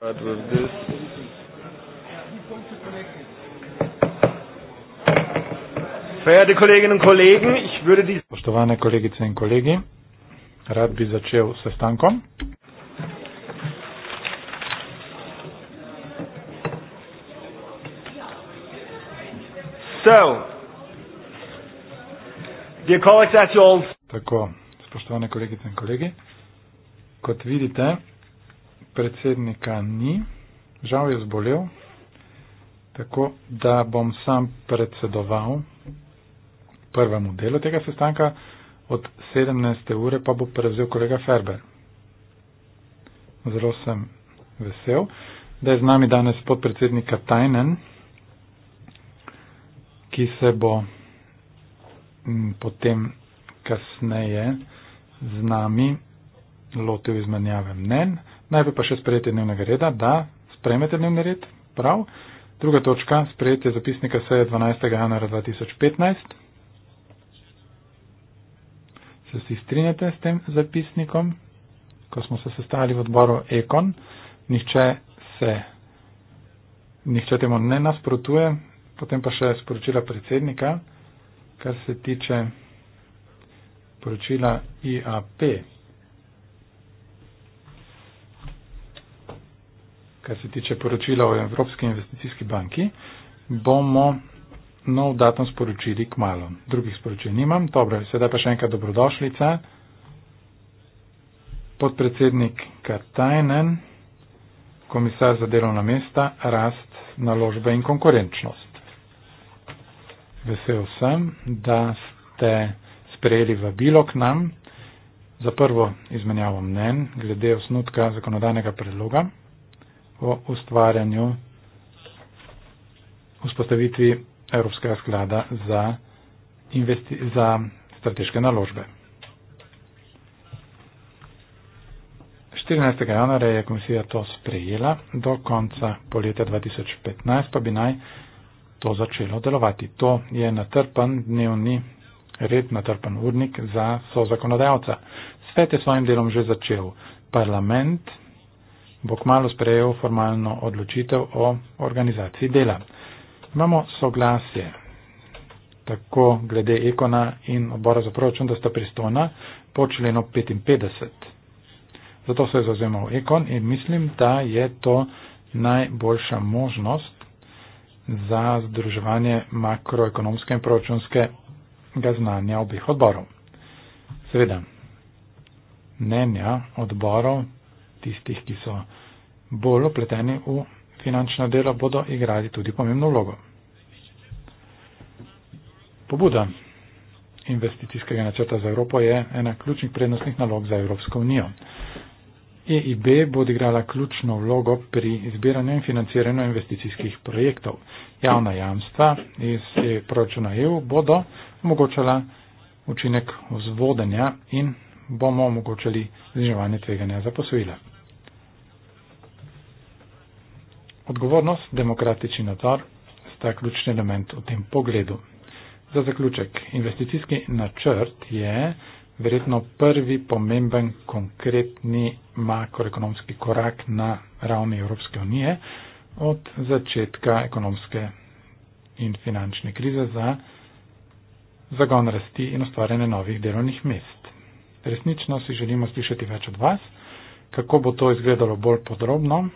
part with this. Verehrte Kolleginnen und Kollegen, ich würde die Poštovane kolegice in kolegi, rad bi začel s sestankom. So. Dear colleagues at your Tako, spoštovane kolegice in kolegi, kot vidite, predsednika ni, žal je zbolel, tako da bom sam predsedoval prvemu delu tega sestanka od 17. ure pa bo prevzel kolega Ferber. Zelo sem vesel, da je z nami danes podpredsednika Tajnen, ki se bo mm, potem kasneje z nami lotil izmenjave mnen, Najprej pa še sprejetje dnevnega reda, da spremete dnevni red, prav. Druga točka, sprejetje zapisnika seje 12. januara 2015. Se vsi strinjate s tem zapisnikom, ko smo se sestali v odboru Ekon, nihče se, nihče temu ne nasprotuje, potem pa še sporočila predsednika, kar se tiče poročila IAP. kar se tiče poročila o Evropski investicijski banki, bomo nov datum sporočili k malu. Drugih sporočil nimam. Dobro, sedaj pa še enkrat dobrodošlica. Podpredsednik Katajnen, komisar za delovna mesta, rast naložbe in konkurenčnost. Vesel sem, da ste sprejeli vabilo k nam za prvo izmenjavo mnen glede osnutka zakonodajnega predloga o ustvarjanju vzpostavitvi Evropskega sklada za, investi, za strateške naložbe. 14. januarja je komisija to sprejela, do konca poletja 2015 pa bi naj to začelo delovati. To je natrpan dnevni red, natrpan urnik za sozakonodajalca. Svet je svojim delom že začel. Parlament bo kmalo sprejel formalno odločitev o organizaciji dela. Imamo soglasje tako glede Ekona in obora za proračun, da sta pristona po členu 55. Zato se je zauzemal Ekon in mislim, da je to najboljša možnost za združevanje makroekonomske in proračunskega znanja obih odborov. Seveda, mnenja odborov tistih, ki so bolj opleteni v finančno delo, bodo igrali tudi pomembno vlogo. Pobuda investicijskega načrta za Evropo je ena ključnih prednostnih nalog za Evropsko unijo. EIB bo odigrala ključno vlogo pri izbiranju in financiranju investicijskih projektov. Javna jamstva iz proračuna EU bodo omogočala učinek vzvodenja in bomo omogočali zniževanje tveganja za posojila. Odgovornost, demokratični nadzor sta ključni element v tem pogledu. Za zaključek, investicijski načrt je verjetno prvi pomemben konkretni makroekonomski korak na ravni Evropske unije od začetka ekonomske in finančne krize za zagon rasti in ustvarjanje novih delovnih mest. Resnično si želimo slišati več od vas, kako bo to izgledalo bolj podrobno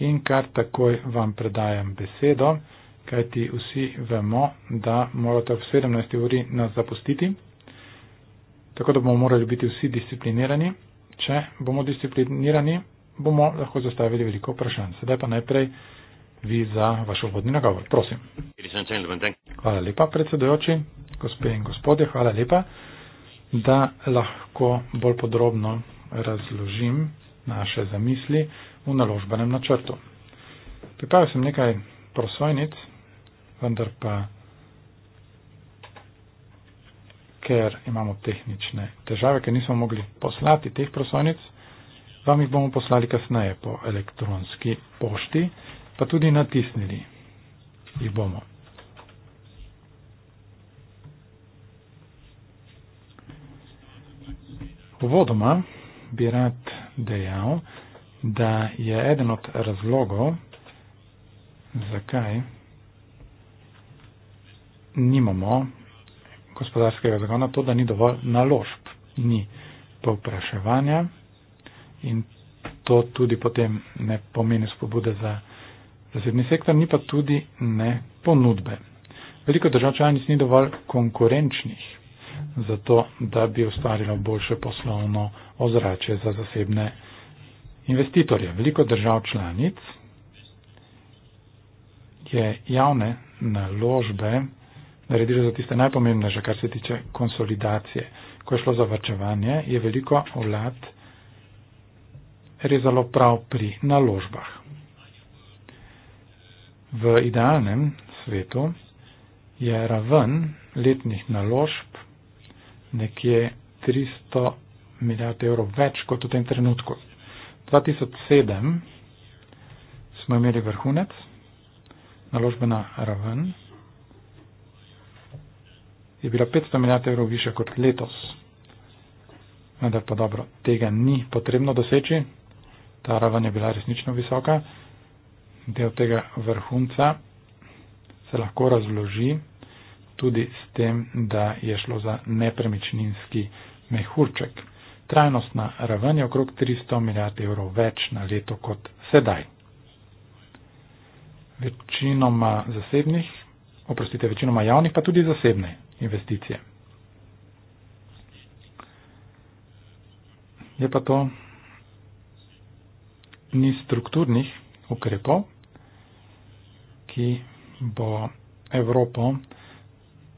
in kar takoj vam predajam besedo, kajti vsi vemo, da morate ob 17. uri nas zapustiti, tako da bomo morali biti vsi disciplinirani. Če bomo disciplinirani, bomo lahko zastavili veliko vprašanj. Sedaj pa najprej vi za vaš vodni nagovor. Prosim. Hvala lepa, predsedojoči, gospe in gospodje, hvala lepa, da lahko bolj podrobno razložim naše zamisli v naložbenem načrtu. Pripravil sem nekaj prosojnic, vendar pa, ker imamo tehnične težave, ker nismo mogli poslati teh prosojnic, vam jih bomo poslali kasneje po elektronski pošti, pa tudi natisnili jih bomo. Uvodoma bi rad dejal, da je eden od razlogov, zakaj nimamo gospodarskega zagona, to, da ni dovolj naložb, ni povpraševanja in to tudi potem ne pomeni spobude za zasebni sektor, ni pa tudi ne ponudbe. Veliko držav članic ni dovolj konkurenčnih zato, da bi ustvarilo boljše poslovno ozračje za zasebne investitorje. Veliko držav članic je javne naložbe naredilo za tiste najpomembnejše, kar se tiče konsolidacije. Ko je šlo za vrčevanje, je veliko vlad rezalo prav pri naložbah. V idealnem svetu je raven letnih naložb nekje 300 milijard evrov več kot v tem trenutku. 2007 smo imeli vrhunec, naložbena raven je bila 500 milijard evrov više kot letos. Vendar pa dobro, tega ni potrebno doseči, ta raven je bila resnično visoka. Del tega vrhunca se lahko razloži tudi s tem, da je šlo za nepremičninski mehurček. Trajnostna raven je okrog 300 milijard evrov več na leto kot sedaj. Večinoma zasebnih, oprostite, večinoma javnih, pa tudi zasebne investicije. Je pa to ni strukturnih ukrepov, ki bo Evropo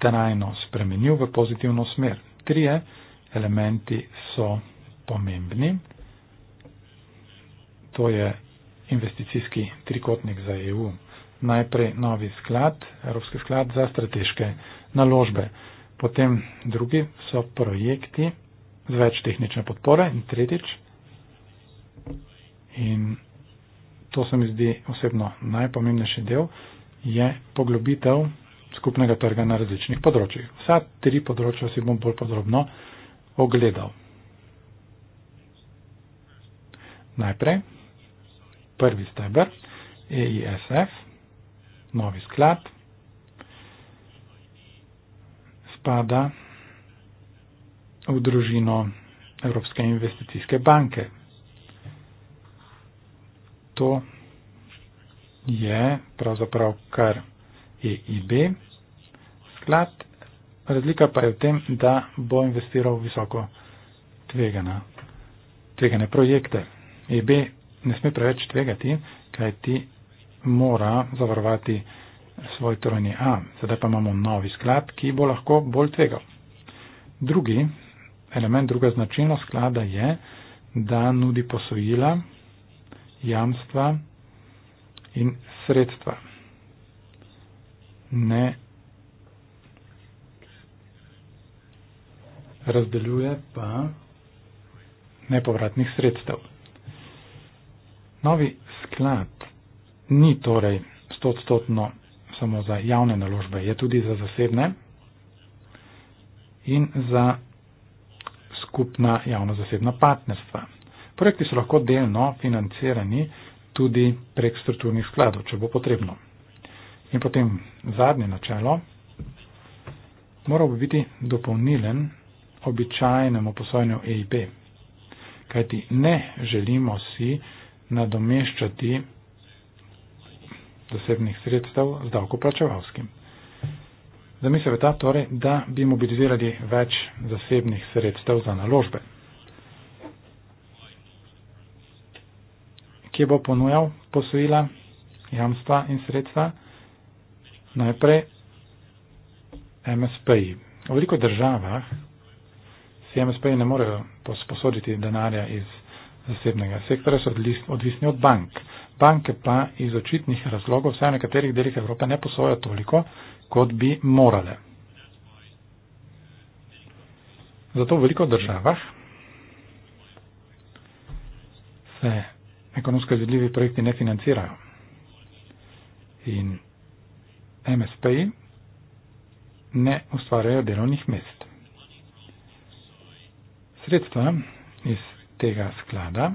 trajno spremenil v pozitivno smer. Trije elementi so pomembni. To je investicijski trikotnik za EU. Najprej novi sklad, Evropski sklad za strateške naložbe. Potem drugi so projekti z več tehnične podpore in tretjič. In to se mi zdi osebno najpomembnejši del, je poglobitev skupnega trga na različnih področjih. Vsa tri področja si bom bolj podrobno ogledal. Najprej prvi steber EISF, novi sklad, spada v družino Evropske investicijske banke. To je pravzaprav kar EIB sklad. Razlika pa je v tem, da bo investiral visoko tvegana, tvegane projekte. EIB ne sme preveč tvegati, kaj ti mora zavarovati svoj trojni A. Sedaj pa imamo novi sklad, ki bo lahko bolj tvegal. Drugi element, druga značilnost sklada je, da nudi posojila, jamstva in sredstva ne razdeljuje pa nepovratnih sredstev. Novi sklad ni torej stotstotno samo za javne naložbe, je tudi za zasebne in za skupna javno-zasebna partnerstva. Projekti so lahko delno financirani tudi prek strukturnih skladov, če bo potrebno. In potem zadnje načelo. Moral bi biti dopolnilen običajnemu posojanju EIB. Kajti ne želimo si nadomeščati zasebnih sredstev z davkoplačevalskim. Zamisel je ta torej, da bi mobilizirali več zasebnih sredstev za naložbe. Kje bo ponujal posojila, jamstva in sredstva? Najprej MSP-ji. V veliko državah si MSP-ji ne morejo posoditi denarja iz zasebnega sektora, so odvisni od bank. Banke pa iz očitnih razlogov, vsaj v nekaterih delih Evrope, ne posojajo toliko, kot bi morale. Zato v veliko državah se ekonomsko izvedljivi projekti ne financirajo. In MSP-ji ne ustvarjajo delovnih mest. Sredstva iz tega sklada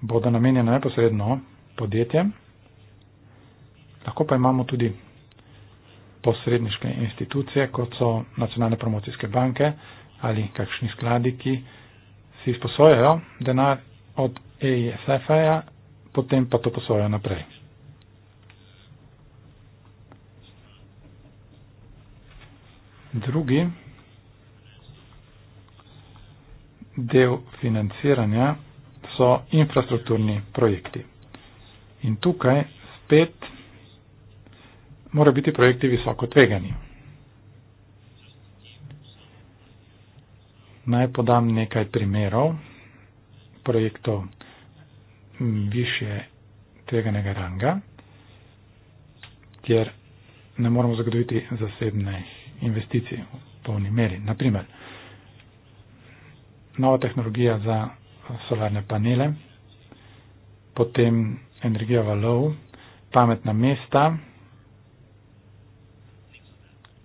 bodo namenjena neposredno podjetjem, lahko pa imamo tudi posredniške institucije, kot so nacionalne promocijske banke ali kakšni skladi, ki si izposojajo denar od EISF-a, potem pa to posojajo naprej. Drugi del financiranja so infrastrukturni projekti. In tukaj spet morajo biti projekti visoko tvegani. Naj podam nekaj primerov projektov više tveganega ranga, kjer ne moramo zagotoviti zasebnih investicij v polni meri. Naprimer, nova tehnologija za solarne panele, potem energija valov, pametna mesta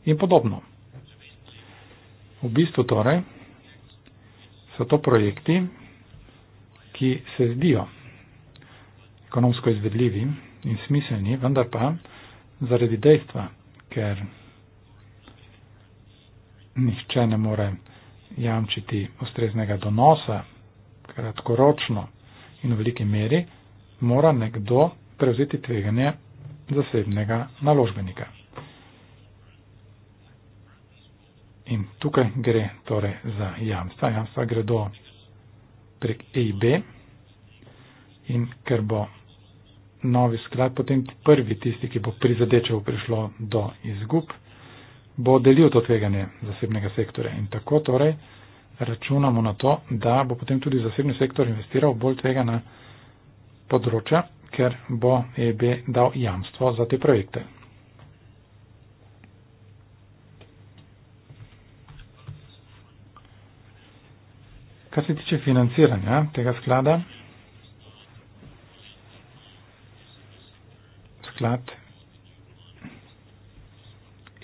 in podobno. V bistvu torej so to projekti, ki se zdijo ekonomsko izvedljivi in smiselni, vendar pa zaradi dejstva, ker nihče ne more jamčiti ustreznega donosa, kratkoročno in v veliki meri, mora nekdo prevzeti tveganje zasebnega naložbenika. In tukaj gre torej za jamstva. Jamstva gredo prek EIB in ker bo novi sklad potem prvi tisti, ki bo prizadečev prišlo do izgub, bo delil to tveganje zasebnega sektorja. In tako torej računamo na to, da bo potem tudi zasebni sektor investiral bolj tvegana področja, ker bo EB dal jamstvo za te projekte. Kar se tiče financiranja tega sklada, sklad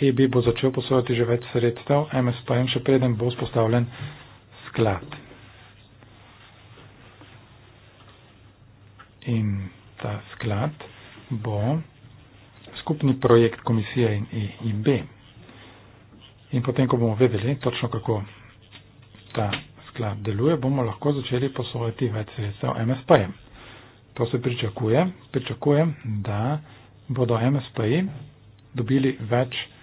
EB bo začel posojati že več sredstev, MS pa jim še preden bo vzpostavljen sklad. In ta sklad bo skupni projekt komisije in EIB. In potem, ko bomo vedeli točno, kako ta sklad deluje, bomo lahko začeli posojati več sredstev MSP-jem. To se pričakuje. Pričakujem, da bodo MSP-ji dobili več sredstev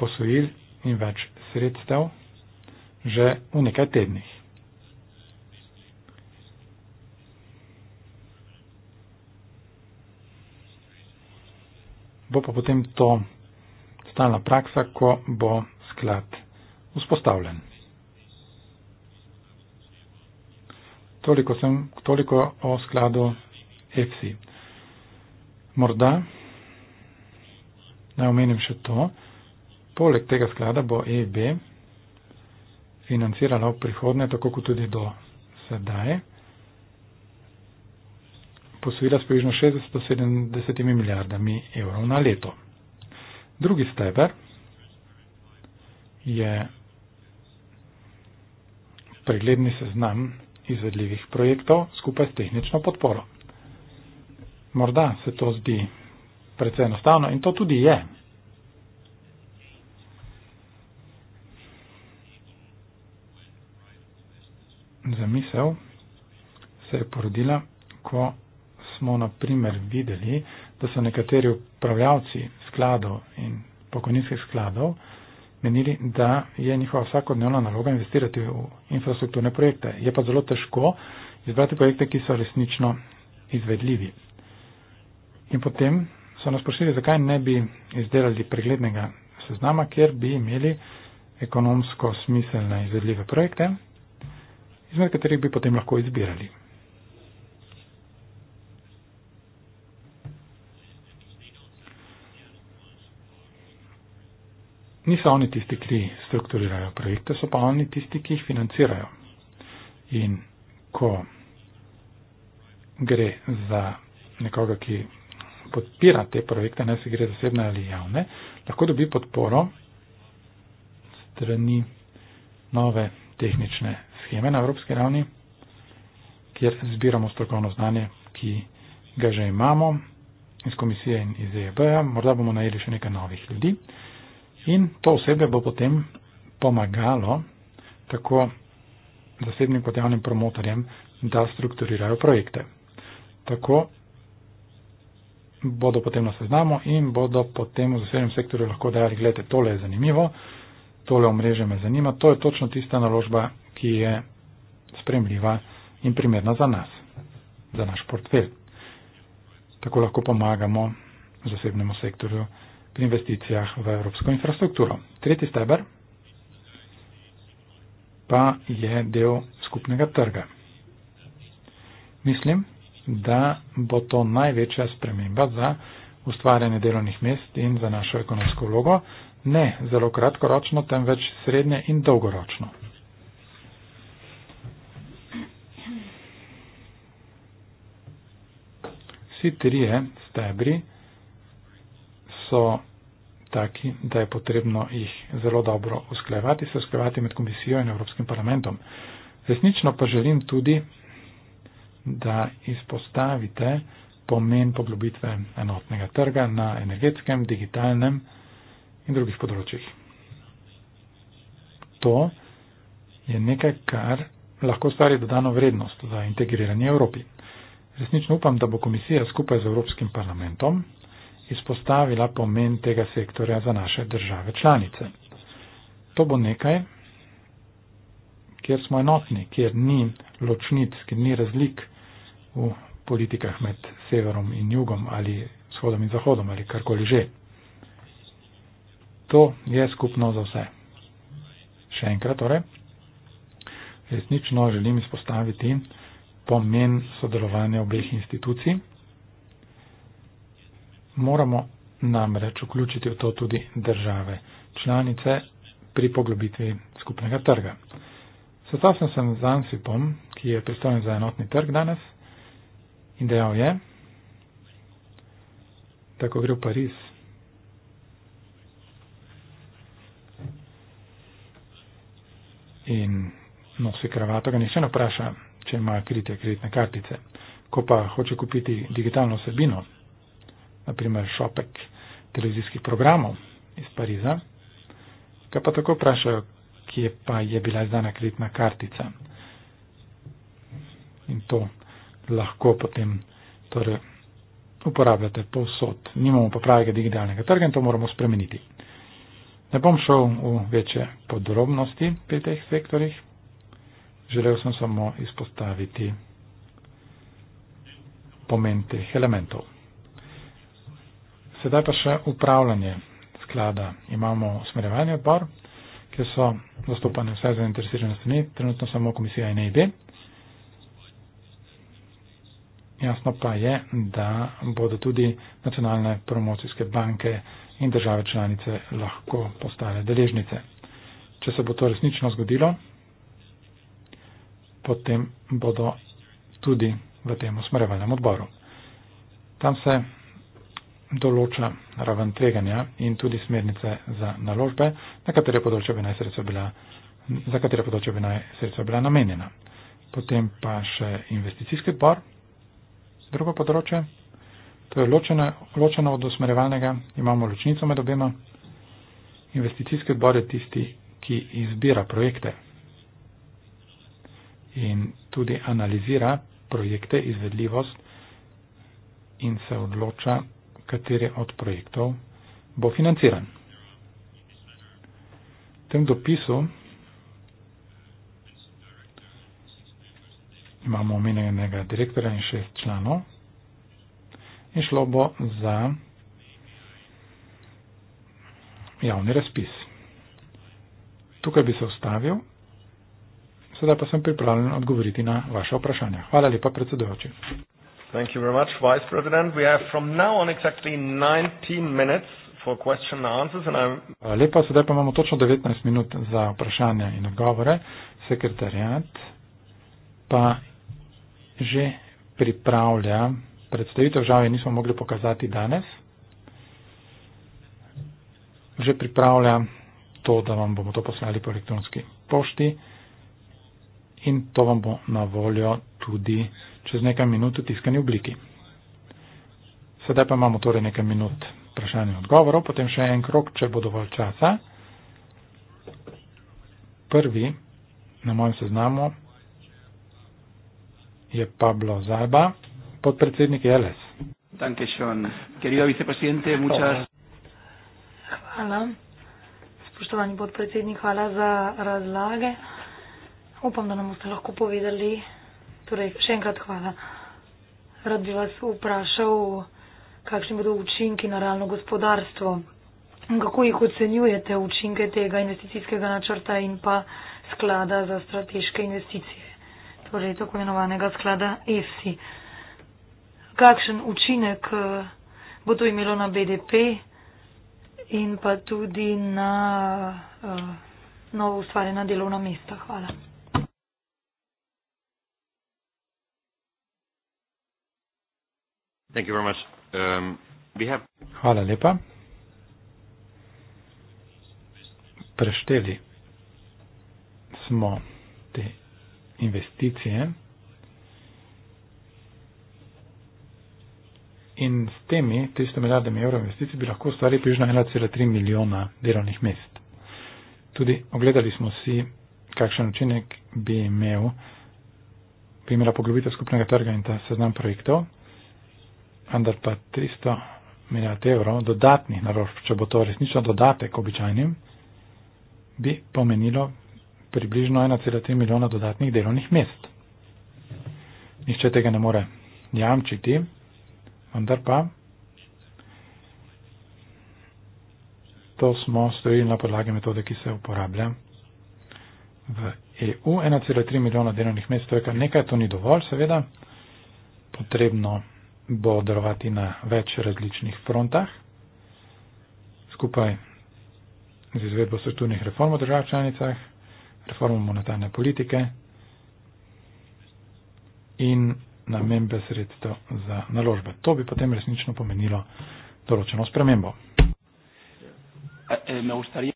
posojil in več sredstev že v nekaj tednih. Bo pa potem to stalna praksa, ko bo sklad vzpostavljen. Toliko, sem, toliko o skladu EFSI. Morda naj omenim še to, Poleg tega sklada bo EB financirala v prihodnje, tako kot tudi do sedaj, posvila s približno 670 milijardami evrov na leto. Drugi steber je pregledni seznam izvedljivih projektov skupaj s tehnično podporo. Morda se to zdi precej enostavno in to tudi je. zamisel se je porodila, ko smo naprimer videli, da so nekateri upravljavci skladov in pokojninskih skladov menili, da je njihova vsakodnevna naloga investirati v infrastrukturne projekte. Je pa zelo težko izbrati projekte, ki so resnično izvedljivi. In potem so nas prosili, zakaj ne bi izdelali preglednega seznama, kjer bi imeli ekonomsko smiselne izvedljive projekte, izmed katerih bi potem lahko izbirali. Niso oni tisti, ki strukturirajo projekte, so pa oni tisti, ki jih financirajo. In ko gre za nekoga, ki podpira te projekte, naj se gre zasebne ali javne, lahko dobi podporo strani nove tehnične scheme na evropski ravni, kjer zbiramo strokovno znanje, ki ga že imamo iz komisije in iz EEB-ja, morda bomo najeli še nekaj novih ljudi in to osebe bo potem pomagalo tako zasebnim kot javnim promotorjem, da strukturirajo projekte. Tako bodo potem na seznamu in bodo potem v zasebnem sektorju lahko dajali, gledajte, tole je zanimivo, tole omrežje me zanima, to je točno tista naložba, ki je spremljiva in primerna za nas, za naš portfelj. Tako lahko pomagamo zasebnemu sektorju pri investicijah v evropsko infrastrukturo. Tretji steber pa je del skupnega trga. Mislim, da bo to največja sprememba za ustvarjanje delovnih mest in za našo ekonomsko vlogo, ne zelo kratkoročno, temveč srednje in dolgoročno. Vsi trije stebri so taki, da je potrebno jih zelo dobro usklevati, se usklevati med komisijo in Evropskim parlamentom. Resnično pa želim tudi, da izpostavite pomen poglobitve enotnega trga na energetskem, digitalnem, in drugih področjih. To je nekaj, kar lahko stvari dodano vrednost za integriranje Evropi. Resnično upam, da bo komisija skupaj z Evropskim parlamentom izpostavila pomen tega sektorja za naše države članice. To bo nekaj, kjer smo enotni, kjer ni ločnic, kjer ni razlik v politikah med severom in jugom ali shodom in zahodom ali karkoli že. To je skupno za vse. Še enkrat torej, resnično želim izpostaviti pomen sodelovanja obeh institucij. Moramo namreč vključiti v to tudi države, članice pri poglobitvi skupnega trga. Sestal sem se z Ansipom, ki je pristojen za enotni trg danes in dejal je, da ko gre v Pariz, in nosi kravato, ga nihče ne vpraša, če ima kritje kreditne kartice. Ko pa hoče kupiti digitalno sebino, naprimer šopek televizijskih programov iz Pariza, ga pa tako vprašajo, kje pa je bila izdana kreditna kartica. In to lahko potem torej, uporabljate povsod. Nimamo pa pravega digitalnega trga in to moramo spremeniti. Ne bom šel v večje podrobnosti pri teh sektorjih, želel sem samo izpostaviti pomen teh elementov. Sedaj pa še upravljanje sklada. Imamo usmerjevanje odbor, kjer so zastopane vse zainteresirane strani, trenutno samo komisija in EIB. Jasno pa je, da bodo tudi nacionalne promocijske banke in države članice lahko postale deležnice. Če se bo to resnično zgodilo, potem bodo tudi v tem usmerevalnem odboru. Tam se določa raven tveganja in tudi smernice za naložbe, na katere področje bi naj sredstva bila, za katere področje bi naj sredstva bila namenjena. Potem pa še investicijski odbor, drugo področje. To je ločeno, ločeno od usmerjevalnega, imamo ločnico med obema. Investicijski odbor je tisti, ki izbira projekte in tudi analizira projekte, izvedljivost in se odloča, kateri od projektov bo financiran. V tem dopisu imamo omenjenega direktorja in šest članov in šlo bo za javni razpis. Tukaj bi se ustavil, sedaj pa sem pripravljen odgovoriti na vaše vprašanja. Hvala lepa, predsedujoči. Thank you very much, Vice President. We have from now on exactly 19 minutes for question and answers. And I'm Lepa, sedaj pa imamo točno 19 minut za vprašanja in odgovore. Sekretarjat pa že pripravlja predstavitev žal je nismo mogli pokazati danes. Že pripravljam to, da vam bomo to poslali po elektronski pošti in to vam bo na voljo tudi čez nekaj minut v tiskani obliki. Sedaj pa imamo torej nekaj minut vprašanj in odgovorov, potem še en krok, če bo dovolj časa. Prvi na mojem seznamu je Pablo Zajba podpredsednik Jeles. Danke schön. Querido vicepresidente, muchas. Hvala. Spoštovani podpredsednik, hvala za razlage. Upam, da nam boste lahko povedali. Torej, še enkrat hvala. Rad bi vas vprašal, kakšni bodo učinki na realno gospodarstvo. Kako jih ocenjujete učinke tega investicijskega načrta in pa sklada za strateške investicije, torej tako imenovanega sklada EFSI? kakšen učinek eh, bo to imelo na BDP in pa tudi na eh, novo ustvarjena delovna mesta. Hvala. Thank you very much. Um, we have... Hvala lepa. Prešteli smo te investicije. in s temi 300 milijardami evrov investicij bi lahko ustvarili približno 1,3 milijona delovnih mest. Tudi ogledali smo si, kakšen učinek bi imel, bi imela poglobitev skupnega trga in ta seznam projektov, vendar pa 300 milijard evrov dodatnih naložb, če bo to resnično dodatek običajnim, bi pomenilo približno 1,3 milijona dodatnih delovnih mest. Nihče tega ne more jamčiti vendar pa to smo storili na podlagi metode, ki se uporablja v EU. 1,3 milijona delovnih mest, to je kar nekaj, to ni dovolj, seveda. Potrebno bo delovati na več različnih frontah, skupaj z izvedbo strukturnih reform v državah članicah, reformo monetarne politike in namembe sredstev za naložbe. To bi potem resnično pomenilo določeno spremembo. Eh, eh,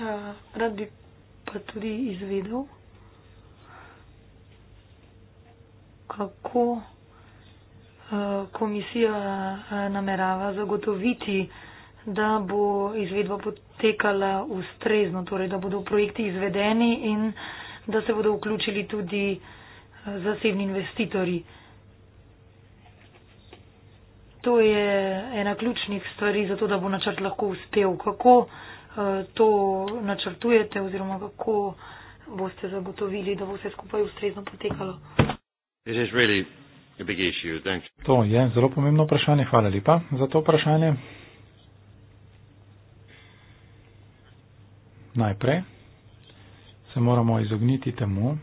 ja, rad bi pa tudi izvedel, kako eh, komisija namerava zagotoviti, da bo izvedba potekala ustrezno, torej da bodo projekti izvedeni in da se bodo vključili tudi uh, zasebni investitorji. To je ena ključnih stvari za to, da bo načrt lahko uspel. Kako eh, to načrtujete oziroma kako boste zagotovili, da bo vse skupaj ustrezno potekalo? To je zelo pomembno vprašanje. Hvala lepa za to vprašanje. Najprej se moramo izogniti temu,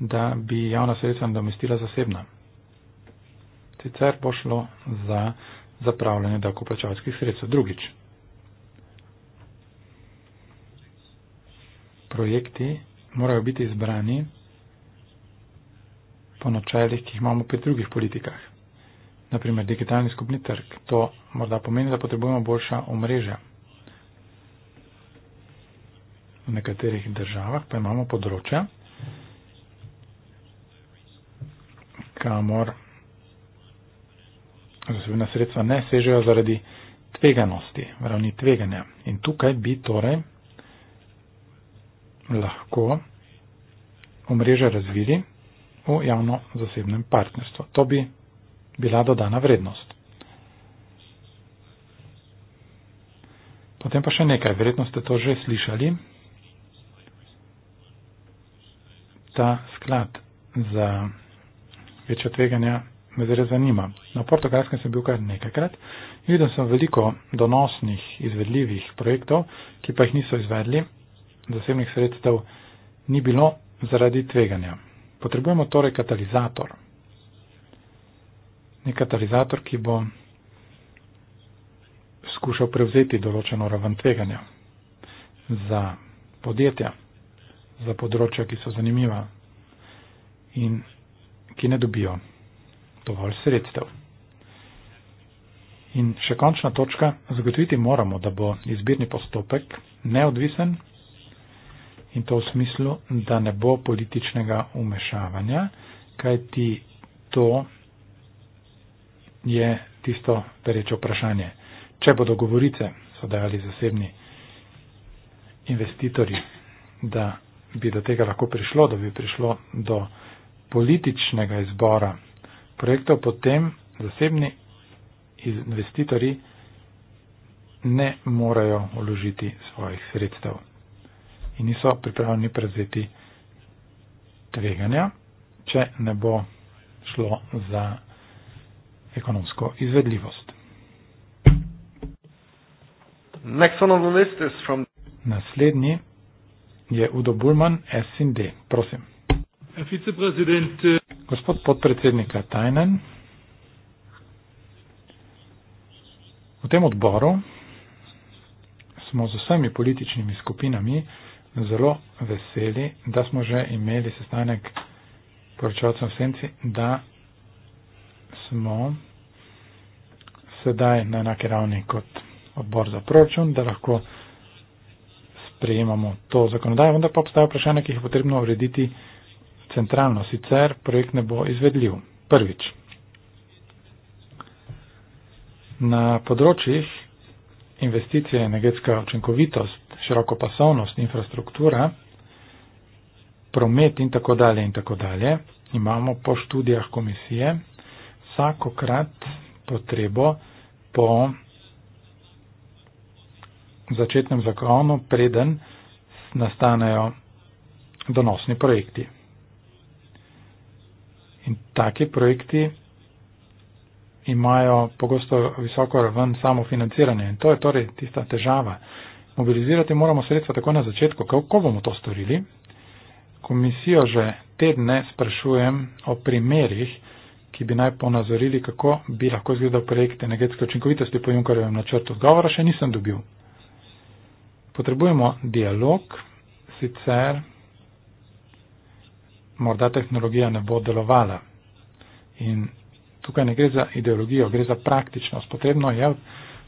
da bi javna sredstva domestila zasebna. Sicer bo šlo za zapravljanje davkoplačalskih sredstev. Drugič. Projekti morajo biti izbrani po načeljih, ki jih imamo pri drugih politikah. Naprimer, digitalni skupni trg. To morda pomeni, da potrebujemo boljša omrežja. V nekaterih državah pa imamo področja, kamor zasebna sredstva ne sežejo zaradi tveganosti, ravni tveganja. In tukaj bi torej lahko omrežje razvili v javno-zasebnem partnerstvu. To bi bila dodana vrednost. Potem pa še nekaj, verjetno ste to že slišali. Ta sklad za večja tveganja me zares zanima. Na portugalskem sem bil kar nekajkrat, videl sem veliko donosnih, izvedljivih projektov, ki pa jih niso izvedli, zasebnih sredstev ni bilo zaradi tveganja. Potrebujemo torej katalizator. Nek katalizator, ki bo skušal prevzeti določeno raven tveganja za podjetja, za področja, ki so zanimiva in ki ne dobijo dovolj sredstev. In še končna točka, zagotoviti moramo, da bo izbirni postopek neodvisen in to v smislu, da ne bo političnega umešavanja, kajti to je tisto pereče vprašanje. Če bodo govorice, so dejali zasebni investitorji, da bi do tega lahko prišlo, da bi prišlo do političnega izbora projektov potem zasebni investitorji ne morajo vložiti svojih sredstev in niso pripravljeni prevzeti tveganja, če ne bo šlo za ekonomsko izvedljivost. Naslednji je Udo Bulman, SND. Prosim. Äh, Gospod podpredsednik Tajnen, v tem odboru smo z vsemi političnimi skupinami zelo veseli, da smo že imeli sestanek poročevalcev v senci, da smo sedaj na enake ravni kot odbor za proračun, da lahko sprejemamo to zakonodajo, vendar pa obstajajo vprašanja, ki jih je potrebno urediti centralno, sicer projekt ne bo izvedljiv. Prvič. Na področjih investicije, energetska učinkovitost, širokopasovnost, infrastruktura, promet in tako dalje in tako dalje, imamo po študijah komisije vsakokrat potrebo po začetnem zakonu, preden nastanejo donosni projekti. In taki projekti imajo pogosto visoko raven samofinanciranja in to je torej tista težava. Mobilizirati moramo sredstva tako na začetku, kako bomo to storili. Komisijo že tedne sprašujem o primerih, ki bi naj ponazorili, kako bi lahko izgledal projekt energetske učinkovitosti po Junkarjevem načrtu. Odgovora še nisem dobil. Potrebujemo dialog, sicer morda tehnologija ne bo delovala. In tukaj ne gre za ideologijo, gre za praktičnost. Potrebno je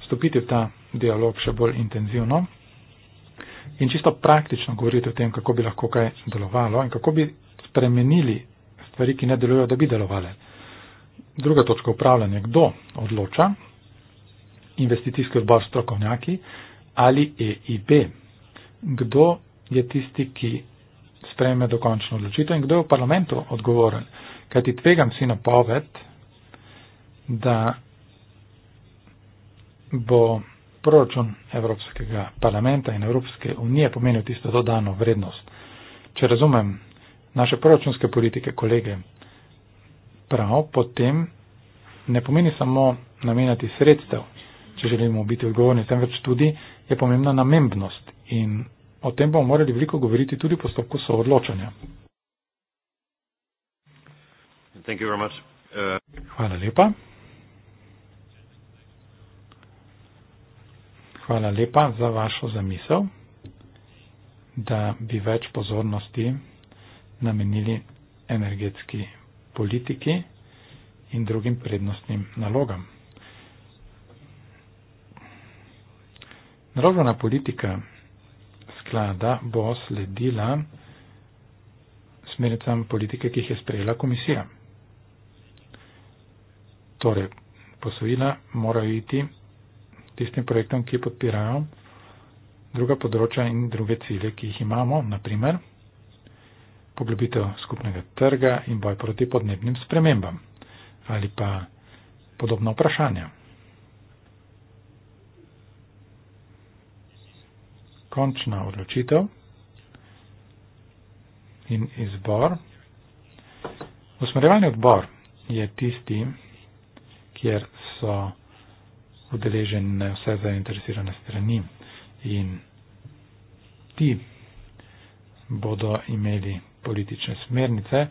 vstopiti v ta dialog še bolj intenzivno in čisto praktično govoriti o tem, kako bi lahko kaj delovalo in kako bi spremenili stvari, ki ne delujejo, da bi delovale. Druga točka upravljanja, kdo odloča, investicijski odbor strokovnjaki ali EIB. Kdo je tisti, ki spreme dokončno odločitev in kdo je v parlamentu odgovoren. Kaj ti tvegam si napoved, da bo proračun Evropskega parlamenta in Evropske unije pomenil tisto dodano vrednost. Če razumem naše proračunske politike, kolege, prav, potem ne pomeni samo namenjati sredstev, če želimo biti odgovorni, temveč tudi je pomembna namembnost in O tem bomo morali veliko govoriti tudi v postopku soodločanja. Uh, Hvala lepa. Hvala lepa za vašo zamisel, da bi več pozornosti namenili energetski politiki in drugim prednostnim nalogam. Naložena politika rekla, da bo sledila smernicam politike, ki jih je sprejela komisija. Torej, posojila morajo iti tistim projektom, ki podpirajo druga področja in druge cilje, ki jih imamo, naprimer poglobitev skupnega trga in boj proti podnebnim spremembam ali pa podobna vprašanja. končna odločitev in izbor. Usmerjevalni odbor je tisti, kjer so udeležene vse zainteresirane strani in ti bodo imeli politične smernice,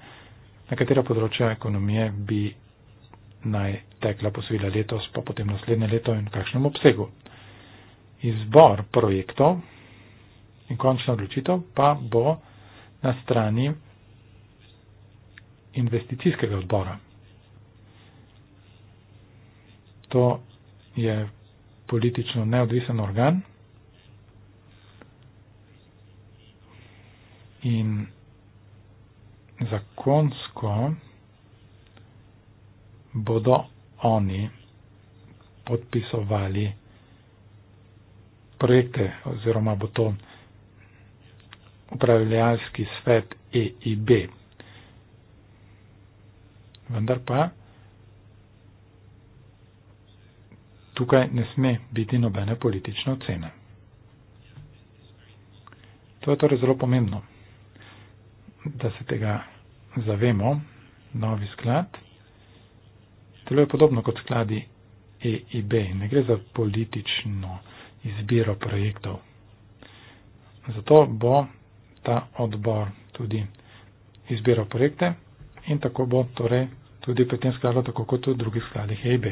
na katera področja ekonomije bi naj tekla posvila letos, pa potem naslednje leto in v kakšnem obsegu. Izbor projektov In končna odločitev pa bo na strani investicijskega odbora. To je politično neodvisen organ in zakonsko bodo oni podpisovali projekte oziroma bo to upravljalski svet EIB. Vendar pa tukaj ne sme biti nobene politične ocene. To je torej zelo pomembno, da se tega zavemo. Novi sklad deluje podobno kot skladi EIB. Ne gre za politično izbiro projektov. Zato bo ta odbor tudi izbiral projekte in tako bo torej tudi pri tem skladu, tako kot v drugih skladih EIB.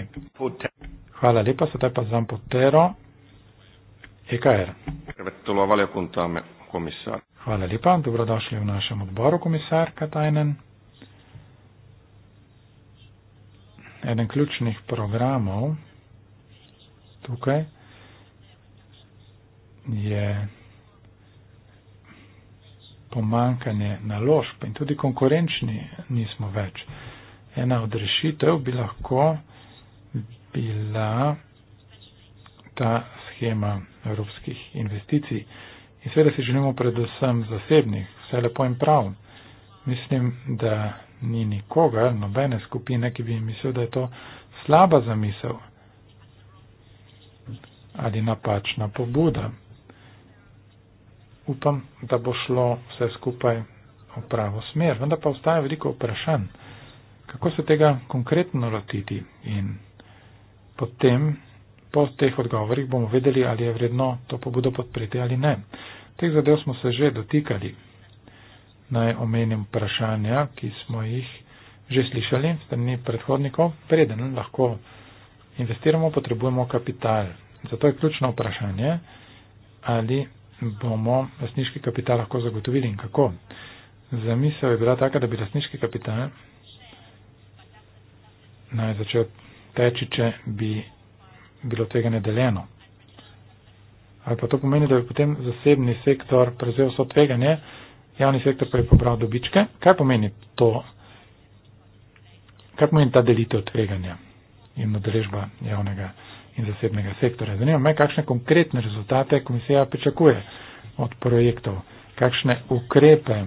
Hvala lepa, sedaj pa za potero EKR. Hvala lepa, dobrodošli v našem odboru, komisar Katajnen. Eden ključnih programov tukaj je pomankanje naložb in tudi konkurenčni nismo več. Ena od rešitev bi lahko bila ta schema evropskih investicij. In seveda si želimo predvsem zasebnih, vse lepo in prav. Mislim, da ni nikoga, nobene skupine, ki bi mislil, da je to slaba zamisel ali napačna pobuda upam, da bo šlo vse skupaj v pravo smer. Vendar pa ostaja veliko vprašanj, kako se tega konkretno lotiti in potem po teh odgovorih bomo vedeli, ali je vredno to pobudo podpreti ali ne. Teh zadev smo se že dotikali. Naj omenim vprašanja, ki smo jih že slišali strani predhodnikov, preden lahko investiramo, potrebujemo kapital. Zato je ključno vprašanje, ali bomo lasniški kapital lahko zagotovili in kako. Zamisel je bila taka, da bi lasniški kapital naj začel teči, če bi bilo tega nedeljeno. Ali pa to pomeni, da bi potem zasebni sektor prevzel vso tveganje, javni sektor pa je pobral dobičke. Kaj pomeni to? Kaj pomeni ta delitev tveganja in nadrežba javnega sektorja? in zasebnega sektorja. Zanima me, kakšne konkretne rezultate komisija pričakuje od projektov, kakšne ukrepe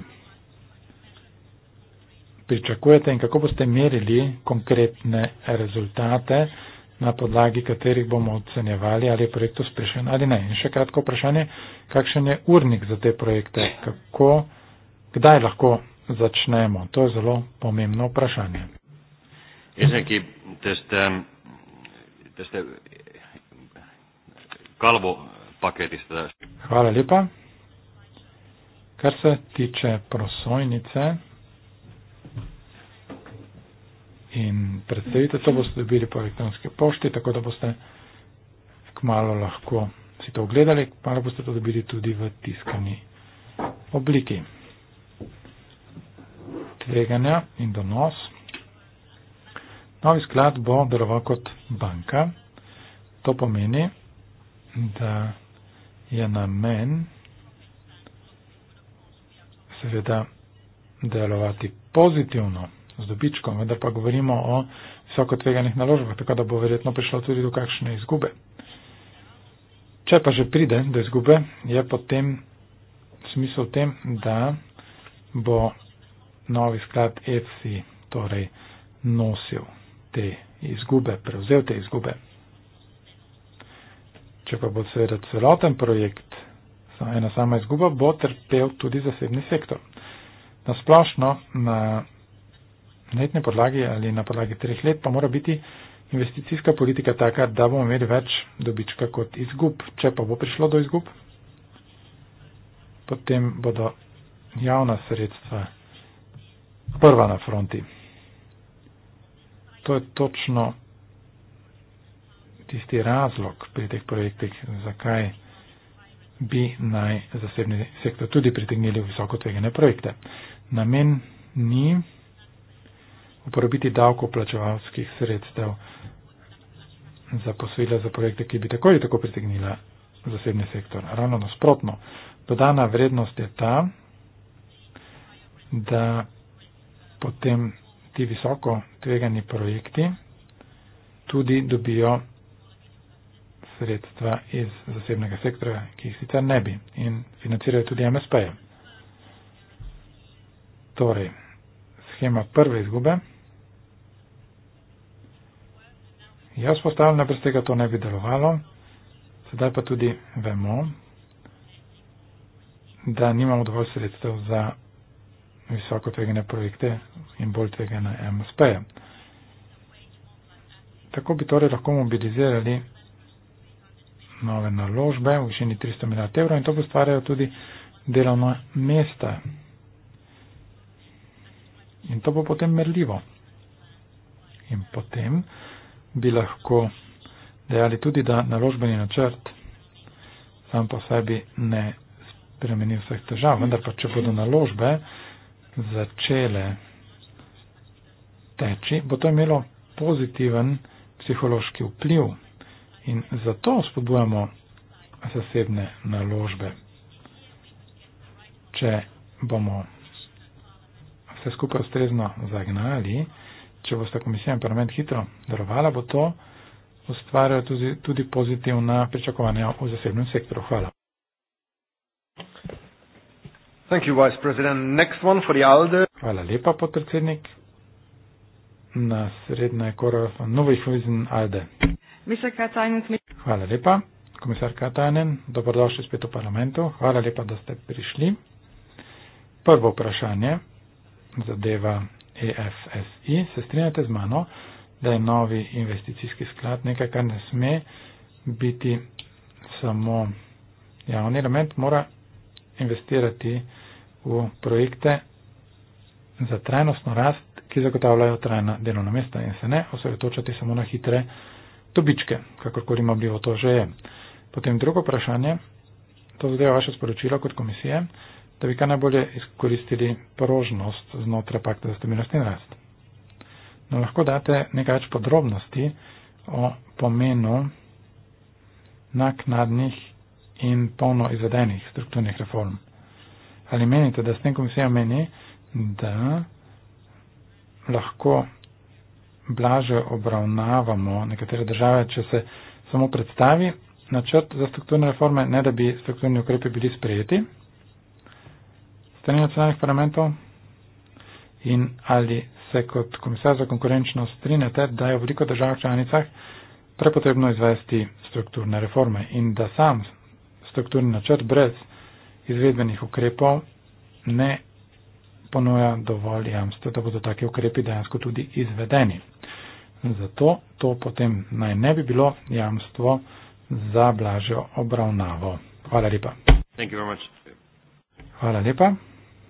pričakujete in kako boste merili konkretne rezultate, na podlagi katerih bomo ocenjevali, ali je projekt uspešen ali ne. In še kratko vprašanje, kakšen je urnik za te projekte, kako, kdaj lahko začnemo. To je zelo pomembno vprašanje. Jaz, ki ste, ste kalvo paketi ste dali. Hvala lepa. Kar se tiče prosojnice in predstavite, to boste dobili po elektronski pošti, tako da boste kmalo lahko si to ogledali, kmalo boste to dobili tudi v tiskani obliki. Tveganja in donos. Novi sklad bo deloval kot banka. To pomeni, da je namen seveda delovati pozitivno z dobičkom, vendar pa govorimo o visoko tveganih naložbah, tako da bo verjetno prišlo tudi do kakšne izgube. Če pa že pride do izgube, je potem smisel v tem, da bo novi sklad EFSI torej nosil te izgube, prevzel te izgube. Če pa bo seveda celoten projekt ena sama izguba, bo trpel tudi zasebni sektor. Na splošno, na letni podlagi ali na podlagi treh let, pa mora biti investicijska politika taka, da bomo imeli več dobička kot izgub. Če pa bo prišlo do izgub, potem bodo javna sredstva prva na fronti. To je točno tisti razlog pri teh projektih, zakaj bi naj zasebni sektor tudi pritegnili v visoko tvegane projekte. Namen ni uporabiti davkoplačevalskih sredstev za posvila za projekte, ki bi tako ali tako pritegnila zasebni sektor. Ravno nasprotno, dodana vrednost je ta, da potem ti visoko tvegani projekti tudi dobijo sredstva iz zasebnega sektora, ki jih sicer ne bi in financirajo tudi MSP-je. Torej, schema prve izgube. Jaz postavljam, da brez tega to ne bi delovalo, sedaj pa tudi vemo, da nimamo dovolj sredstev za visoko tvegane projekte in bolj tvegane MSP-je. Tako bi torej lahko mobilizirali nove naložbe v višini 300 milijard evrov in to bo stvarjalo tudi delovna mesta. In to bo potem merljivo. In potem bi lahko dejali tudi, da naložbeni načrt sam po sebi ne spremeni vseh težav. Vendar pa, če bodo naložbe začele teči, bo to imelo pozitiven psihološki vpliv In zato spodbujamo zasebne naložbe. Če bomo vse skupaj ustrezno zagnali, če bo sta komisija in parlament hitro darovala, bo to ustvarjalo tudi, tudi pozitivna pričakovanja v zasebnem sektorju. Hvala. Thank you, Vice President. Next one for the Alde. Hvala lepa, podpredsednik. Naslednja je Kora von Novichhuizen Alde. Hvala lepa, komisar Katajnen, dobrodošli spet v parlamentu. Hvala lepa, da ste prišli. Prvo vprašanje zadeva EFSI. Se strinjate z mano, da je novi investicijski sklad nekaj, kar ne sme biti samo javni element, mora investirati v projekte za trajnostno rast ki zagotavljajo trajna delovna mesta in se ne osredotočati samo na hitre dobičke, kakorkoli ima bilo to že je. Potem drugo vprašanje, to zadeva vaše sporočilo kot komisije, da bi kaj najbolje izkoristili porožnost znotraj pakta za stabilnost in rast. No, lahko date nekaj več podrobnosti o pomenu naknadnih in polno izvedenih strukturnih reform. Ali menite, da s tem komisija meni, da lahko blaže obravnavamo nekatere države, če se samo predstavi načrt za strukturne reforme, ne da bi strukturni ukrepi bili sprejeti, strani nacionalnih parlamentov in ali se kot komisar za konkurenčnost strinjate, da je v veliko državah članicah prepotrebno izvesti strukturne reforme in da sam strukturni načrt brez izvedbenih ukrepov ne ponuja dovolj jamstva, da bodo take ukrepi dejansko tudi izvedeni. Zato to potem naj ne bi bilo jamstvo za blažjo obravnavo. Hvala lepa. Hvala lepa.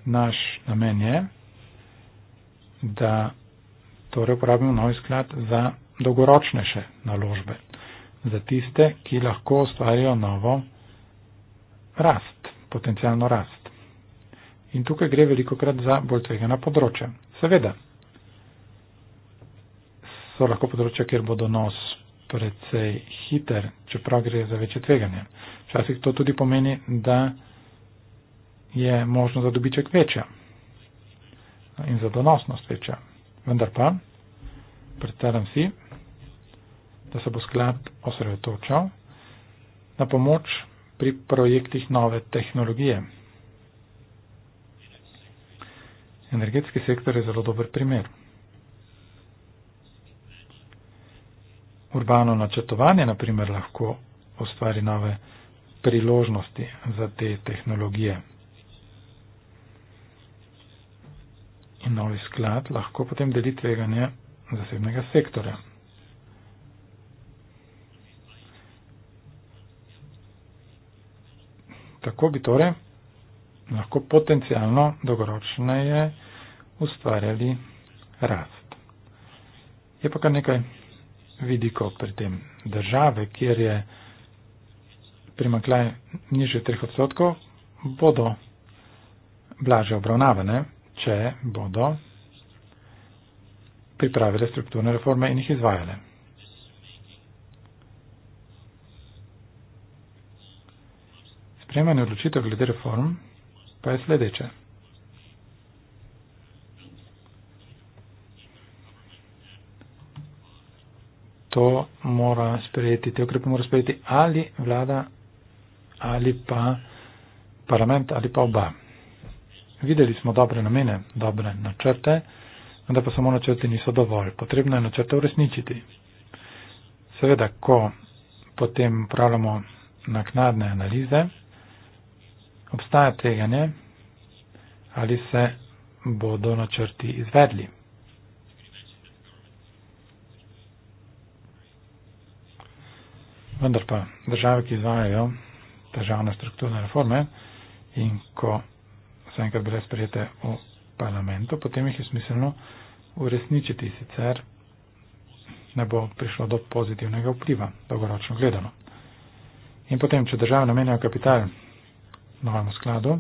Naš namen je, da torej uporabimo novi sklad za dolgoročnejše naložbe, za tiste, ki lahko ustvarijo novo rast, potencijalno rast in tukaj gre veliko krat za bolj tvegana področja. Seveda, so lahko področja, kjer bo donos predvsej hiter, čeprav gre za večje tveganje. Včasih to tudi pomeni, da je možno za dobiček večja in za donosnost večja. Vendar pa, predstavljam si, da se bo sklad osredotočal na pomoč pri projektih nove tehnologije. Energetski sektor je zelo dober primer. Urbano načrtovanje, na primer, lahko ustvari nove priložnosti za te tehnologije. In novi sklad lahko potem deli tveganje zasebnega sektorja. Tako bi torej lahko potencijalno dolgoročneje ustvarjali rast. Je pa kar nekaj vidikov pri tem. Države, kjer je primaklaj nižje 3 odstotkov, bodo blaže obravnavane, če bodo pripravile strukturne reforme in jih izvajale. Sprejemanje odločitev glede reform pa je sledeče. to mora sprejeti, te ukrepe mora sprejeti ali vlada ali pa parlament ali pa oba. Videli smo dobre namene, dobre načrte, vendar pa samo načrte niso dovolj. Potrebno je načrte uresničiti. Seveda, ko potem pravljamo naknadne analize, obstaja tveganje, ali se bodo načrti izvedli. vendar pa države, ki izvajajo državne strukturne reforme in ko so enkrat bile sprejete v parlamentu, potem jih je smiselno uresničiti, sicer ne bo prišlo do pozitivnega vpliva, dolgoročno gledano. In potem, če države namenjajo kapital novemu skladu,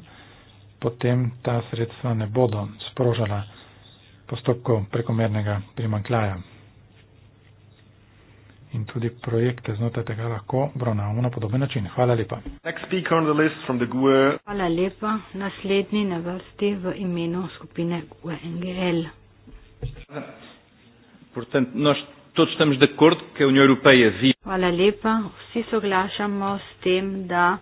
potem ta sredstva ne bodo sprožala postopkov prekomernega primankljaja in tudi projekte znotraj tega lahko obravnavamo na podoben način. Hvala lepa. E. Hvala lepa. Naslednji na vrsti v imenu skupine GUE e NGL. Hvala lepa. Vsi soglašamo s tem, da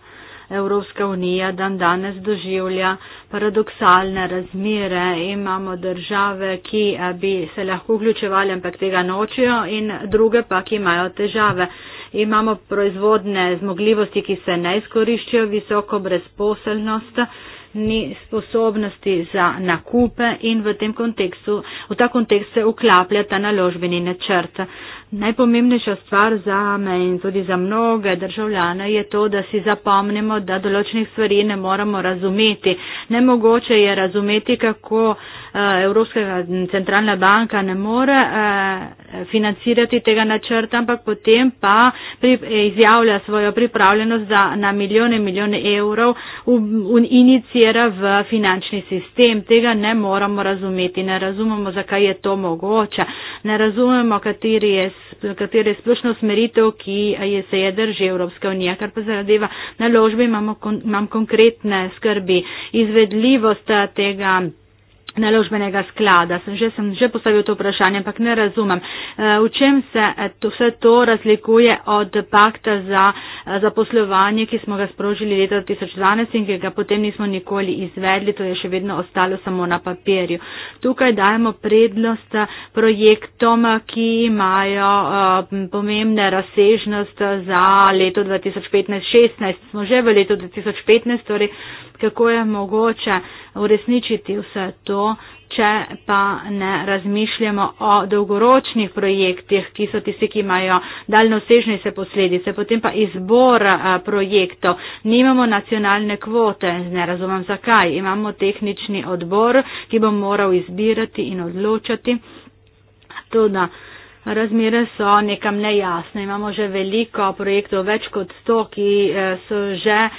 Evropska unija dan danes doživlja paradoksalne razmire. Imamo države, ki eh, bi se lahko vključevali, ampak tega nočijo in druge pa, ki imajo težave. Imamo proizvodne zmogljivosti, ki se ne izkoriščajo, visoko brezposelnost ni sposobnosti za nakupe in v tem kontekstu, v ta kontekst se uklaplja ta naložbeni načrt. Najpomembnejša stvar za me in tudi za mnoge državljane je to, da si zapomnimo, da določenih stvari ne moramo razumeti. Nemogoče je razumeti, kako eh, Evropska centralna banka ne more eh, financirati tega načrta, ampak potem pa izjavlja svojo pripravljenost za, na milijone in milijone evrov in inicira v finančni sistem. Tega ne moramo razumeti. Ne razumemo, zakaj je to mogoče. Ne razumemo, kateri je katere splošno usmeritev, ki je, se je drži Evropska unija, kar pa zaradeva naložbe imam konkretne skrbi. Izvedljivost eh, tega naložbenega sklada. Sem že, sem že postavil to vprašanje, ampak ne razumem, eh, v čem se eh, to, vse to razlikuje od pakta za eh, zaposlovanje, ki smo ga sprožili leta 2012 in ki ga potem nismo nikoli izvedli, to je še vedno ostalo samo na papirju. Tukaj dajemo prednost projektom, ki imajo pomembne razsežnost za leto 2015-2016. Smo že v letu 2015, torej kako je mogoče uresničiti vse to, če pa ne razmišljamo o dolgoročnih projektih, ki so tisti, ki imajo daljnosežne se posledice, potem pa izbor eh, projektov. Nimamo nacionalne kvote, ne razumem zakaj. Imamo tehnični odbor, ki bo moral izbirati in odločati. Tudi, Razmere so nekam nejasne. Imamo že veliko projektov, več kot sto, ki eh, so že eh,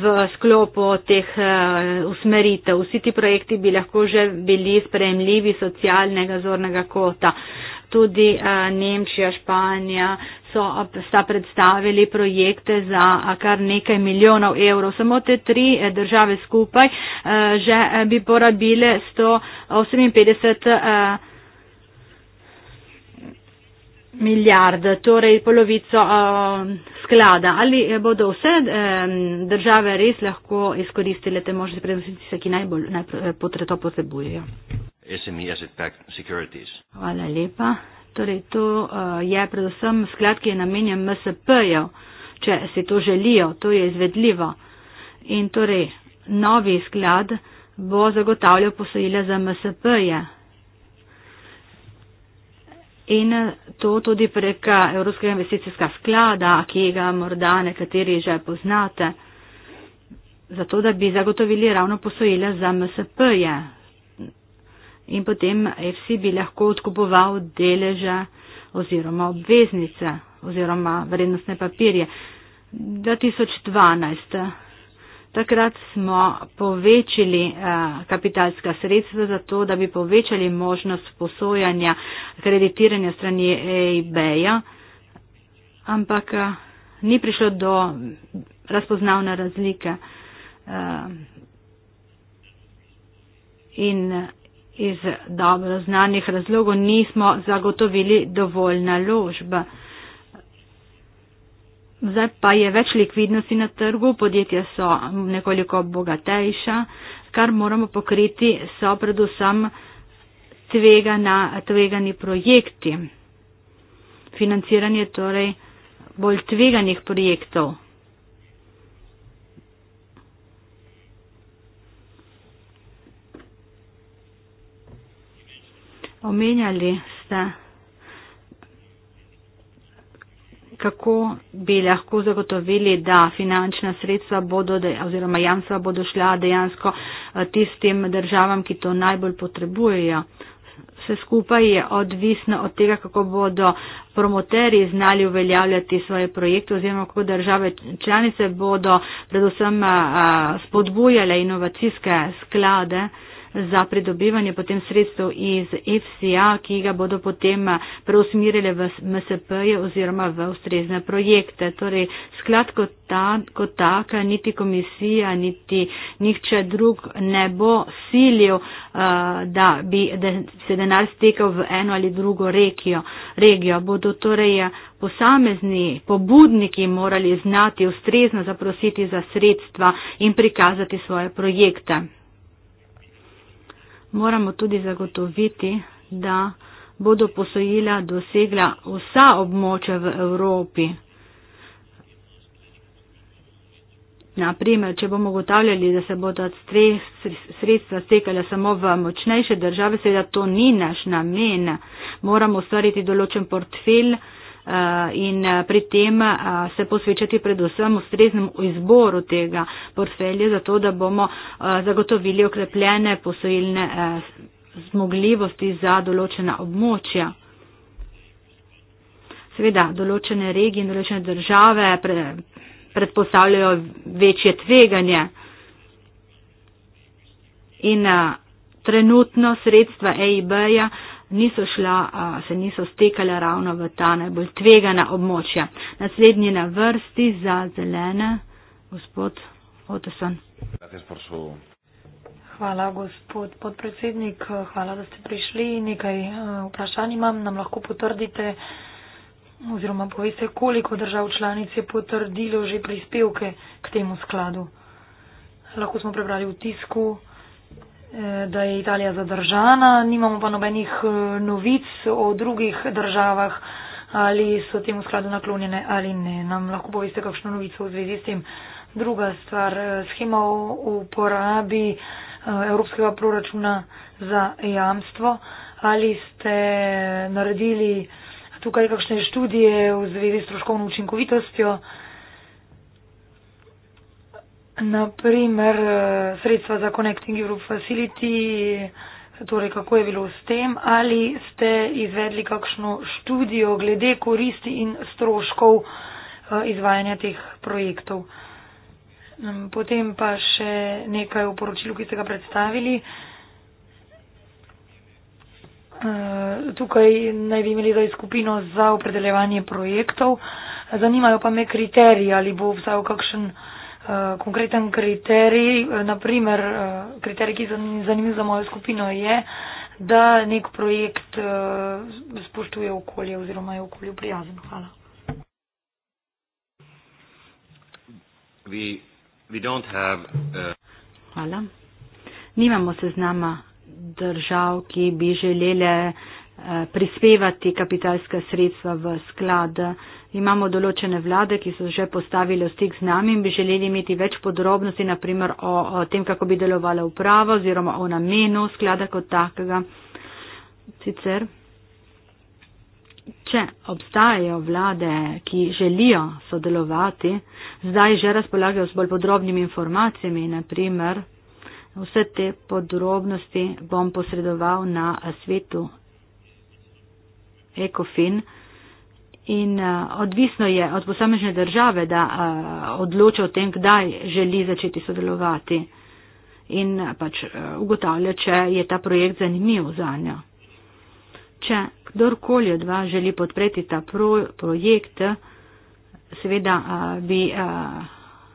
v sklopu teh eh, usmeritev. Vsi ti projekti bi lahko že bili sprejemljivi socialnega zornega kota. Tudi Nemčija, Španija so sta predstavili projekte za kar nekaj milijonov evrov. Samo te tri države skupaj že bi porabile 158 milijard, torej polovico uh, sklada. Ali bodo vse um, države res lahko izkoristile te možnosti prenositi se, ki najbolj naj, potre to potrebujejo? E, Hvala lepa. Torej, to uh, je predvsem sklad, ki je namenjen MSP-ju, če si to želijo, to je izvedljivo. In torej, novi sklad bo zagotavljal posojila za MSP-je, In eh, to tudi prek Evropskega investicijskega sklada, ki ga morda nekateri že poznate, zato da bi zagotovili ravno posojila za MSP-je. In potem FC bi lahko odkupoval deleže oziroma obveznice oziroma vrednostne papirje. 2012. Takrat smo povečali eh, kapitalska sredstva za to, da bi povečali možnost posojanja kreditiranja strani EIB-ja, ampak eh, ni prišlo do razpoznavne razlike eh, in iz dobro znanih razlogov nismo zagotovili dovolj naložb. Zdaj pa je več likvidnosti na trgu, podjetja so nekoliko bogatejša, kar moramo pokriti so predvsem tvegana, tvegani projekti. Financiranje torej bolj tveganih projektov. Omenjali ste. kako bi lahko zagotovili, da finančna sredstva bodo, oziroma jamstva bodo šla dejansko eh, tistim državam, ki to najbolj potrebujejo. Vse skupaj je odvisno od tega, kako bodo promoterji znali uveljavljati svoje projekte oziroma kako države članice bodo predvsem eh, spodbujale inovacijske sklade za pridobivanje potem sredstev iz FCA, ki ga bodo potem eh, preusmirile v MSP-je oziroma v ustrezne projekte. Torej, sklad kot, ta, kot taka, niti komisija, niti nihče drug ne bo silil, uh, da bi da se denar stekal v eno ali drugo regijo. regijo. Bodo torej eh, posamezni pobudniki morali znati ustrezno zaprositi za sredstva in prikazati svoje projekte moramo tudi zagotoviti, da bodo posojila dosegla vsa območja v Evropi. Naprimer, če bomo ugotavljali, da se bodo sredstva stekala samo v močnejše države, seveda to ni naš namen. Moramo ustvariti določen portfelj Eh, in eh, pri tem eh, se posvečati predvsem ustreznem izboru tega portfelja, zato da bomo zagotovili okrepljene posojilne zmogljivosti za določena območja. Seveda, določene regije in določene države predpostavljajo večje tveganje. In a, trenutno sredstva EIB-ja a, niso šla, se niso stekala ravno v ta najbolj tvegana območja. Naslednji na vrsti za zelene, gospod Otoson. Hvala, gospod podpredsednik. Hvala, da ste prišli. Nekaj vprašanj imam. Nam lahko potrdite oziroma poveste, koliko držav članic je potrdilo že prispevke k temu skladu. Lahko smo prebrali v tisku da je Italija zadržana, nimamo pa nobenih eh, novic o drugih državah, ali so temu skladu naklonjene ali ne. Nam lahko poveste kakšno novico v zvezi s tem. Druga stvar, eh, schema o uporabi eh, evropskega proračuna za jamstvo. Ali ste naredili tukaj kakšne študije v zvezi s troškovno učinkovitostjo? naprimer eh, sredstva za Connecting Europe Facility, torej kako je bilo s tem, ali ste izvedli kakšno študijo glede koristi in stroškov eh, izvajanja teh projektov. Mm, potem pa še nekaj v poročilu, ki ste ga predstavili. Eh, tukaj naj bi imeli zdaj skupino za opredeljevanje projektov. Zanimajo pa me kriteriji, ali bo vsaj v kakšen Eh, konkreten kriterij, eh, naprimer eh, kriterij, ki je zanimiv za mojo skupino, je, da nek projekt spoštuje okolje oziroma je okolju prijazen. Hvala. We, we don't have, uh... Hvala. Nimamo seznama držav, ki bi želele uh, prispevati kapitalska sredstva v sklad. Uh, imamo določene vlade, ki so že postavile v stik z nami in bi želeli imeti več podrobnosti, naprimer o, o tem, kako bi delovala uprava oziroma o namenu sklada kot takega. Sicer, če obstajajo vlade, ki želijo sodelovati, zdaj že razpolagajo z bolj podrobnimi informacijami, naprimer vse te podrobnosti bom posredoval na svetu ECOFIN in uh, odvisno je od posamežne države, da uh, odloča o tem, kdaj želi začeti sodelovati in uh, pač uh, ugotavlja, če je ta projekt zanimiv za njo. Če kdorkoli od vas želi podpreti ta pro, projekt, seveda uh, bi uh,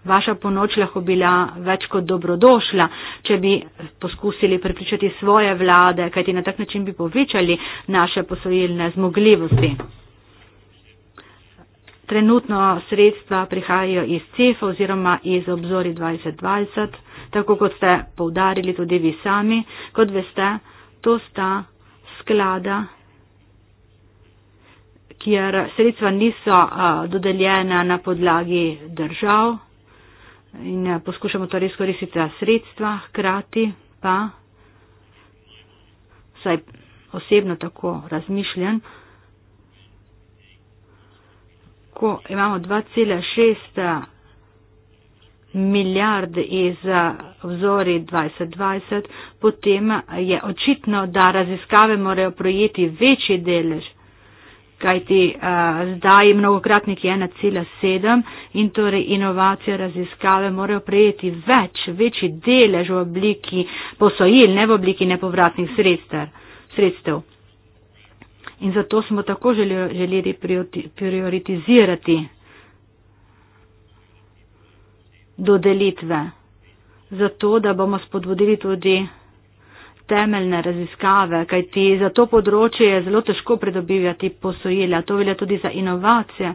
vaša pomoč lahko bila več kot dobrodošla, če bi poskusili prepričati svoje vlade, kajti na tak način bi povečali naše posojilne zmogljivosti. Trenutno sredstva prihajajo iz CEF oziroma iz obzori 2020, tako kot ste povdarili tudi vi sami. Kot veste, to sta sklada, kjer sredstva niso uh, dodeljena na podlagi držav in uh, poskušamo torej izkoristiti ta sredstva, hkrati pa, saj osebno tako razmišljam, uh, lahko imamo 2,6 eh, milijarde iz vzori eh, 2020, potem eh, je očitno, da raziskave morajo projeti večji delež, kajti uh, zdaj mnogokratnik je 1,7 in torej inovacije raziskave morajo projeti več, večji delež v obliki posojil, ne v obliki nepovratnih sredstev in zato smo tako želeli prioritizirati dodelitve, zato da bomo spodbudili tudi temeljne raziskave, kajti za to področje je zelo težko predobivati posojila, to velja tudi za inovacije.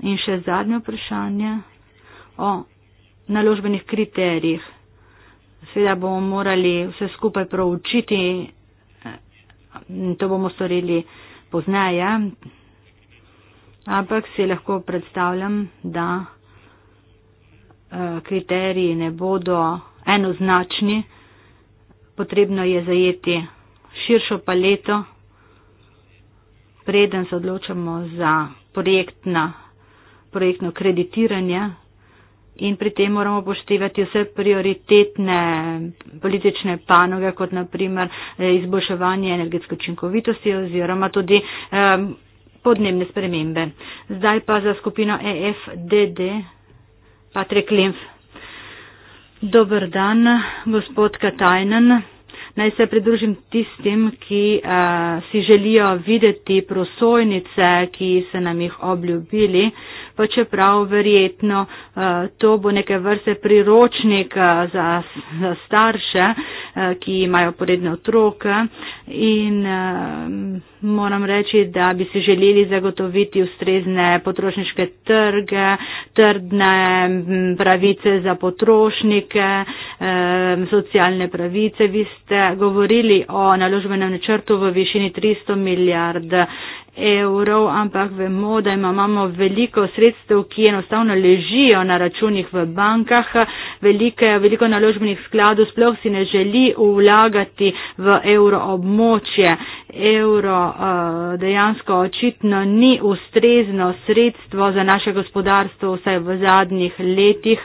In še zadnje vprašanje o naložbenih kriterijih. Seveda bomo morali vse skupaj proučiti in to bomo storili pozneje. Ampak si lahko predstavljam, da eh, kriteriji ne bodo enoznačni. Potrebno je zajeti širšo paleto, preden se odločamo za projektno kreditiranje, in pri tem moramo poštevati vse prioritetne politične panoge, kot naprimer eh, izboljševanje energetske učinkovitosti oziroma tudi eh, podnebne spremembe. Zdaj pa za skupino EFDD, Patrik Lenf. Dobar dan, gospod Katajnen. Naj se pridružim tistim, ki a, eh, si želijo videti prosojnice, ki se nam jih obljubili. A, pa čeprav verjetno eh, to bo neke vrste priročnik eh, za, za starše, eh, ki imajo poredne otroke in moram reči, da bi si želeli zagotoviti ustrezne potrošniške trge, trdne pravice za potrošnike, socialne pravice. Vi ste govorili o naložbenem načrtu v višini 300 milijard evrov, ampak vemo, da imamo veliko sredstev, ki enostavno ležijo na računih v bankah. Velike, veliko naložbenih skladov sploh si ne želi vlagati v evro območje evro eh, dejansko očitno ni ustrezno sredstvo za naše gospodarstvo vsaj v zadnjih letih,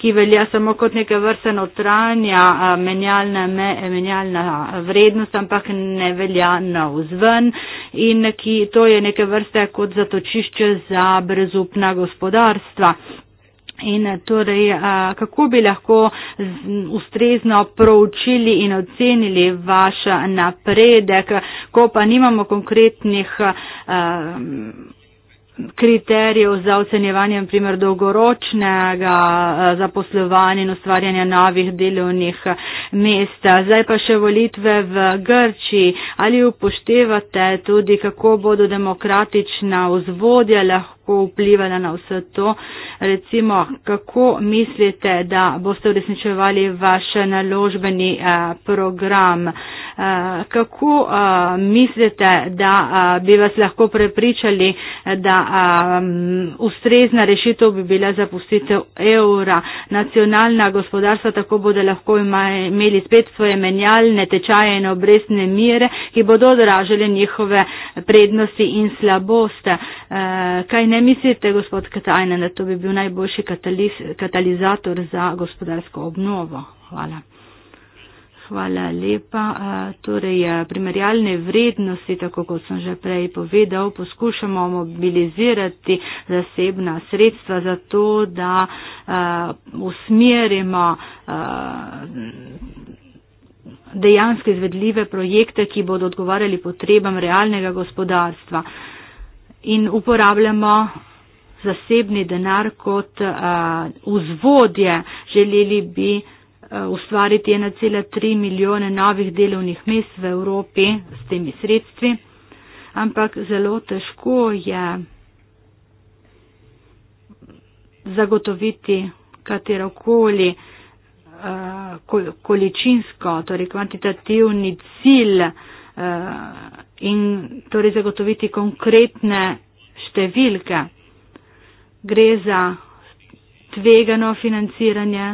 ki velja samo kot neke vrste notranja eh, menjalna, menjalna vrednost, ampak ne velja na vzven in ki to je neke vrste kot zatočišče za brezupna gospodarstva. In eh, torej, kako bi lahko ustrezno proučili in ocenili vaš eh, napredek, ko pa nimamo konkretnih eh, kriterijev za ocenjevanje, na primer, dolgoročnega zaposlovanja in ustvarjanja novih delovnih mest. Zdaj pa še volitve v Grčiji. Ali upoštevate tudi, kako bodo demokratična vzvodja lahko lahko vplivala na vse to. Recimo, kako mislite, da boste uresničevali vaš naložbeni eh, program? Eh, kako eh, mislite, da bi vas lahko prepričali, da ustrezna rešitev bi bila zapustitev evra? Nacionalna gospodarstva tako bodo lahko imeli spet svoje menjalne tečaje in obrestne mire, ki bodo odražali njihove prednosti in slabosti. Kaj ne ne mislite, gospod Katajnen, da to bi bil najboljši kataliz, katalizator za gospodarsko obnovo? Hvala. Hvala lepa. Eh, torej, eh, primerjalne vrednosti, tako kot sem že prej povedal, poskušamo mobilizirati zasebna sredstva za to, da eh, usmerimo dejansko izvedljive projekte, ki bodo odgovarjali potrebam realnega gospodarstva in uporabljamo zasebni denar kot uh, vzvodje. Želeli bi uh, ustvariti 1,3 milijone novih delovnih mest v Evropi s temi sredstvi, ampak zelo težko je zagotoviti katerokoli uh, količinsko, torej kvantitativni cilj. Uh, in torej zagotoviti konkretne številke. Gre za tvegano financiranje.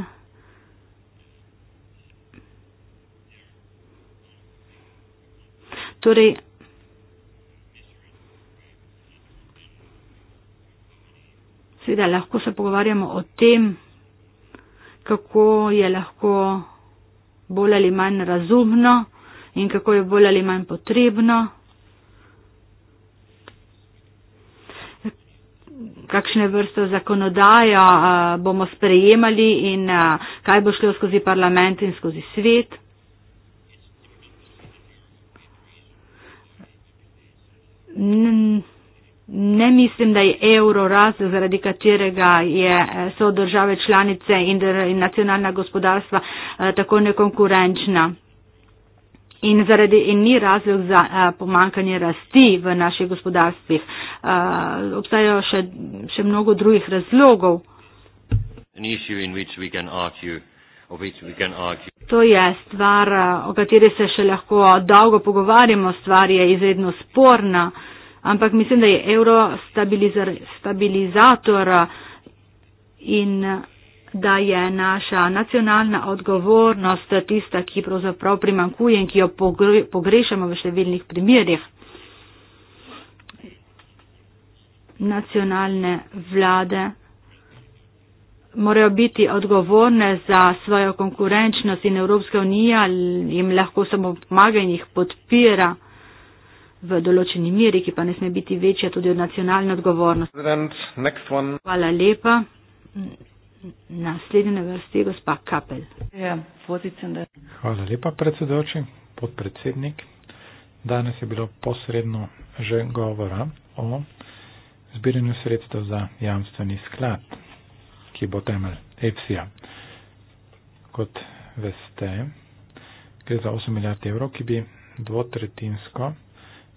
Torej, seveda lahko se pogovarjamo o tem, kako je lahko bolj ali manj razumno in kako je bolj ali manj potrebno. kakšne vrste zakonodajo eh, bomo sprejemali in eh, kaj bo šlo skozi parlament in skozi svet. Ne mislim, da je evro raz, zaradi katerega je, eh, so države članice in nacionalna gospodarstva tako nekonkurenčna in zaradi in ni razlog za uh, pomankanje rasti v naših gospodarstvih. Uh, obstajajo še, še mnogo drugih razlogov. To je stvar, o kateri se še lahko dolgo pogovarjamo, stvar je izredno sporna, ampak mislim, da je euro stabilizator in da je naša nacionalna odgovornost tista, ki pravzaprav primankuje in ki jo pogrešamo v številnih primerjih. Nacionalne vlade morajo biti odgovorne za svojo konkurenčnost in Evropska unija jim lahko samo pomaga in jih podpira v določeni meri, ki pa ne sme biti večja tudi od nacionalne odgovornosti. Hvala lepa. Naslednji na vrsti je gospa Kapel. Ja, Hvala lepa, predsedoči, podpredsednik. Danes je bilo posredno že govora o zbiranju sredstev za jamstveni sklad, ki bo temelj EPSI-ja. Kot veste, gre za 8 milijard evrov, ki bi dvotretinsko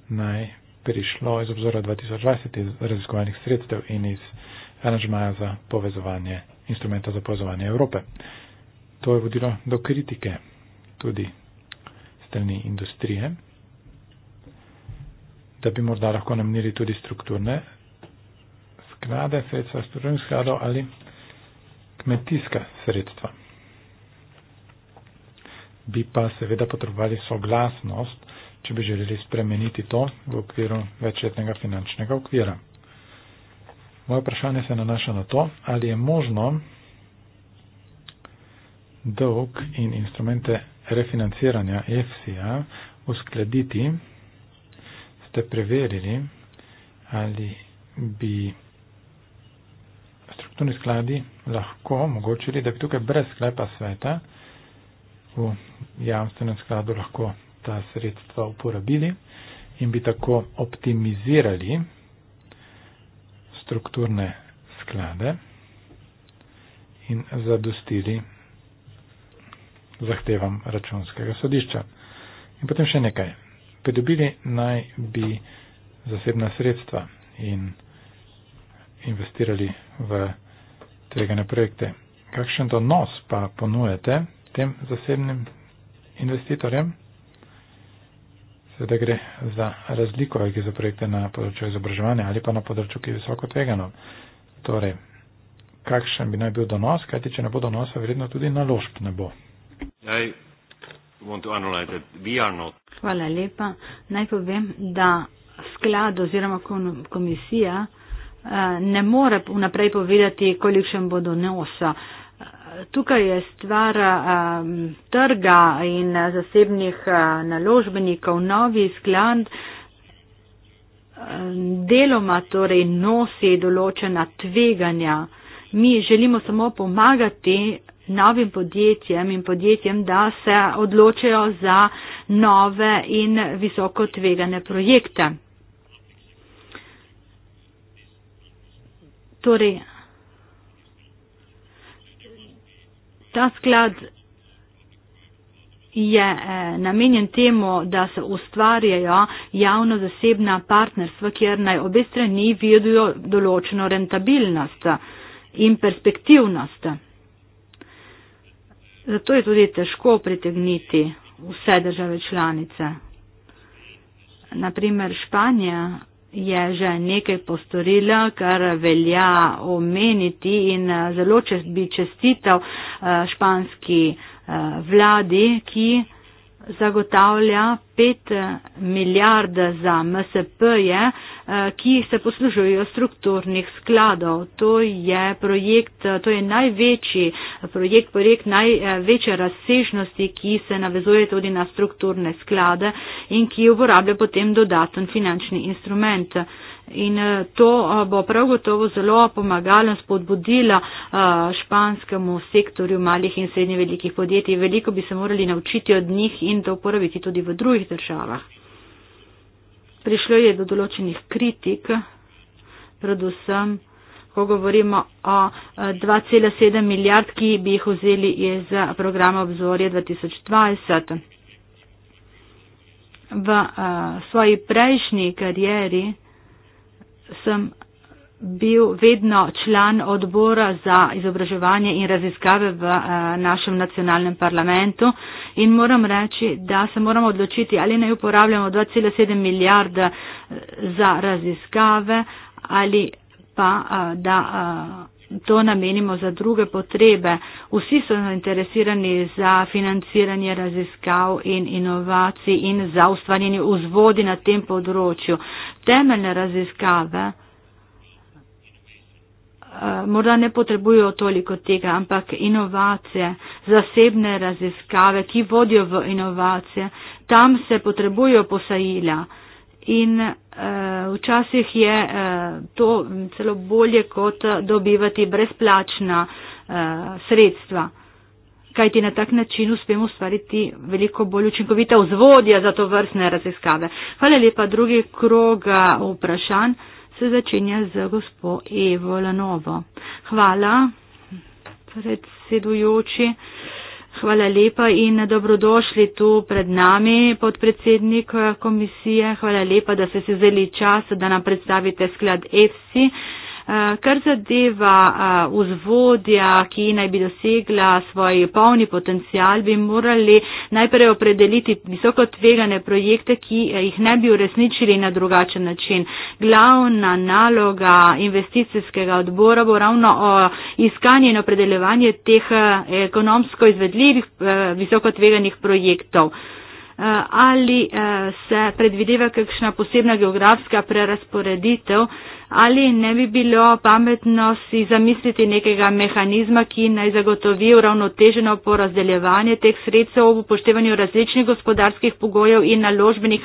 naj prišlo iz obzora 2020 iz raziskovalnih sredstev in iz aranžmaja za povezovanje instrumenta za pozvanje Evrope. To je vodilo do kritike tudi strani industrije, da bi morda lahko namnili tudi strukturne sklade, sredstva strukturnih skladov ali kmetijska sredstva. Bi pa seveda potrebovali soglasnost, če bi želeli spremeniti to v okviru večletnega finančnega okvira. Moje vprašanje se nanaša na to, ali je možno dolg in instrumente refinanciranja EFSI-ja uskladiti. Ste preverili, ali bi strukturni skladi lahko omogočili, da bi tukaj brez sklepa sveta v javnostnem skladu lahko ta sredstva uporabili in bi tako optimizirali strukturne sklade in zadostili zahtevam računskega sodišča. In potem še nekaj. Pridobili naj bi zasebna sredstva in investirali v tvegane projekte. Kakšen donos pa ponujete tem zasebnim investitorjem? Seveda torej, gre za razliko, ki so projekte na področju izobraževanja ali pa na področju, ki je visoko tvegano. Torej, kakšen bi naj bil donos, kajti če ne bo donosa, verjetno tudi naložb ne bo. Hvala lepa. Naj povem, da sklad oziroma komisija eh, ne more vnaprej povedati, kolikšen bo donosa tukaj je stvar um, trga in uh, zasebnih uh, naložbenikov. Novi sklad um, deloma torej nosi določena tveganja. Mi želimo samo pomagati novim podjetjem in podjetjem, da se odločajo za nove in visoko tvegane projekte. Torej, ta sklad je eh, namenjen temu, da se ustvarjajo javno-zasebna partnerstva, kjer naj obe strani vidijo določeno rentabilnost in perspektivnost. Zato je tudi težko pritegniti vse države članice. Naprimer Španija je že nekaj postorila, kar velja omeniti in eh, zelo čest, bi čestital eh, španski eh, vladi, ki zagotavlja 5 milijard za MSP-je, eh, ki se poslužujejo strukturnih skladov. To je projekt, eh, to je največji projekt, projekt največje razsežnosti, ki se navezuje tudi na strukturne sklade in ki uporablja potem dodaten finančni instrument in eh, to eh, bo prav gotovo zelo pomagalo in spodbudilo eh, španskemu sektorju malih in srednje velikih podjetij. Veliko bi se morali naučiti od njih in to uporabiti tudi v drugih državah. Prišlo je do določenih kritik, predvsem, ko govorimo o 2,7 milijard, ki bi jih vzeli iz programa obzorje 2020. V uh, svoji prejšnji karieri sem bil vedno član odbora za izobraževanje in raziskave v eh, našem nacionalnem parlamentu in moram reči, da se moramo odločiti, ali naj uporabljamo 2,7 milijarde eh, za raziskave ali pa eh, da to namenimo za druge potrebe. Vsi so zainteresirani za financiranje raziskav in inovacij in za ustvarjanje vzvodi na tem področju. Temeljne raziskave eh, morda ne potrebujo toliko tega, ampak inovacije, zasebne raziskave, ki vodijo v inovacije, tam se potrebujo posajila in uh, včasih je uh, to celo bolje kot eh, dobivati brezplačna uh, sredstva, kajti na tak način uspemo ustvariti veliko bolj učinkovita vzvodja za to vrstne raziskave. Hvala lepa. Drugi kroga vprašanj se začenja z gospo Evo Lanovo. Hvala, predsedujoči. Uh, Hvala lepa in dobrodošli tu pred nami, podpredsednik eh, komisije. Hvala lepa, da ste se vzeli čas, da nam predstavite sklad EFSI. Eh, kar zadeva eh, vzvodja, ki naj bi dosegla svoj polni potencial, bi morali najprej opredeliti visoko tvegane projekte, ki jih ne bi uresničili na drugačen način. Glavna naloga investicijskega odbora bo ravno o iskanje in opredeljevanje teh eh, ekonomsko izvedljivih eh, visokotveganih projektov. Eh, ali se predvideva kakšna posebna geografska prerasporeditev ali ne bi bilo pametno si zamisliti nekega mehanizma, ki naj zagotovi uravnoteženo porazdeljevanje teh sredstev v upoštevanju različnih gospodarskih pogojev in naložbenih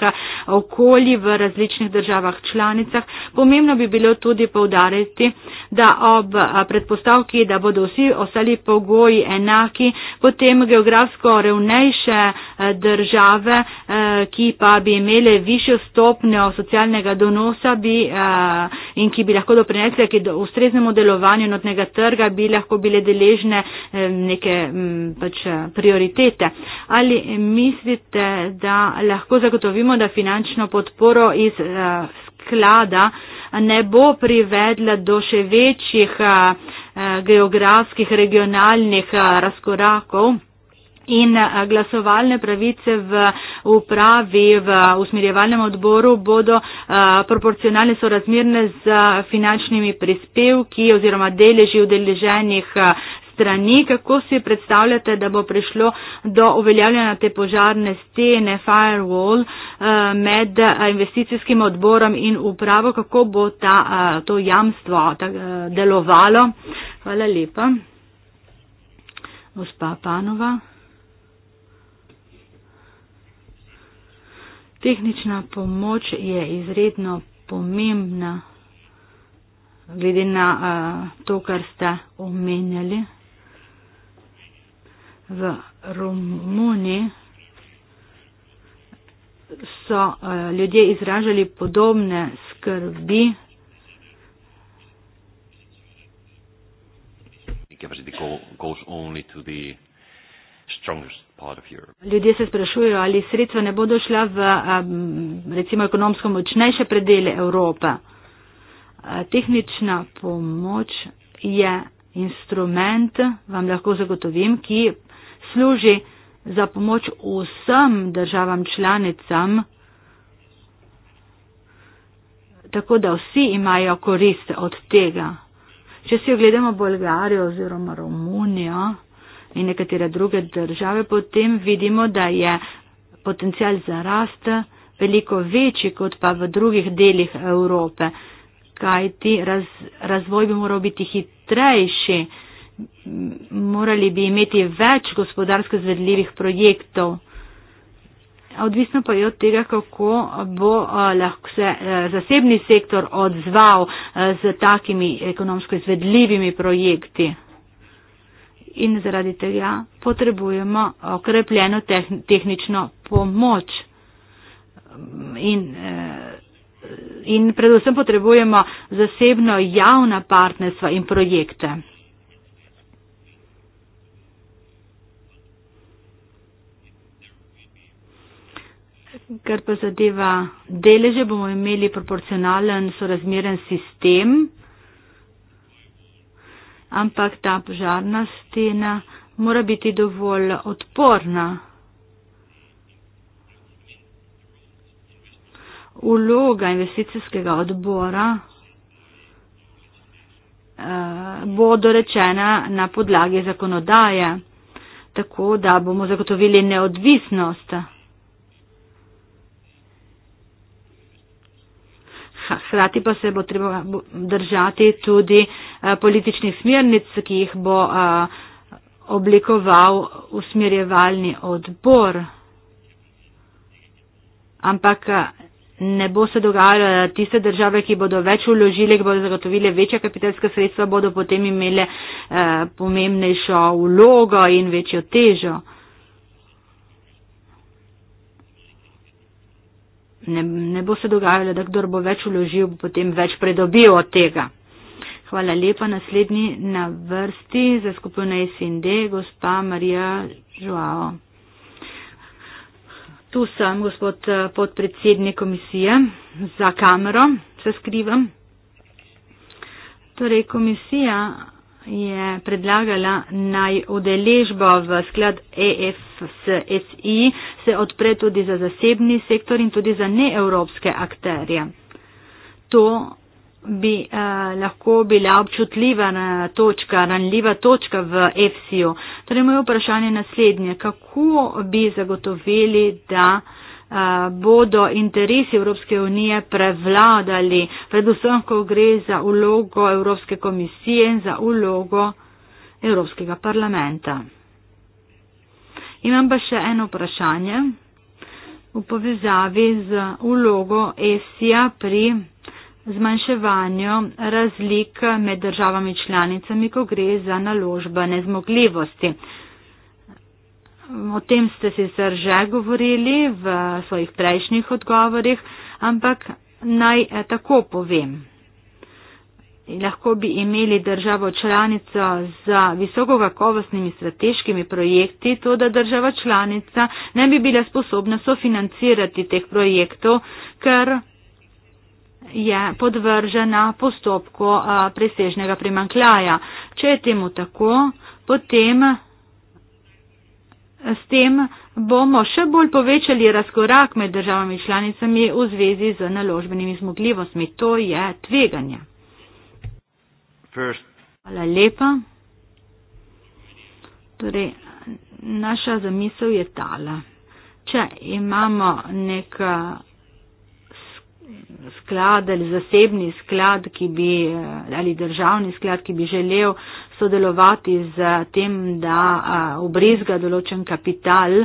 okolij v različnih državah članicah. Pomembno bi bilo tudi povdariti, da ob predpostavki, da bodo vsi ostali pogoji enaki, potem geografsko revnejše države, ki pa bi imele višjo stopnjo socialnega donosa, bi in ki bi lahko doprinesle k ustreznemu delovanju notnega trga, bi lahko bile deležne neke pač, eh, prioritete. Ali mislite, da lahko zagotovimo, da finančno podporo iz eh, sklada eh, ne bo privedla do še večjih geografskih, regionalnih razkorakov? in glasovalne pravice v upravi, v usmerjevalnem odboru bodo proporcionalne sorazmerne z finančnimi prispevki oziroma deleži udeleženih strani. Kako si predstavljate, da bo prišlo do uveljavljanja te požarne stene, firewall, med investicijskim odborom in upravo, kako bo ta, to jamstvo delovalo? Hvala lepa. Gospa Panova. Tehnična pomoč je izredno pomembna, glede na uh, to, kar ste omenjali. V Romuniji so uh, ljudje izražali podobne skrbi. Strongest Ljudje se sprašujejo, ali sredstva ne bodo šla v um, recimo ekonomsko močnejše predele Evrope. Tehnična pomoč je instrument, vam lahko zagotovim, ki služi za pomoč vsem državam članicam, tako da vsi imajo korist od tega. Če si ogledamo Bolgarijo oziroma Romunijo, in nekatere druge države, potem vidimo, da je potencial za rast veliko večji kot pa v drugih delih Evrope, kajti raz, razvoj bi moral biti hitrejši, morali bi imeti več gospodarsko zvedljivih projektov. Odvisno pa je od tega, kako bo eh, lahko se eh, zasebni sektor odzval z eh, takimi ekonomsko izvedljivimi projekti in zaradi tega potrebujemo okrepljeno tehnično pomoč. In, eh, in predvsem potrebujemo zasebno javna partnerstva in projekte. Kar pa zadeva deleže, bomo imeli proporcionalen sorazmeren sistem ampak ta požarna stena mora biti dovolj odporna. Uloga investicijskega odbora eh, bo dorečena na podlagi zakonodaje, tako da bomo zagotovili neodvisnost. Hkrati pa se bo treba držati tudi eh, političnih smernic, ki jih bo eh, oblikoval usmerjevalni odbor. Ampak eh, ne bo se dogajalo, da tiste države, ki bodo več uložile, ki bodo zagotovile večja kapitalska sredstva, bodo potem imele eh, pomembnejšo vlogo in večjo težo. Eh, ne, ne bo se dogajalo, da kdor bo več uložil, bo potem več predobil od tega. Hvala lepa. Naslednji na vrsti za skupino SND, gospa Marija Žuao. Tu sem, gospod eh, podpredsednik komisije, za kamero se skrivam. Torej, komisija je predlagala naj udeležbo v sklad EFSSI se odpre tudi za zasebni sektor in tudi za neevropske akterje. To bi eh, lahko bila občutljiva eh, točka, ranljiva točka v EFSI-ju. Torej, moje vprašanje je naslednje. Kako bi zagotovili, da bodo interesi Evropske unije prevladali, predvsem, ko gre za ulogo Evropske komisije in za ulogo Evropskega parlamenta. Imam pa še eno vprašanje v povezavi z ulogo ESIA pri zmanjševanju razlik med državami članicami, ko gre za naložbene zmogljivosti. O tem ste sicer že govorili v svojih prejšnjih odgovorih, ampak naj eh, tako povem. Lahko bi imeli državo članico z visoko kakovostnimi strateškimi projekti, to da država članica ne bi bila sposobna sofinancirati teh projektov, ker je podvržena postopku eh, presežnega primankljaja. Če je temu tako, potem S tem bomo še bolj povečali razkorak med državami članicami v zvezi z naložbenimi zmogljivostmi. To je tveganje. First. Hvala lepa. Torej, naša zamisel je tala. Če imamo nek eh, sklad ali zasebni sklad, ki bi, eh, ali državni sklad, ki bi želel sodelovati z tem, da obrezga določen kapital,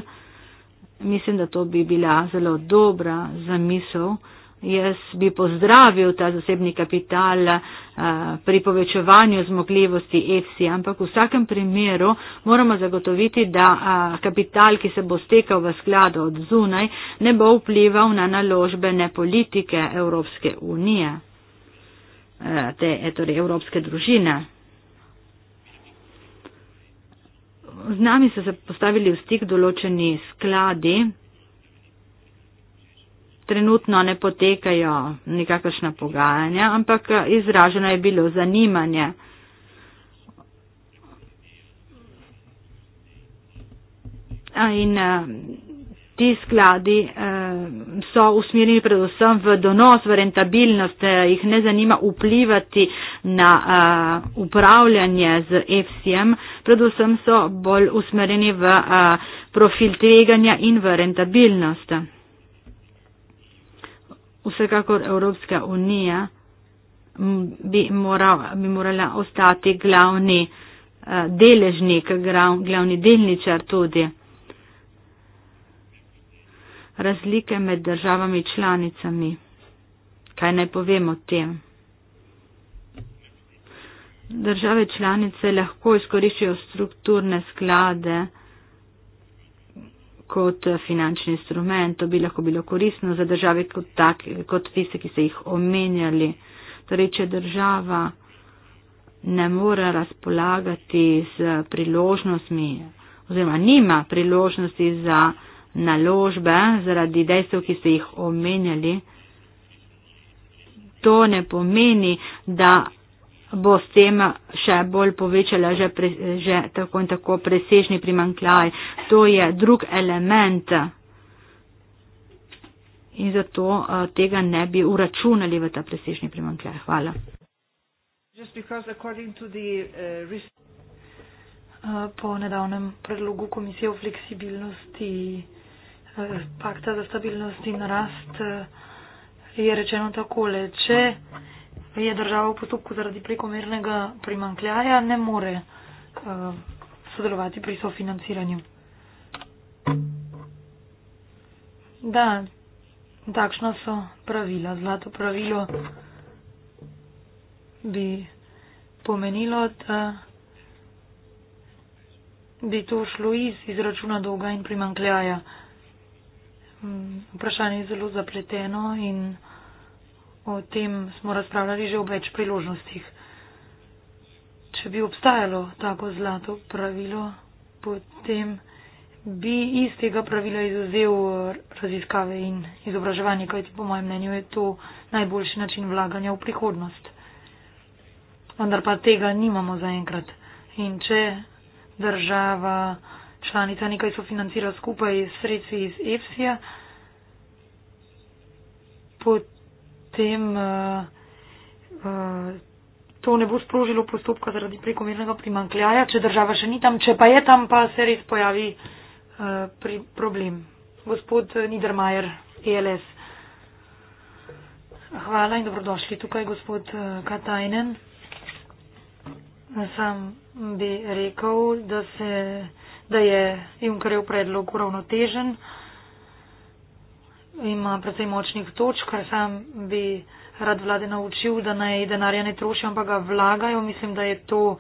mislim, da to bi bila zelo dobra zamisel. Jaz bi pozdravil ta zasebni kapital pri povečevanju zmogljivosti EFSI, ampak v vsakem primeru moramo zagotoviti, da kapital, ki se bo stekal v skladu od zunaj, ne bo vplival na naložbene politike Evropske unije, te torej, Evropske družine. z nami so se postavili v stik določeni skladi. Trenutno ne potekajo nikakršna pogajanja, ampak eh, izraženo je bilo zanimanje. In eh, ti skladi eh, so usmerjeni predvsem v donos, v rentabilnost, eh, jih ne zanima vplivati na eh, upravljanje z FCM, predvsem so bolj usmerjeni v eh, profil tveganja in v rentabilnost. Vsekakor Evropska unija bi, moral, bi morala ostati glavni eh, deležnik, glav, glavni delničar tudi razlike med državami članicami. Kaj naj povem o tem? Države članice lahko izkoriščajo strukturne sklade kot finančni instrument. To bi lahko bilo koristno za države kot, tak, kot tiste, ki ste jih omenjali. Torej, če država ne more razpolagati z priložnostmi oziroma nima priložnosti za naložbe zaradi dejstev, ki ste jih omenjali. To ne pomeni, da bo s tem še bolj povečala že, pre, že tako in tako presežni primankljaj. To je drug element in zato a, eh, tega ne bi uračunali v ta presežni primankljaj. Hvala. Eh, eh, po nedavnem predlogu komisije o fleksibilnosti pakta za stabilnost in rast eh, je rečeno takole. Če je država v postopku zaradi prekomernega primankljaja, ne more eh, sodelovati pri sofinanciranju. Da, takšno so pravila. Zlato pravilo bi pomenilo, da bi to šlo iz izračuna dolga in primankljaja vprašanje je zelo zapleteno in o tem smo razpravljali že v več priložnostih. Če bi obstajalo tako zlato pravilo, potem bi iz tega pravila izuzel raziskave in izobraževanje, kajti po mojem mnenju je to najboljši način vlaganja v prihodnost. Vendar pa tega nimamo zaenkrat. In če država članica nekaj sofinancira skupaj s sredstvi iz EFSI-ja, potem uh, uh, to ne bo sprožilo postopka zaradi prekomernega primankljaja, če država še ni tam, če pa je tam, pa se res pojavi uh, pri, problem. Gospod Niedermayer, ELS. Hvala in dobrodošli tukaj, gospod Katajnen. Sam bi rekel, da se da je Junkarjev predlog uravnotežen, ima predvsej močnih točk, ker sam bi rad vlade naučil, da naj denarja ne trošijo, ampak ga vlagajo. Mislim, da je to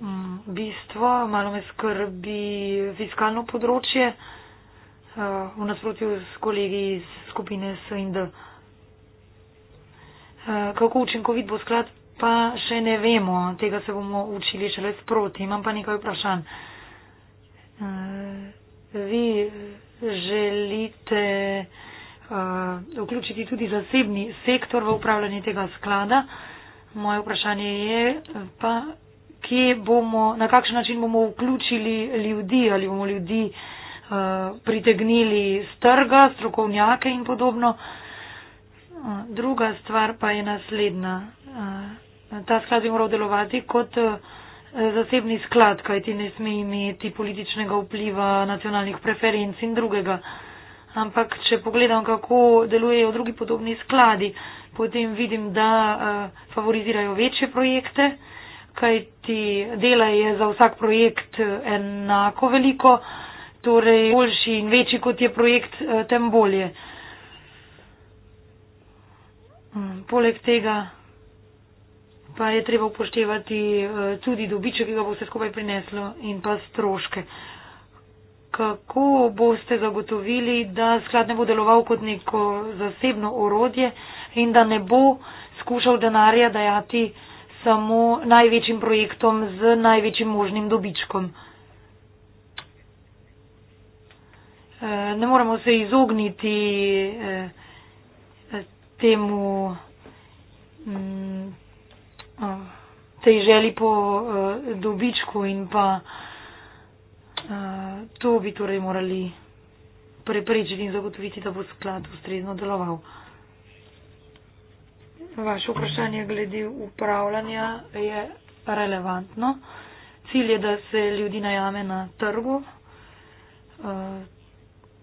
mm, bistvo, malo me skrbi fiskalno področje, uh, v nasprotju s kolegi iz skupine SND. Eh, kako učinkovit bo sklad, pa še ne vemo. Tega se bomo učili šele sproti. Imam pa nekaj vprašanj. Eh, vi želite eh, vključiti tudi zasebni sektor v upravljanje tega sklada. Moje vprašanje je pa, kje bomo, na kakšen način bomo vključili ljudi ali bomo ljudi eh, pritegnili z trga, strokovnjake in podobno. Druga stvar pa je naslednja. Ta sklad bi moral delovati kot zasebni sklad, kajti ne sme imeti političnega vpliva, nacionalnih preferenc in drugega. Ampak, če pogledam, kako delujejo drugi podobni skladi, potem vidim, da eh, favorizirajo večje projekte, kajti dela je za vsak projekt eh, enako veliko, torej boljši in večji kot je projekt, eh, tem bolje. Hm, poleg tega pa je treba upoštevati eh, tudi dobiček, ki ga bo vse skupaj prineslo in pa stroške. Kako boste zagotovili, da sklad ne bo deloval kot neko zasebno orodje in da ne bo skušal denarja dajati samo največjim projektom z največjim možnim dobičkom? Eh, ne moramo se izogniti eh, temu mm, uh, tej želji po uh, dobičku in pa uh, to bi torej morali preprečiti in zagotoviti, da bo sklad ustrezno deloval. Vaše vprašanje glede upravljanja je relevantno. Cilj je, da se ljudi najame na trgu.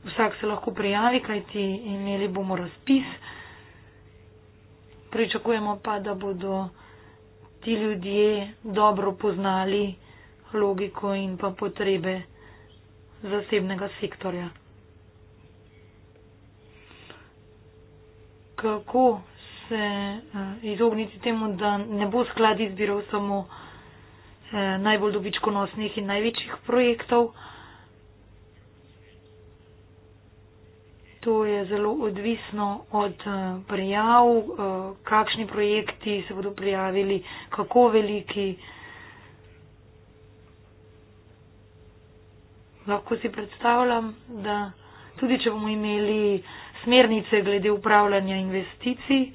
Vsak se lahko prijavi, kajti imeli bomo razpis. Pričakujemo pa, da bodo ti ljudje dobro poznali logiko in pa potrebe zasebnega sektorja. Kako se eh, izogniti temu, da ne bo sklad izbiral samo eh, najbolj dobičkonosnih in največjih projektov, To je zelo odvisno od eh, prijav, eh, kakšni projekti se bodo prijavili, kako veliki. Lahko si predstavljam, da tudi če bomo imeli smernice glede upravljanja investicij,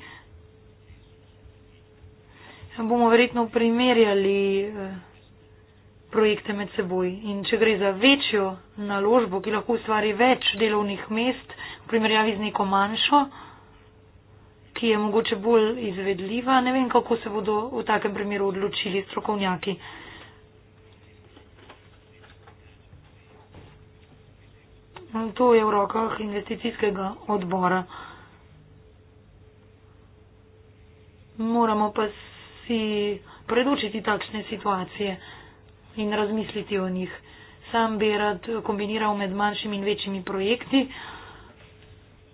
bomo verjetno primerjali eh, projekte med seboj. In če gre za večjo naložbo, ki lahko ustvari več delovnih mest, primerjavi z neko manjšo, ki je mogoče bolj izvedljiva. Ne vem, kako se bodo v takem primeru odločili strokovnjaki. To je v rokah investicijskega odbora. Moramo pa si predučiti takšne situacije in razmisliti o njih. Sam bi rad kombiniral med manjšimi in večjimi projekti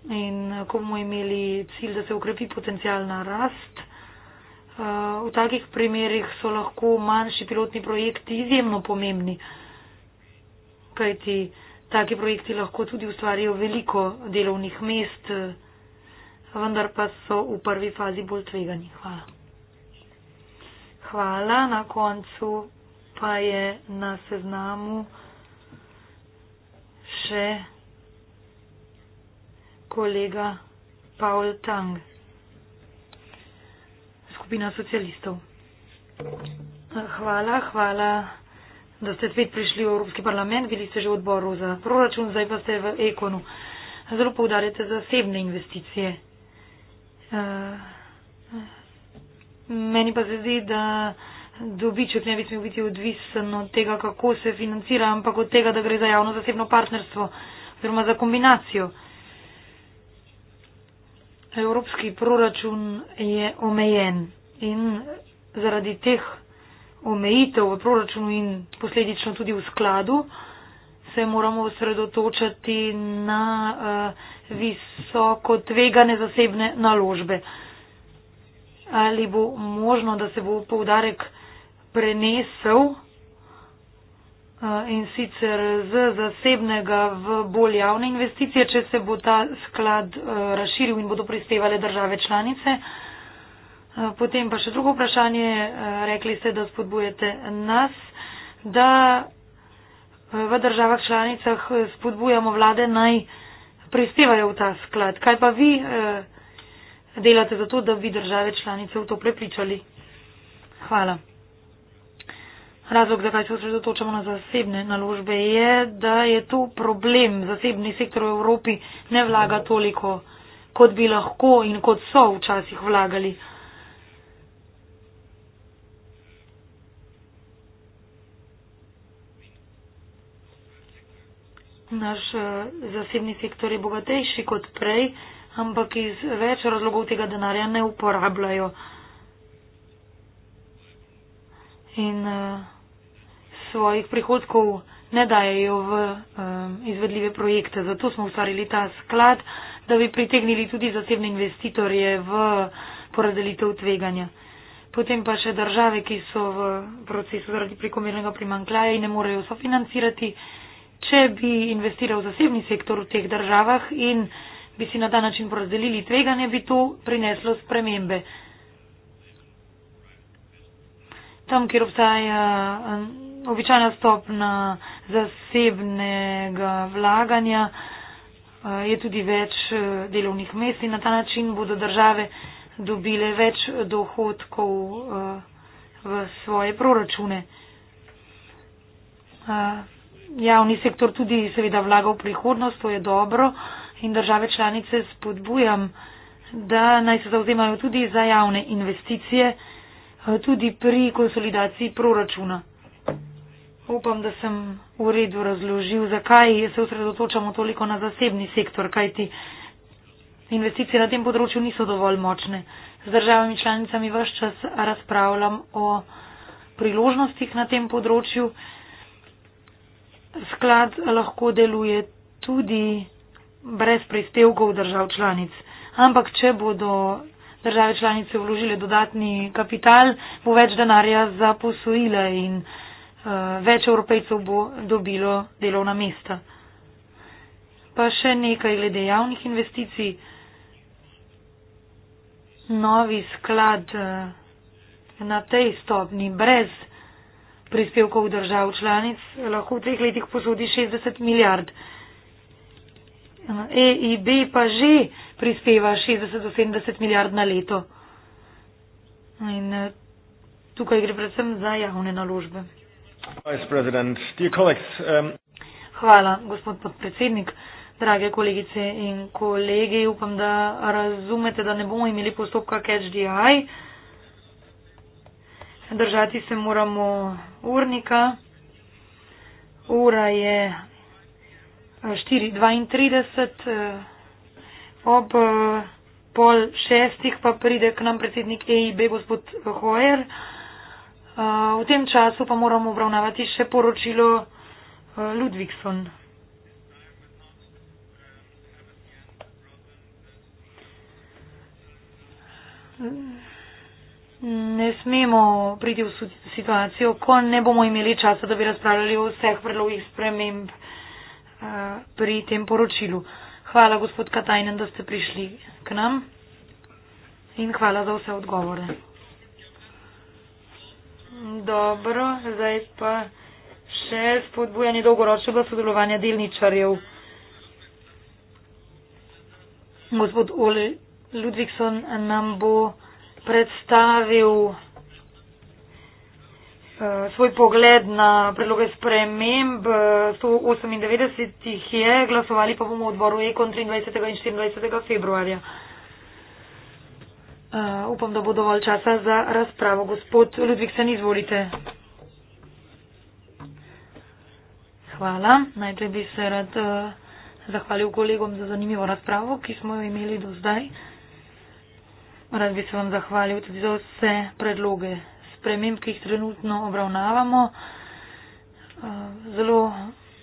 in eh, ko bomo imeli cilj, da se ukrepi potencijalna rast. Eh, v takih primerih so lahko manjši pilotni projekti izjemno pomembni, kajti taki projekti lahko tudi ustvarijo veliko delovnih mest, eh, vendar pa so v prvi fazi bolj tvegani. Hvala. Hvala. Na koncu pa je na seznamu še kolega Paul Tang, skupina socialistov. Hvala, hvala, da ste spet prišli v Evropski parlament, bili ste že v odboru za proračun, zdaj pa ste v Ekonu. Zelo poudarjate zasebne investicije. Eh, meni pa se zdi, da dobiček ne bi smel biti odvisen od tega, kako se financira, ampak od tega, da gre za javno zasebno partnerstvo oziroma za kombinacijo evropski proračun je omejen in zaradi teh omejitev v proračunu in posledično tudi v skladu se moramo osredotočati na uh, visoko tvegane zasebne naložbe. Ali bo možno, da se bo poudarek prenesel? in sicer z zasebnega v bolj javne investicije, če se bo ta sklad e, razširil in bodo prispevale države članice. E, potem pa še drugo vprašanje. E, rekli ste, da spodbujete nas, da v državah članicah spodbujamo vlade naj prispevajo v ta sklad. Kaj pa vi delate za to, da bi države članice v to prepričali? Hvala. Razlog, zakaj se osredotočamo na zasebne naložbe, je, da je tu problem. Zasebni sektor v Evropi ne vlaga toliko, kot bi lahko in kot so včasih vlagali. Naš eh, zasebni sektor je bogatejši kot prej, ampak iz več razlogov tega denarja ne uporabljajo. In, uh, svojih prihodkov ne dajejo v um, izvedljive projekte. Zato smo ustvarili ta sklad, da bi pritegnili tudi zasebne investitorje v porazdelitev tveganja. Potem pa še države, ki so v procesu zaradi prekomernega primankljaja in ne morejo sofinancirati. Če bi investiral zasebni sektor v teh državah in bi si na ta način porazdelili tveganje, bi to prineslo spremembe. Tam, kjer obstaja običajna stopna zasebnega vlaganja eh, je tudi več eh, delovnih mest in na ta način bodo države dobile več dohodkov eh, v svoje proračune. Javni sektor tudi seveda vlaga v prihodnost, to je dobro in države članice spodbujam, da naj se zauzemajo tudi za javne investicije, tudi pri konsolidaciji proračuna. Upam, da sem v redu razložil, zakaj se osredotočamo toliko na zasebni sektor, kajti investicije na tem področju niso dovolj močne. Z državami članicami vse čas razpravljam o priložnostih na tem področju. Sklad lahko deluje tudi brez prispevkov držav članic. Ampak, če bodo države članice vložile dodatni kapital, bo več denarja za posojila in. Eh, več evropejcev bo dobilo delovna mesta. Pa še nekaj glede javnih investicij. Novi sklad eh, na tej stopni brez prispevkov držav članic eh, lahko v treh letih posodi 60 milijard. EIB e pa že prispeva 60 do 70 milijard na leto. In tukaj gre predvsem za javne naložbe. Vice President, dear colleagues. Um... Hvala, gospod podpredsednik. Drage kolegice in kolegi, upam, da razumete, da ne bomo imeli postopka CatchDI. Držati se moramo urnika. Ura je 4.32. Eh, ob eh, pol šestih pa pride k nam predsednik EIB, gospod Hojer v tem času pa moramo obravnavati še poročilo eh, Ludvikson. Ne smemo priti v situacijo, ko ne bomo imeli časa, da bi razpravljali o vseh predlogih sprememb eh, pri tem poročilu. Hvala, gospod Katajnen, da ste prišli k nam in hvala za vse odgovore. Dobro, zdaj pa še spodbujanje dolgoročnega sodelovanja delničarjev. Gospod Ole Ludvikson nam bo predstavil eh, svoj pogled na predloge sprememb. 198 eh, jih je, glasovali pa bomo v odboru Ekon 23. in 24. februarja. Uh, upam, da bo dovolj časa za razpravo. Gospod Ludvik, se ni izvolite. Hvala. Najprej bi se rad uh, zahvalil kolegom za zanimivo razpravo, ki smo jo imeli do zdaj. Rad bi se vam zahvalil tudi za vse predloge sprememb, ki jih trenutno obravnavamo. Uh, zelo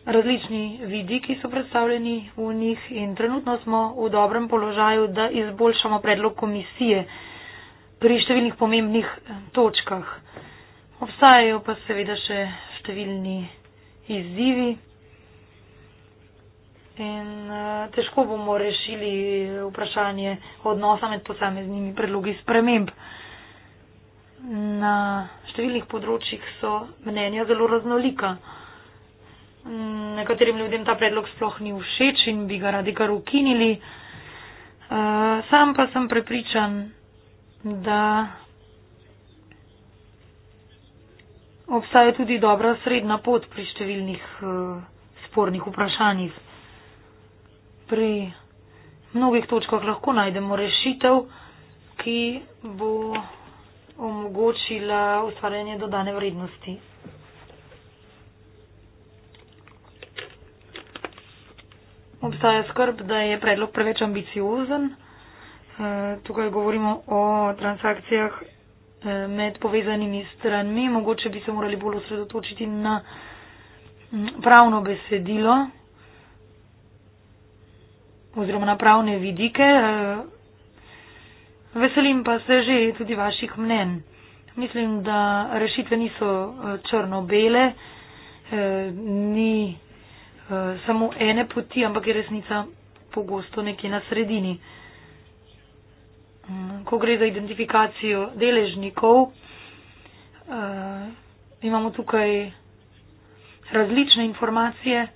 različni vidiki so predstavljeni v njih in trenutno smo v dobrem položaju, da izboljšamo predlog komisije pri številnih pomembnih eh, točkah. Obstajajo pa seveda še številni izzivi in eh, težko bomo rešili vprašanje odnosa med posameznimi predlogi sprememb. Na številnih področjih so mnenja zelo raznolika. Mm, nekaterim ljudem ta predlog sploh ni všeč in bi ga radi kar ukinili. Eh, sam pa sem prepričan, da obstaja tudi dobra srednja pot pri številnih eh, spornih vprašanjih. Pri mnogih točkah lahko najdemo rešitev, ki bo omogočila ustvarjanje dodane vrednosti. obstaja skrb, da je predlog preveč ambiciozen. Eh, tukaj govorimo o transakcijah eh, med povezanimi stranmi. Mogoče bi se morali bolj osredotočiti na mm, pravno besedilo oziroma na pravne vidike. Eh, veselim pa se že tudi vaših mnen. Mislim, da rešitve niso črno-bele, ni Eh, samo ene poti, ampak je resnica pogosto nekje na sredini. Mm, ko gre za identifikacijo deležnikov, eh, imamo tukaj različne informacije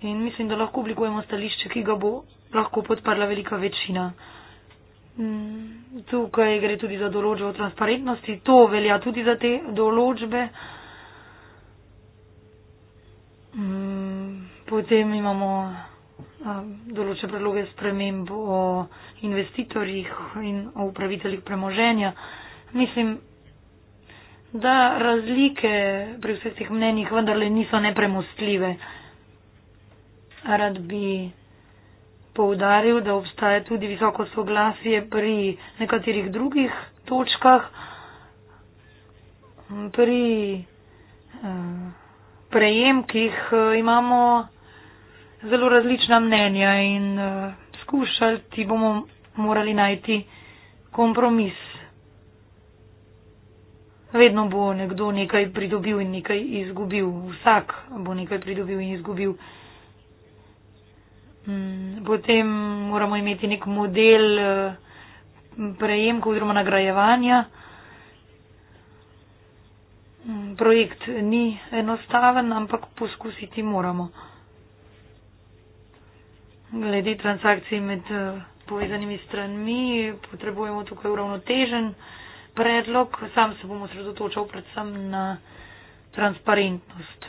in mislim, da lahko oblikujemo stališče, ki ga bo lahko podprla velika večina. Mm, tukaj gre tudi za določbo transparentnosti, to velja tudi za te določbe. Mm, potem imamo določene predloge sprememb o investitorjih in o upraviteljih premoženja. Mislim, da razlike pri vseh teh mnenjih vendarle niso nepremostljive. Rad bi poudaril, da obstaja tudi visoko soglasje pri nekaterih drugih točkah, pri eh, prejemkih eh, imamo zelo različna mnenja in eh, skušati bomo morali najti kompromis. Vedno bo nekdo nekaj pridobil in nekaj izgubil. Vsak bo nekaj pridobil in izgubil. Mm, potem moramo imeti nek model eh, prejemkov oziroma nagrajevanja projekt ni enostaven, ampak poskusiti moramo. Glede transakcij med eh, povezanimi stranmi potrebujemo tukaj uravnotežen predlog. Sam se bom osredotočal predvsem na transparentnost.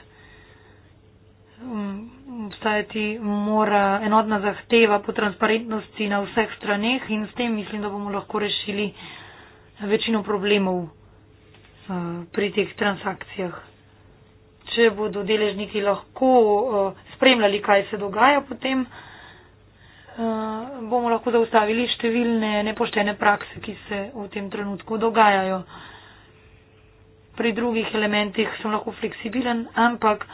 Um, obstajati mora enotna zahteva po transparentnosti na vseh straneh in s tem mislim, da bomo lahko rešili večino problemov. Eh, pri teh transakcijah. Če bodo deležniki lahko eh, spremljali, kaj se dogaja, potem eh, bomo lahko zaustavili številne nepoštene prakse, ki se v tem trenutku dogajajo. Pri drugih elementih sem lahko fleksibilen, ampak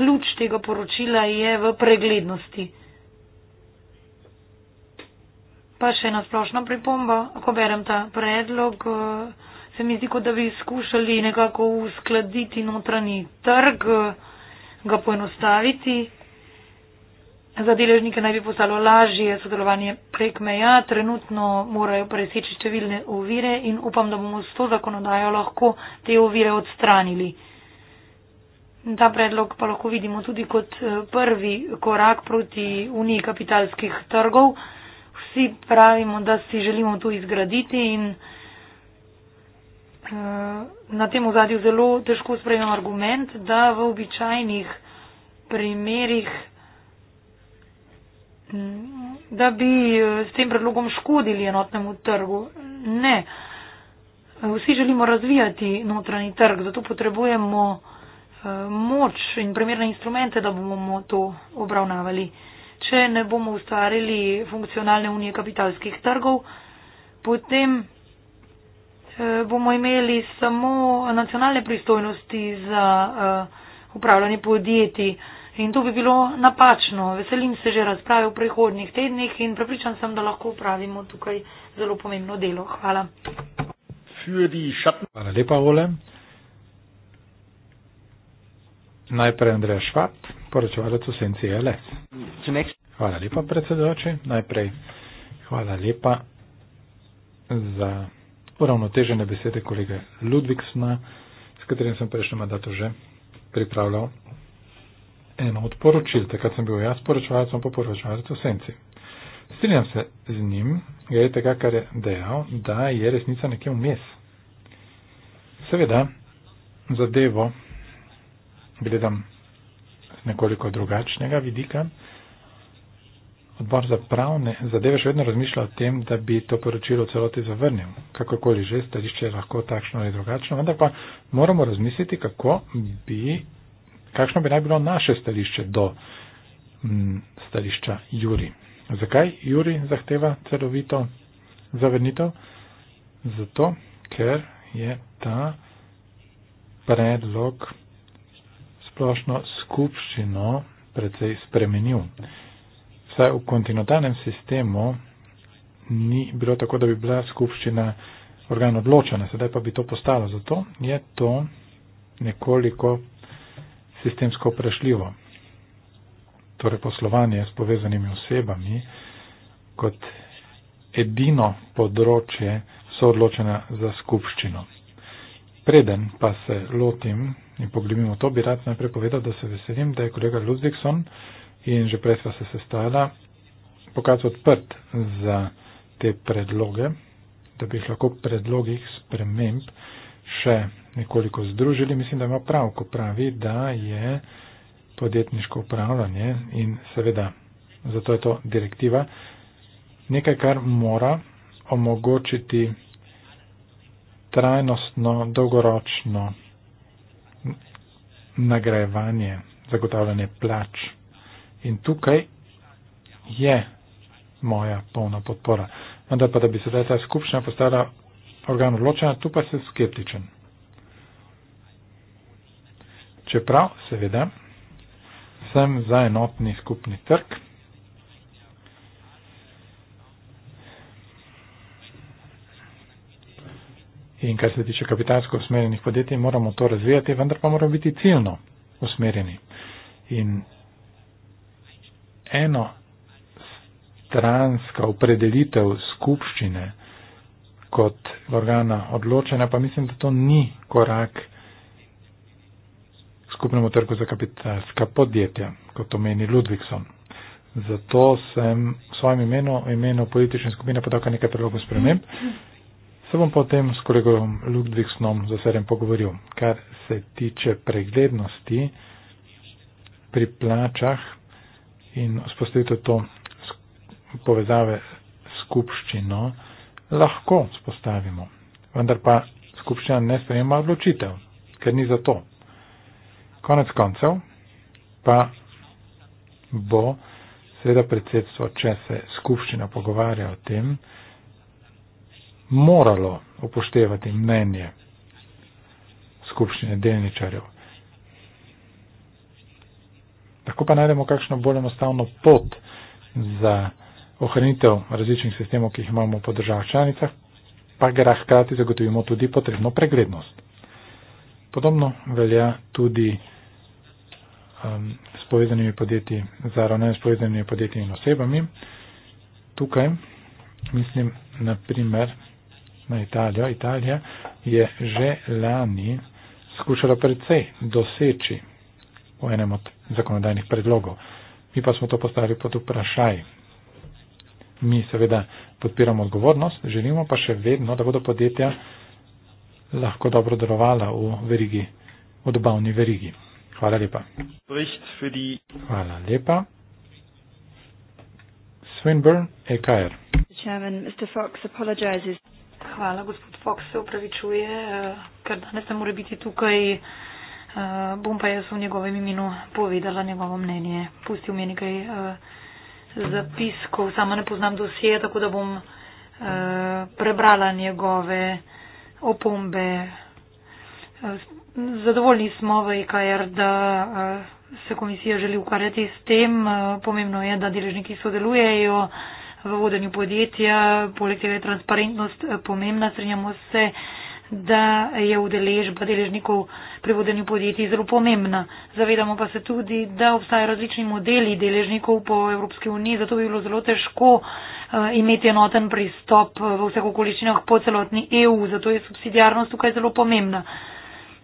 ključ tega poročila je v preglednosti. Pa še ena splošna pripomba, ko berem ta predlog. Uh, se mi zdi, kot da bi skušali nekako uskladiti notranji trg, ga poenostaviti. Za deležnike naj bi postalo lažje sodelovanje prek meja, trenutno morajo preseči številne ovire in upam, da bomo s to zakonodajo lahko te ovire odstranili. Ta predlog pa lahko vidimo tudi kot eh, prvi korak proti uniji kapitalskih trgov. Vsi pravimo, da si želimo to izgraditi in. Eh, na tem ozadju zelo težko sprejemam argument, da v običajnih primerjih, mm, da bi eh, s tem predlogom škodili enotnemu trgu. Ne. Eh, vsi želimo razvijati notranji trg, zato potrebujemo moč in primerne instrumente, da bomo to obravnavali. Če ne bomo ustvarili funkcionalne unije kapitalskih trgov, potem Eh, bomo imeli samo nacionalne pristojnosti za eh, upravljanje podjetij. In to bi bilo napačno. Veselim se že razprave v prihodnih tednih in prepričan sem, da lahko upravimo tukaj zelo pomembno delo. Hvala. Hvala lepa, Ole. Najprej Andreja Švart, poročevalec v Senci e LS. Hvala lepa, predsedoči. Najprej hvala lepa za uravnotežene besede kolege Ludvigsna, s katerim sem prejšnji mandat že pripravljal eno od poročil. Takrat sem bil jaz poročevalec, on pa poročevalec v senci. Strinjam se z njim, glede tega, kar je dejal, da je resnica nekje vmes. Seveda, zadevo gledam z nekoliko drugačnega vidika odbor za pravne zadeve še vedno razmišlja o tem, da bi to poročilo celoti zavrnil. Kakorkoli že, stališče je lahko takšno ali drugačno, vendar pa moramo razmisliti, kako bi, kakšno bi naj bilo naše stališče do m, mm, stališča Juri. Zakaj Juri zahteva celovito zavrnitev? Zato, ker je ta predlog splošno skupščino precej spremenil. Saj v kontinentalnem sistemu ni bilo tako, da bi bila skupščina organ odločena, sedaj pa bi to postalo. Zato je to nekoliko sistemsko vprašljivo. Torej poslovanje s povezanimi osebami kot edino področje so odločena za skupščino. Preden pa se lotim in poglimimo to, bi rad najprej povedal, da se veselim, da je kolega Ludvikson in že prej sva se sestala, pokazal odprt za te predloge, da bi jih lahko predlogih sprememb še nekoliko združili. Mislim, da ima prav, ko pravi, da je podjetniško upravljanje in seveda, zato je to direktiva, nekaj, kar mora omogočiti trajnostno, dolgoročno nagrajevanje, zagotavljanje plač In tukaj je moja polna podpora. Vendar pa, da bi sedaj ta skupščina postala organ odločena, tu pa sem skeptičen. Čeprav, seveda, sem za enotni skupni trg. In kar se tiče kapitalsko usmerjenih podjetij, moramo to razvijati, vendar pa moramo biti ciljno usmerjeni. In eno stransko opredelitev skupščine kot organa odločanja, pa mislim, da to ni korak skupnemu trgu za kapitalska podjetja, kot omeni Ludvikson. Zato sem v svojem imenu, v imenu politične skupine, podal kar nekaj predlogov sprememb. Se bom potem s kolegom Ludvigsnom za serem pogovoril. Kar se tiče preglednosti pri plačah, in vzpostavite to povezave skupščino, lahko spostavimo. Vendar pa skupščina ne sprejema odločitev, ker ni za to. Konec koncev pa bo seveda predsedstvo, če se skupščina pogovarja o tem, moralo upoštevati mnenje skupščine delničarjev. Lahko pa najdemo kakšno bolj enostavno pot za ohranitev različnih sistemov, ki jih imamo po državah članicah, pa ga hkrati zagotovimo tudi potrebno preglednost. Podobno velja tudi um, s povezanimi podjetji, za ravnanje s povezanimi podjetji in osebami. Tukaj mislim na primer na Italijo. Italija je že lani skušala precej doseči v enem od zakonodajnih predlogov. Mi pa smo to postavili pod vprašaj. Mi seveda podpiramo odgovornost, želimo pa še vedno, da bodo podjetja lahko dobro delovala v verigi, v dobavni verigi. Hvala lepa. Hvala lepa. Swinburne, EKR. Chairman, Mr. Fox apologizes. Hvala, gospod Fox se upravičuje, eh, ker danes ne more biti tukaj. Eh, bom pa jaz v njegovem imenu povedala njegovo mnenje. Pustil mi je nekaj eh, zapiskov, sama ne poznam dosije, tako da bom eh, prebrala njegove opombe. Zadovoljni smo v IKR, e da se komisija želi ukvarjati s tem. Pomembno je, da deležniki sodelujejo v vodenju podjetja, poleg tega je transparentnost pomembna, strinjamo se. Uh, da je udeležba deležnikov pri vodenju podjetij zelo pomembna. Zavedamo pa se tudi, da obstajajo različni modeli deležnikov po Evropski uniji, zato bi bilo zelo težko eh, imeti enoten pristop v vseh okoliščinah po celotni EU, zato je subsidijarnost tukaj zelo pomembna.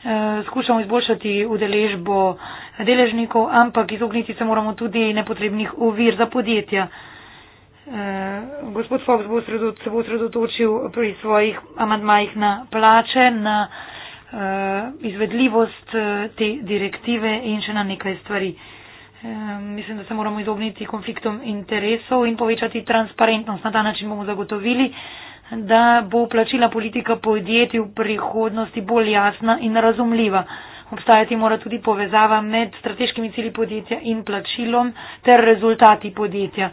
Eh, skušamo izboljšati udeležbo deležnikov, ampak izogniti se moramo tudi nepotrebnih ovir za podjetja. Eh, gospod Fox bo sredot, se bo osredotočil pri svojih amadmajih na plače, na uh, izvedljivost uh, te direktive in še na nekaj stvari. Mislim, da se moramo izogniti konfliktom interesov in povečati transparentnost. Na ta način bomo zagotovili, da bo plačila politika podjetij v prihodnosti bolj jasna in razumljiva. Obstajati mora tudi povezava med strateškimi cili podjetja in plačilom ter rezultati podjetja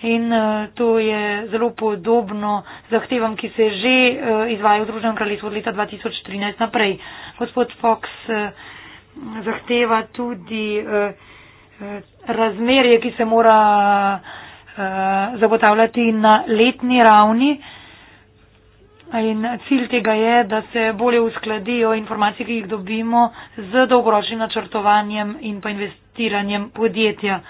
in eh, to je zelo podobno zahtevam, ki se že eh, izvajo v Združenem kraljestvu od leta 2013 naprej. Gospod Fox eh, zahteva tudi razmerje, ki se mora zagotavljati na letni ravni. In cilj tega je, da se bolje uskladijo informacije, ki jih dobimo z dolgoročnim načrtovanjem in pa investiranjem podjetja.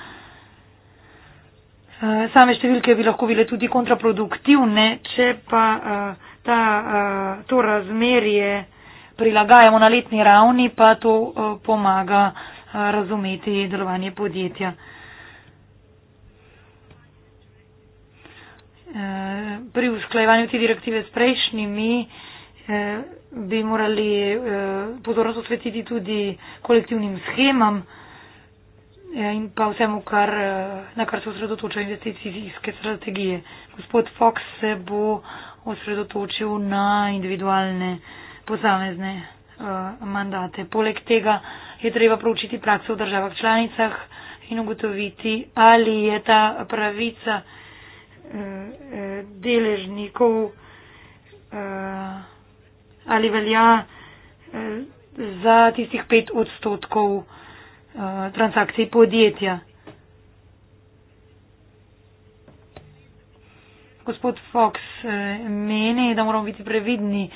Eh, same številke bi lahko bile tudi kontraproduktivne, če pa eh, ta, eh, to razmerje prilagajamo na letni ravni, pa to pomaga razumeti delovanje podjetja. Pri usklajevanju te direktive s prejšnjimi bi morali pozornost osvetiti tudi kolektivnim schemam, in pa vsemu, kar, na kar se osredotoča investicijske strategije. Gospod Fox se bo osredotočil na individualne posamezne uh, mandate. Poleg tega je treba proučiti prakso v državah članicah in ugotoviti, ali je ta pravica uh, deležnikov, uh, ali velja uh, za tistih pet odstotkov uh, Uh, transakcij podjetja. Gospod Fox eh, meni, da moramo biti previdni,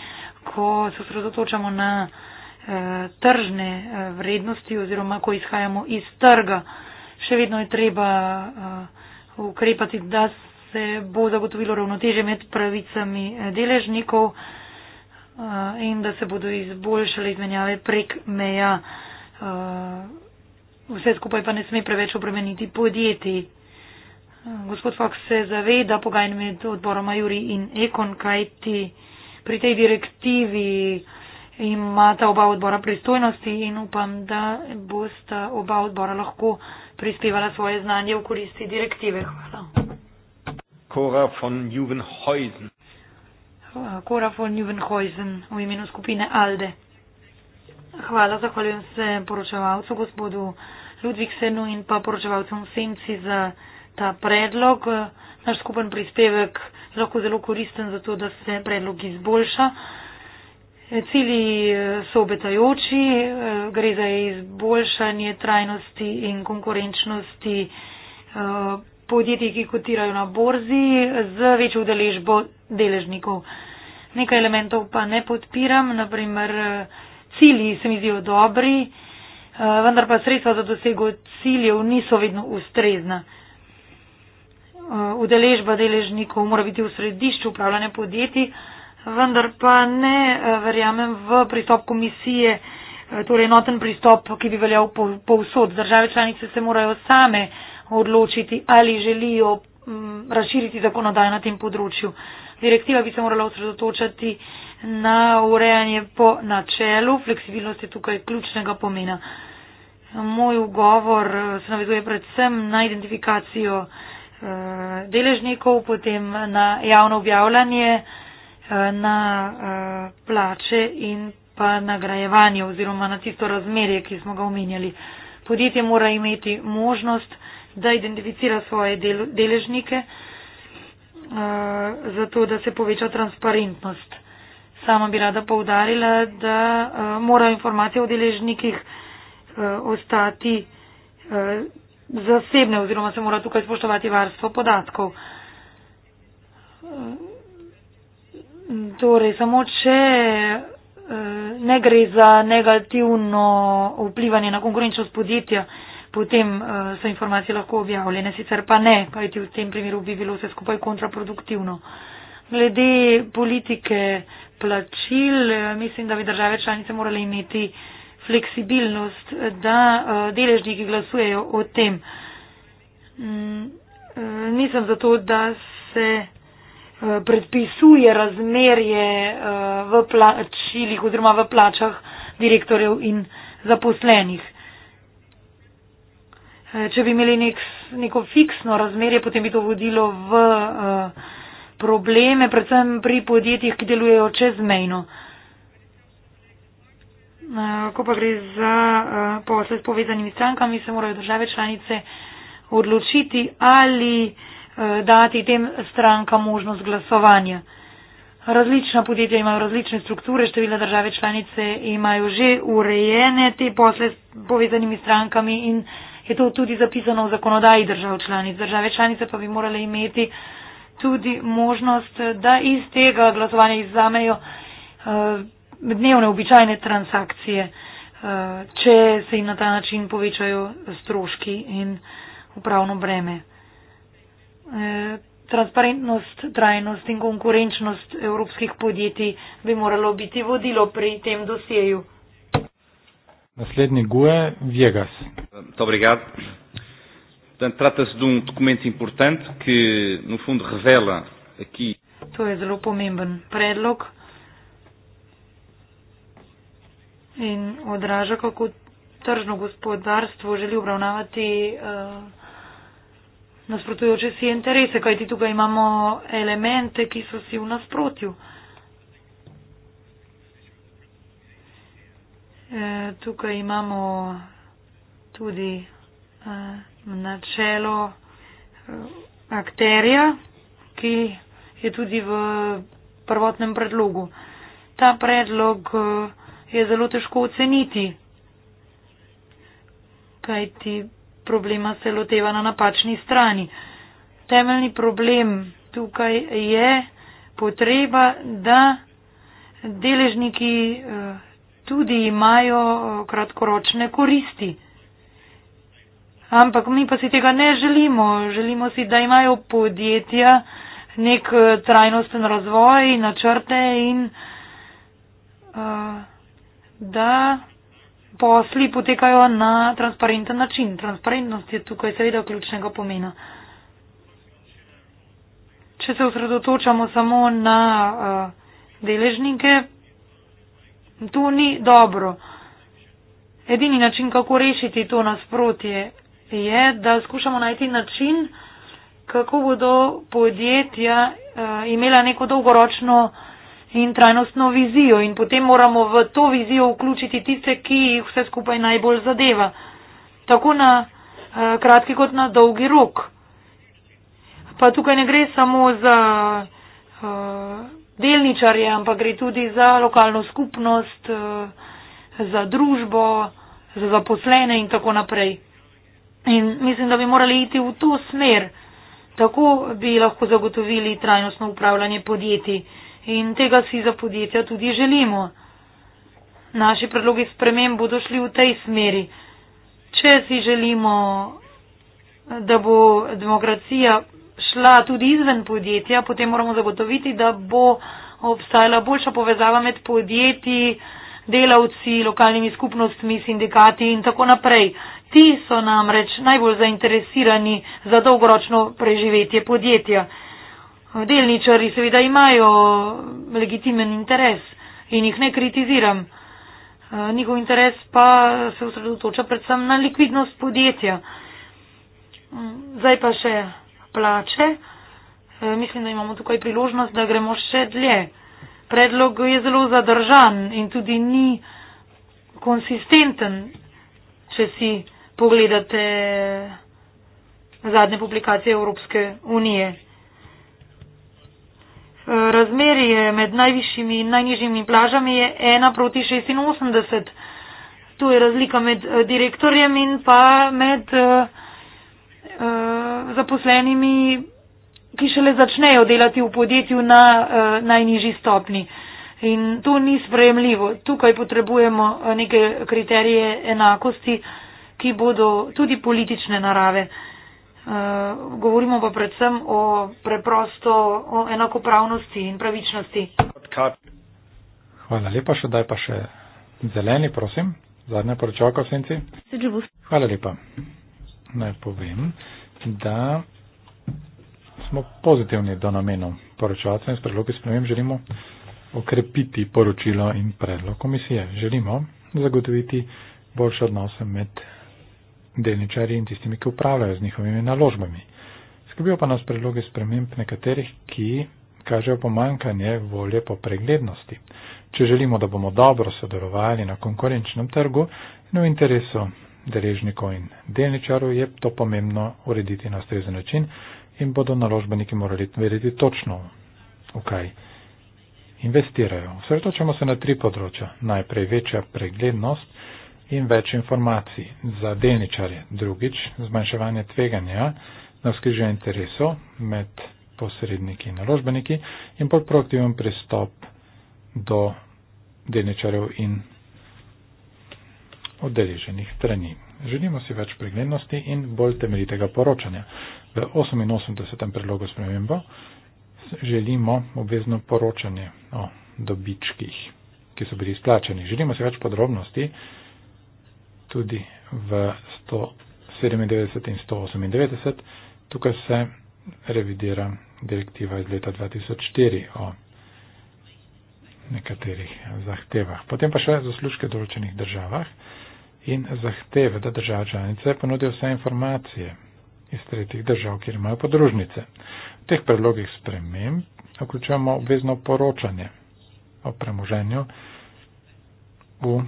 ko se osredotočamo na eh, tržne eh, vrednosti oziroma ko izhajamo iz trga. Še vedno je treba ukrepati, da se bo zagotovilo ravnoteže med pravicami deležnikov in da se bodo izboljšale izmenjave prek meja vse skupaj pa ne sme preveč obremeniti podjetij. Gospod Fox se zaveda pogajanj med odborom Juri in Ekon, kajti pri tej direktivi ima ta oba odbora pristojnosti in upam, da bosta oba odbora lahko prispevala svoje znanje v koristi direktive. Hvala. Kora von Juvenhuizen. Kora von Juvenhuizen v imenu skupine Alde. Hvala, zahvaljujem se poročevalcu, gospodu Ludviksenu in pa poročevalcem Senci za ta predlog. Naš skupen prispevek je lahko zelo koristen za to, da se predlog izboljša. Cili eh, so obetajoči, eh, gre za izboljšanje trajnosti in konkurenčnosti eh, podjetij, ki kotirajo na borzi z večjo udeležbo deležnikov. Nekaj elementov pa ne podpiram, naprimer cilji se mi zdijo dobri, eh, vendar pa sredstva za dosego ciljev niso vedno ustrezna. Eh, udeležba deležnikov mora biti v središču upravljanja podjetij, vendar pa ne eh, verjamem v pristop komisije, torej enoten pristop, ki bi veljal povsod. Države članice se morajo same odločiti, ali želijo mm, razširiti zakonodajo na tem področju. Direktiva bi se morala osredotočati na urejanje po načelu, fleksibilnost je tukaj ključnega pomena. Moj ugovor eh, se navezuje predvsem na identifikacijo eh, deležnikov, potem na javno objavljanje, eh, na plače in pa nagrajevanje oziroma na tisto razmerje, ki smo ga omenjali. Podjetje mora imeti možnost, da identificira svoje deležnike. Eh, zato, da se poveča transparentnost. Sama bi rada povdarila, da uh, morajo informacije o deležnikih uh, ostati uh, zasebne oziroma se mora tukaj spoštovati varstvo podatkov. Torej, samo če ne gre za negativno vplivanje na konkurenčnost podjetja, potem uh, so informacije lahko objavljene, sicer pa ne, kajti v tem primeru bi bilo vse skupaj kontraproduktivno. Glede politike plačil, eh, mislim, da bi države članice morale imeti fleksibilnost, da uh, deležniki glasujejo o tem. Mm, nisem zato, da se uh, predpisuje razmerje uh, v plačilih oziroma v plačah direktorjev in zaposlenih. Eh, če bi imeli nek, neko fiksno razmerje, potem bi to vodilo v uh, probleme, predvsem pri podjetjih, ki delujejo čezmejno. Uh, ko pa gre za uh, posle s povezanimi strankami, se morajo države članice odločiti ali uh, dati tem strankam možnost glasovanja. Različna podjetja imajo različne strukture, številne države članice imajo že urejene te posle s povezanimi strankami in strankami je to tudi zapisano v zakonodaji držav članic. Države članice pa bi morale imeti tudi možnost, da iz tega glasovanja izzamejo eh, dnevne običajne transakcije, eh, če se jim na ta način povečajo stroški in upravno breme. Eh, transparentnost, trajnost in konkurenčnost evropskih podjetij bi moralo biti vodilo pri tem dosjeju. Naslednji GUE, Viegas. Muito obrigado. Portanto, trata-se de um documento importante que, no fundo, revela aqui. To je zelo pomemben predlog in odraža, kako tržno gospodarstvo želi obravnavati uh, nasprotujoče si interese, kajti tukaj imamo elemente, ki so si v nasprotju. Uh, E, tukaj imamo tudi e, načelo e, akterja, ki je tudi v prvotnem predlogu. Ta predlog je zelo težko oceniti, kaj ti problema se loteva na napačni strani. Temeljni problem tukaj je potreba, da deležniki tudi imajo eh, kratkoročne koristi. Ampak mi pa si tega ne želimo. Želimo si, da imajo podjetja nek eh, trajnosten razvoj, načrte in uh, da posli potekajo na transparenten način. Transparentnost je tukaj seveda ključnega pomena. Če se osredotočamo samo na uh, deležnike, tu ni dobro. Edini način, kako rešiti to nasprotje, je, da skušamo najti način, kako bodo podjetja uh, imela neko dolgoročno in trajnostno vizijo in potem moramo v to vizijo vključiti tiste, ki jih vse skupaj najbolj zadeva, tako na uh, kratki kot na dolgi rok. Pa tukaj ne gre samo za. Uh, delničarje, ampak gre tudi za lokalno skupnost, eh, za družbo, za zaposlene in tako naprej. In mislim, da bi morali iti v to smer. Tako bi lahko zagotovili trajnostno upravljanje podjetij. In tega si za podjetja tudi želimo. Naši predlogi sprememb bodo šli v tej smeri. Če si želimo, da bo demokracija šla tudi izven podjetja, potem moramo zagotoviti, da bo obstajala boljša povezava med podjetji, delavci, lokalnimi skupnostmi, sindikati in tako naprej. Ti so namreč najbolj zainteresirani za dolgoročno preživetje podjetja. Delničari seveda imajo legitimen interes in jih ne kritiziram. Njihov interes pa se osredotoča predvsem na likvidnost podjetja. Zdaj pa še plače, e, mislim, da imamo tukaj priložnost, da gremo še dlje. Predlog je zelo zadržan in tudi ni konsistenten, če si pogledate zadnje publikacije Evropske unije. E, razmerje med najvišjimi in najnižjimi plažami je 1 proti 86. To je razlika med e, direktorjem in pa med uh, uh, zaposlenimi, ki šele začnejo delati v podjetju na uh, najnižji stopni. In to ni sprejemljivo. Tukaj potrebujemo eh, neke kriterije enakosti, ki bodo tudi politične narave. Uh, govorimo pa predvsem o preprosto o enakopravnosti in pravičnosti. Hvala lepa, še daj pa še zeleni, prosim. Zadnja poročava, kosenci. Hvala lepa naj povem, da smo pozitivni do namenov poročevalcev in s predlogi spremem želimo okrepiti poročilo in predlog komisije. Želimo zagotoviti boljše odnose med delničarji in tistimi, ki upravljajo z njihovimi naložbami. Skrbijo pa nas predloge sprememb nekaterih, ki kažejo pomankanje volje po preglednosti. Če želimo, da bomo dobro sodelovali na konkurenčnem trgu in v interesu deležnikov in delničarov, je to pomembno urediti na ustrezen način in bodo naložbeniki morali vedeti točno, v kaj investirajo. Sredotočamo se na tri področja. Najprej večja preglednost in več informacij za delničarje. Drugič, zmanjševanje tveganja na skrižje interesov med posredniki in naložbeniki in bolj proaktiven pristop do delničarjev in odeleženih strani. Želimo si več preglednosti in bolj temeljitega poročanja. V 88. predlogu spremembo želimo obvezno poročanje o dobičkih, ki so bili izplačeni. Želimo si več podrobnosti tudi v 197 in 198. Tukaj se revidira direktiva iz leta 2004 o nekaterih zahtevah. Potem pa še zaslužke v določenih državah in zahteve, da države članice ponudijo vse informacije iz tretjih držav, kjer imajo podružnice. V teh predlogih sprememb vključujemo obvezno poročanje o premoženju v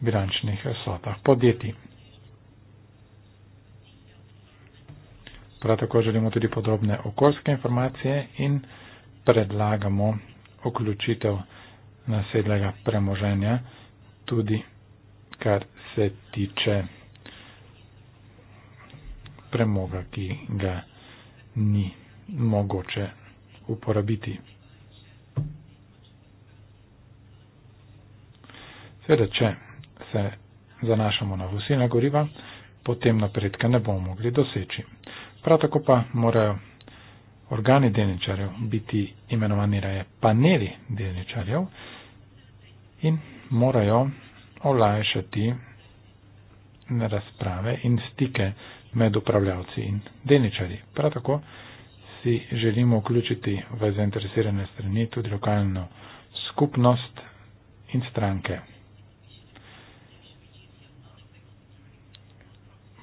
bilančnih sotah podjetij. Prav tako želimo tudi podrobne okoljske informacije in predlagamo vključitev nasedlega premoženja tudi kar se tiče premoga, ki ga ni mogoče uporabiti. Seveda, če se zanašamo na vosilna goriva, potem napredka ne bomo mogli doseči. Prav tako pa morajo organi delničarjev biti imenovani raje paneli delničarjev, in morajo olajšati razprave in stike med upravljavci in delničarji. Prav tako si želimo vključiti v zainteresirane strani tudi lokalno skupnost in stranke.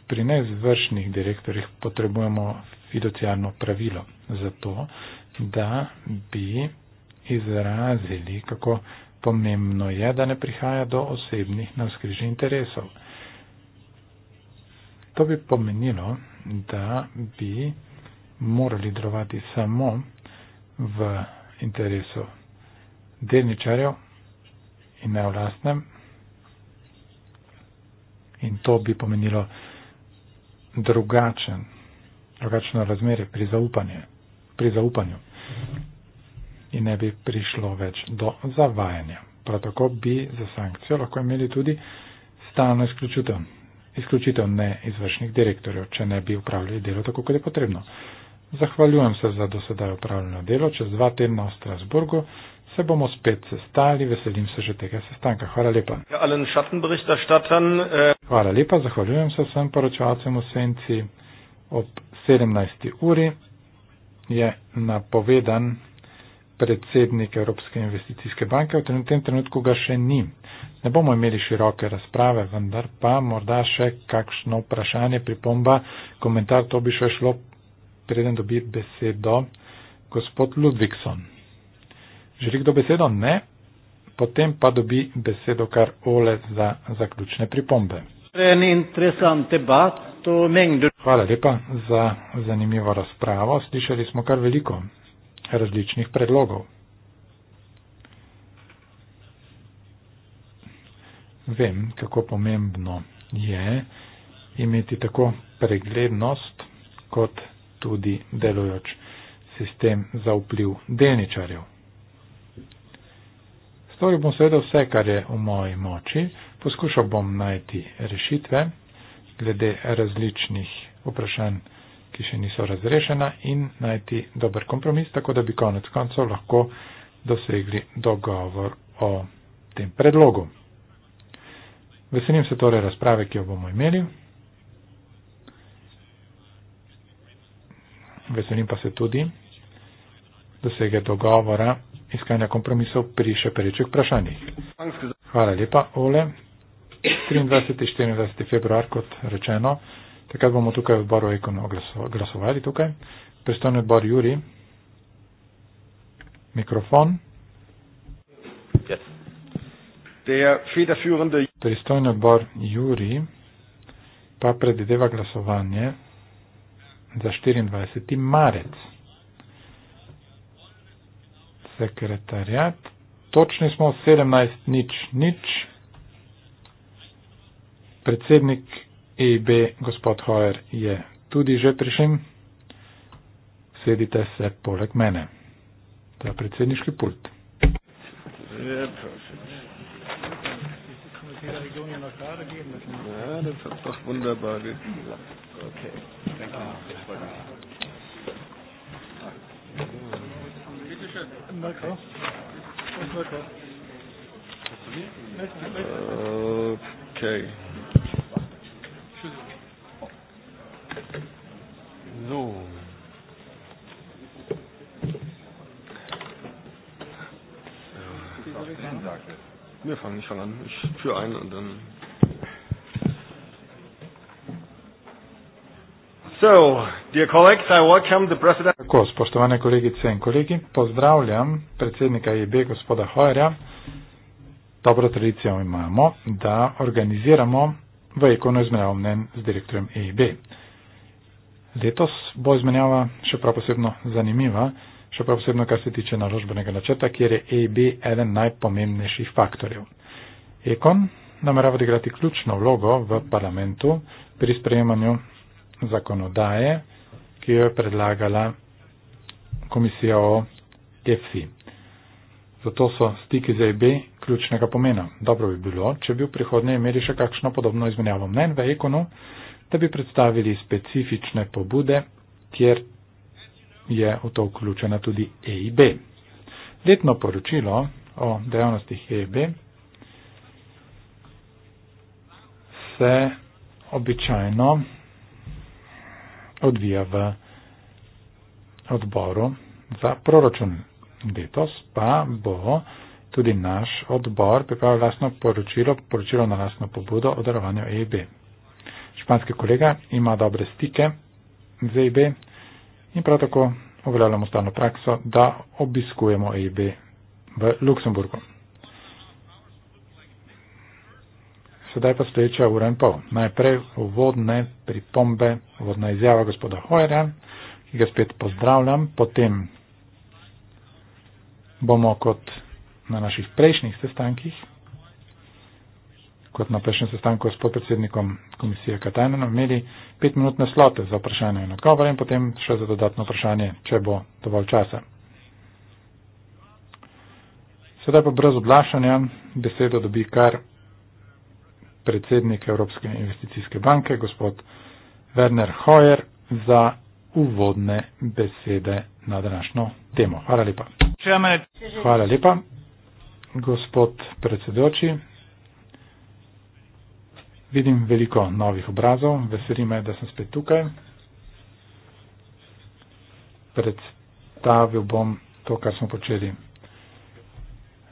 Pri neizvršnih direktorjih potrebujemo fiduciarno pravilo za to, da bi izrazili, kako Pomembno je, da ne prihaja do osebnih navzkrižnih interesov. To bi pomenilo, da bi morali drovati samo v interesu delničarjev in ne v lastnem. In to bi pomenilo drugačen, drugačno razmere pri zaupanju. Pri zaupanju in ne bi prišlo več do zavajanja. Prav tako bi za sankcijo lahko imeli tudi stalno izključitev, izključitev neizvršnih direktorjev, če ne bi upravljali delo tako, kot je potrebno. Zahvaljujem se za dosedaj upravljeno delo. Čez dva tedna v Strasburgu se bomo spet sestali. Veselim se že tega sestanka. Hvala lepa. Ja, eh, Hvala lepa. Zahvaljujem se vsem poročevalcem v Senci. Ob 17. uri je napovedan predsednik Evropske investicijske banke, v tem trenutku ga še ni. Ne bomo imeli široke razprave, vendar pa morda še kakšno vprašanje, pripomba, komentar, to bi še šlo, preden dobi besedo gospod Ludvikson. Želi kdo besedo? Ne. Potem pa dobi besedo kar Ole za zaključne pripombe. Hvala lepa za zanimivo razpravo. Slišali smo kar veliko različnih predlogov. Vem, kako pomembno je imeti tako preglednost kot tudi delujoč sistem za vpliv delničarjev. Storil bom seveda vse, kar je v moji moči, poskušal bom najti rešitve glede različnih vprašanj ki še niso razrešena in najti dober kompromis, tako da bi konec koncev lahko dosegli dogovor o tem predlogu. Veselim se torej razprave, ki jo bomo imeli. Veselim pa se tudi dosege dogovora iskanja kompromisov pri še perečih vprašanjih. Hvala lepa, Ole. 23. in 24. februar, kot rečeno. Takrat bomo tukaj v Boru Ekon glasovali tukaj. Pristojni odbor Juri. Mikrofon. Pristojni odbor Juri pa predideva glasovanje za 24. marec. Sekretarjat. Točni smo 17.00. Predsednik EB, gospod Hoer je tudi že prišel. Sedite se poleg mene. To je predsedniški pult. Okay. So. Wir ja, fangen nicht schon an. Ich führe ein und dann. So, dear colleagues, I welcome the president. Tako, spoštovane kolegice in kolegi, pozdravljam predsednika IB e gospoda Hojerja. Dobro tradicijo imamo, da organiziramo v ekonoizmenjavo mnen z direktorjem EIB. Letos bo izmenjava še prav posebno zanimiva, še prav posebno, kar se tiče naložbenega načrta, kjer je EIB eden najpomembnejših faktorjev. Ekon namerava odigrati ključno vlogo v parlamentu pri sprejemanju zakonodaje, ki jo je predlagala komisija o EFSI. Zato so stiki z EIB ključnega pomena. Dobro bi bilo, če bi v prihodnje imeli še kakšno podobno izmenjavo mnen v ekonu, da bi predstavili specifične pobude, kjer je v to vključena tudi EIB. Letno poročilo o dejavnostih EIB se običajno odvija v odboru za proračun. Letos pa bo tudi naš odbor pripravil lastno poročilo, poročilo na lastno pobudo o darovanju EIB. Španski kolega ima dobre stike z EIB in prav tako uveljavljamo stalno prakso, da obiskujemo EIB v Luksemburgu. Sedaj pa stoječa ura in pol. Najprej uvodne pripombe, uvodna izjava gospoda Hojera, ki ga spet pozdravljam, potem bomo kot na naših prejšnjih sestankih, kot na prejšnjem sestanku s podpredsednikom komisije Katajnano, imeli pet minut na slote za vprašanje in odgovor in potem še za dodatno vprašanje, če bo dovolj časa. Sedaj pa brez odlašanja besedo dobi kar predsednik Evropske investicijske banke, gospod Werner Hoyer, za uvodne besede na današnjo temo. Hvala lepa. Hvala lepa gospod predsedoči. Vidim veliko novih obrazov, veseli me, da sem spet tukaj. Predstavil bom to, kar smo počeli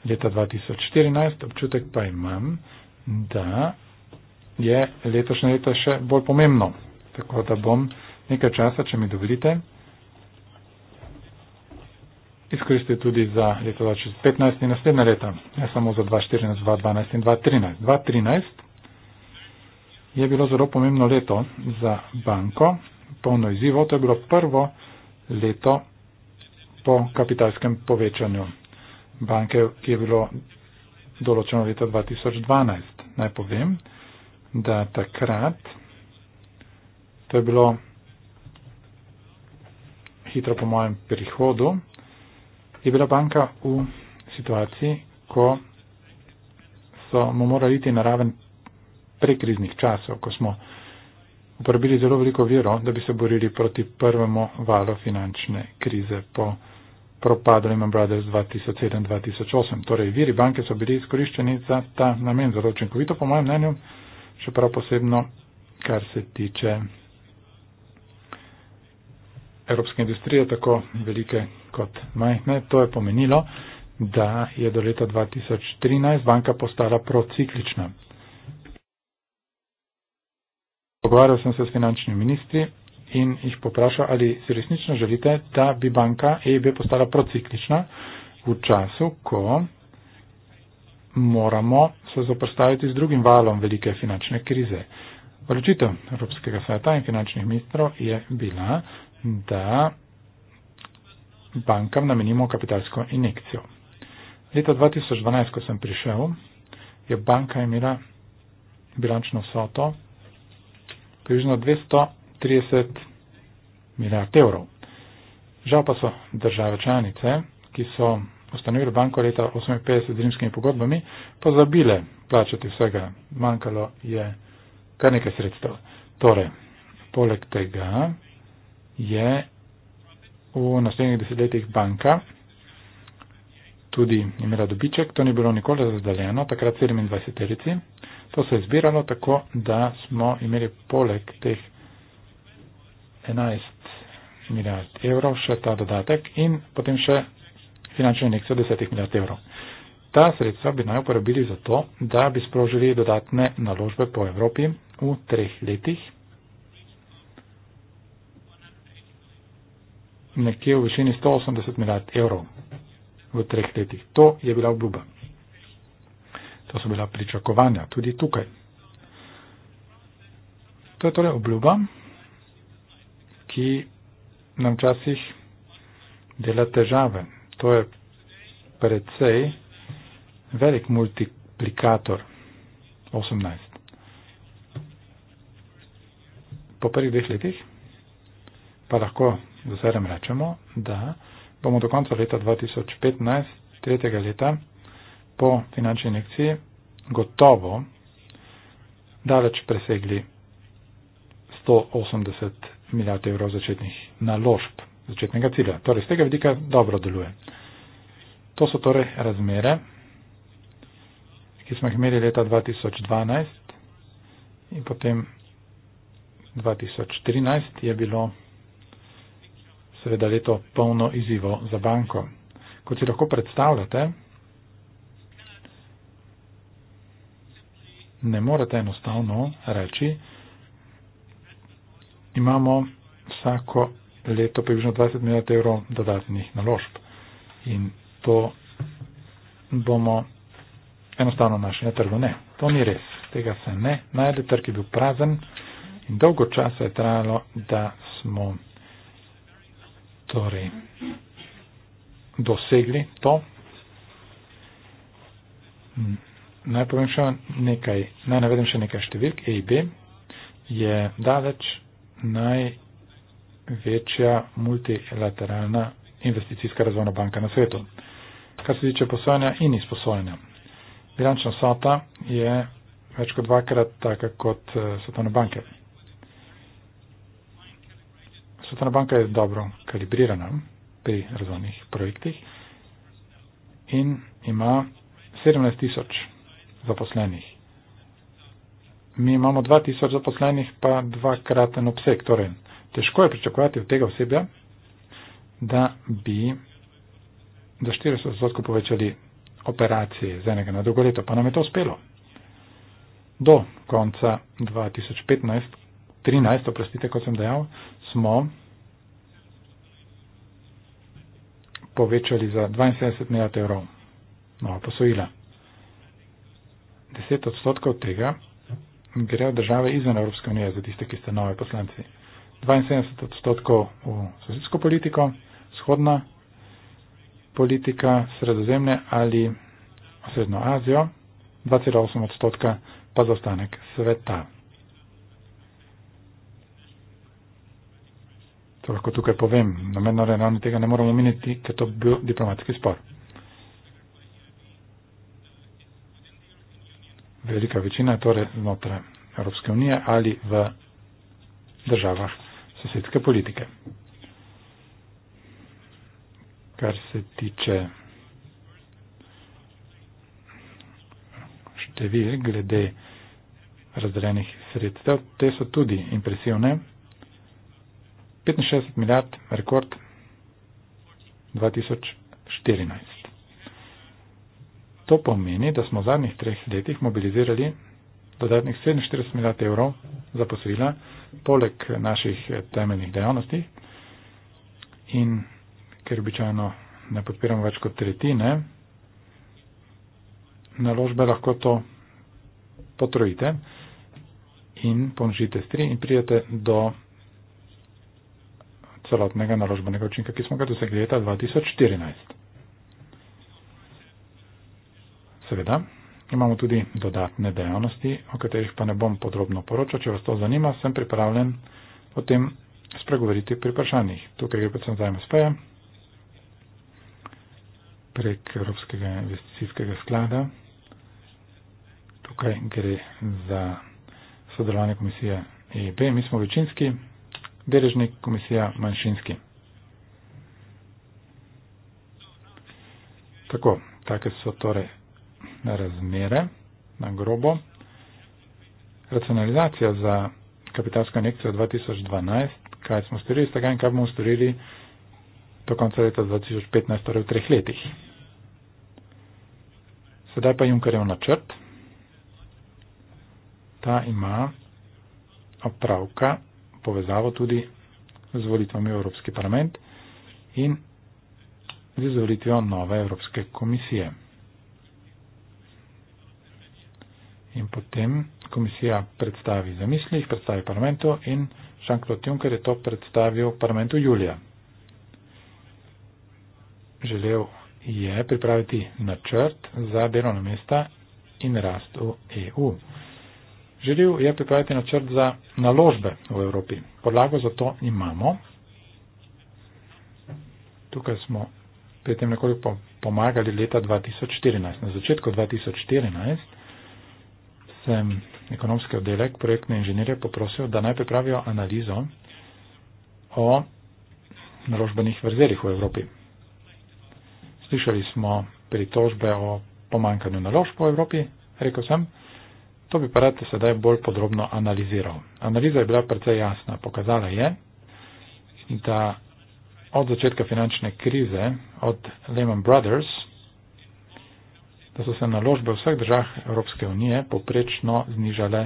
leta 2014. Občutek pa imam, da je letošnje leto še bolj pomembno. Tako da bom nekaj časa, če mi dovolite, izkoristil tudi za leto 2015 in naslednje leta, ne samo za 2014, 2012 in 2013. 2013 je bilo zelo pomembno leto za banko, polno izzivo, to je bilo prvo leto po kapitalskem povečanju banke, ki je bilo določeno leta 2012. Naj povem, da takrat to je bilo hitro po mojem prihodu, je bila banka v situaciji, ko smo morali iti na raven prekriznih časov, ko smo uporabili zelo veliko vero, da bi se borili proti prvemu valu finančne krize po propadu Lehman Brothers 2007-2008. Torej, viri banke so bili izkoriščeni za ta namen zelo učinkovito, po mojem mnenju, še prav posebno, kar se tiče Evropske industrije, tako velike kot majhne. To je pomenilo, da je do leta 2013 banka postala prociklična. Pogovarjal sem se s finančnimi ministri in jih poprašal, ali si resnično želite, da bi banka EIB postala prociklična v času, ko moramo se zoprstaviti z drugim valom velike finančne krize. Odločitev Evropskega sveta in finančnih ministrov je bila, da bankam namenimo kapitalsko injekcijo. Leta 2012, ko sem prišel, je banka imela bilančno soto približno 230 milijard evrov. Žal pa so države članice, ki so ustanovili banko leta 1958 z rimskimi pogodbami, pozabile plačati vsega. Manjkalo je kar nekaj sredstev. Torej, poleg tega je v naslednjih desetletjih banka tudi imela dobiček, to ni bilo nikoli razdaljeno, takrat 27 terici. To se je zbiralo tako, da smo imeli poleg teh 11 milijard evrov še ta dodatek in potem še finančno nekaj 10 milijard evrov. Ta sredstva bi naj uporabili za to, da bi sprožili dodatne naložbe po Evropi v treh letih. nekje v višini 180 milijard evrov v treh letih. To je bila obljuba. To so bila pričakovanja tudi tukaj. To je torej obljuba, ki nam včasih dela težave. To je predvsej velik multiplikator 18. Po prvih dveh letih pa lahko z veseljem rečemo, da bomo do konca leta 2015, tretjega leta, po finančni injekciji, gotovo daleč presegli 180 milijard evrov začetnih naložb, začetnega cilja. Torej, z tega vidika dobro deluje. To so torej razmere, ki smo jih imeli leta 2012 in potem 2013 je bilo seveda leto polno izzivo za banko. Kot si lahko predstavljate, ne morete enostavno reči, imamo vsako leto približno 20 milijard evrov dodatnih naložb in to bomo enostavno našli na trgu. Ne, to ni res. Tega se ne najde, trg je bil prazen in dolgo časa je trajalo, da smo torej dosegli to. Naj povem še nekaj, naj navedem še nekaj številk. AB je daleč največja multilateralna investicijska razvojna banka na svetu. Kar se tiče posojanja in izposojanja. Bilančna sota je več kot dvakrat taka kot eh, svetovne banke. Svetovna banka je dobro kalibrirana pri razvojnih projektih in ima 17 tisoč zaposlenih. Mi imamo 2 tisoč zaposlenih, pa dvakraten obseg. Torej, težko je pričakovati od tega osebja, da bi za 40 odstotkov povečali operacije z enega na drugo leto, pa nam je to uspelo. Do konca 2015, 13, oprostite, kot sem dejal, smo povečali za 72 milijard evrov nova posojila. 10 odstotkov tega gre v države izven Evropske unije za tiste, ki ste nove poslanci. 72 odstotkov v sosedsko politiko, vzhodna politika, sredozemlje ali srednjo Azijo, 2,8 odstotka pa za ostanek sveta. To lahko tukaj povem, na mednarodni ravni tega ne moramo omeniti, ker to bi bil diplomatski spor. Velika večina je torej znotraj Evropske unije ali v državah sosedske politike. Kar se tiče števil glede razdeljenih sredstev, te so tudi impresivne. 65 milijard, rekord 2014. To pomeni, da smo v zadnjih treh letih mobilizirali dodatnih 47 milijard evrov za posojila, poleg naših eh, temeljnih dejavnosti. In ker običajno ne podpiramo več kot tretjine, naložbe lahko to potrojite in ponžite stri in prijete do celotnega naložbenega učinka, ki smo ga dosegli leta 2014. Seveda, imamo tudi dodatne dejavnosti, o katerih pa ne bom podrobno poročal. Če vas to zanima, sem pripravljen o tem spregovoriti pri vprašanjih. Tukaj gre predvsem za MSP, prek Evropskega investicijskega sklada. Tukaj gre za sodelovanje komisije EIB. Mi smo večinski deležnik komisija manjšinski. Tako, take so torej razmere na grobo. Racionalizacija za kapitalsko injekcijo 2012, kaj smo storili s tega in kaj bomo storili do konca leta 2015, torej v treh letih. Sedaj pa Junkerjev načrt. Ta ima opravka povezavo tudi z volitvami v Evropski parlament in z izvolitvijo nove Evropske komisije. In potem komisija predstavi zamisli, jih predstavi parlamentu in Jean-Claude Juncker je to predstavil parlamentu julija. Želel je pripraviti načrt za delovna mesta in rast v EU. Želel je pripraviti načrt za naložbe v Evropi. Podlago za to imamo. Tukaj smo pri tem nekoliko pomagali leta 2014. Na začetku 2014 sem ekonomski oddelek, projektne inženirje poprosil, da naj pripravijo analizo o naložbenih verzelih v Evropi. Slišali smo pritožbe o pomankanju naložb v Evropi, rekel sem, To bi pa rad sedaj bolj podrobno analiziral. Analiza je bila precej jasna. Pokazala je, da od začetka finančne krize, od Lehman Brothers, da so se naložbe v vseh državah Evropske unije poprečno znižale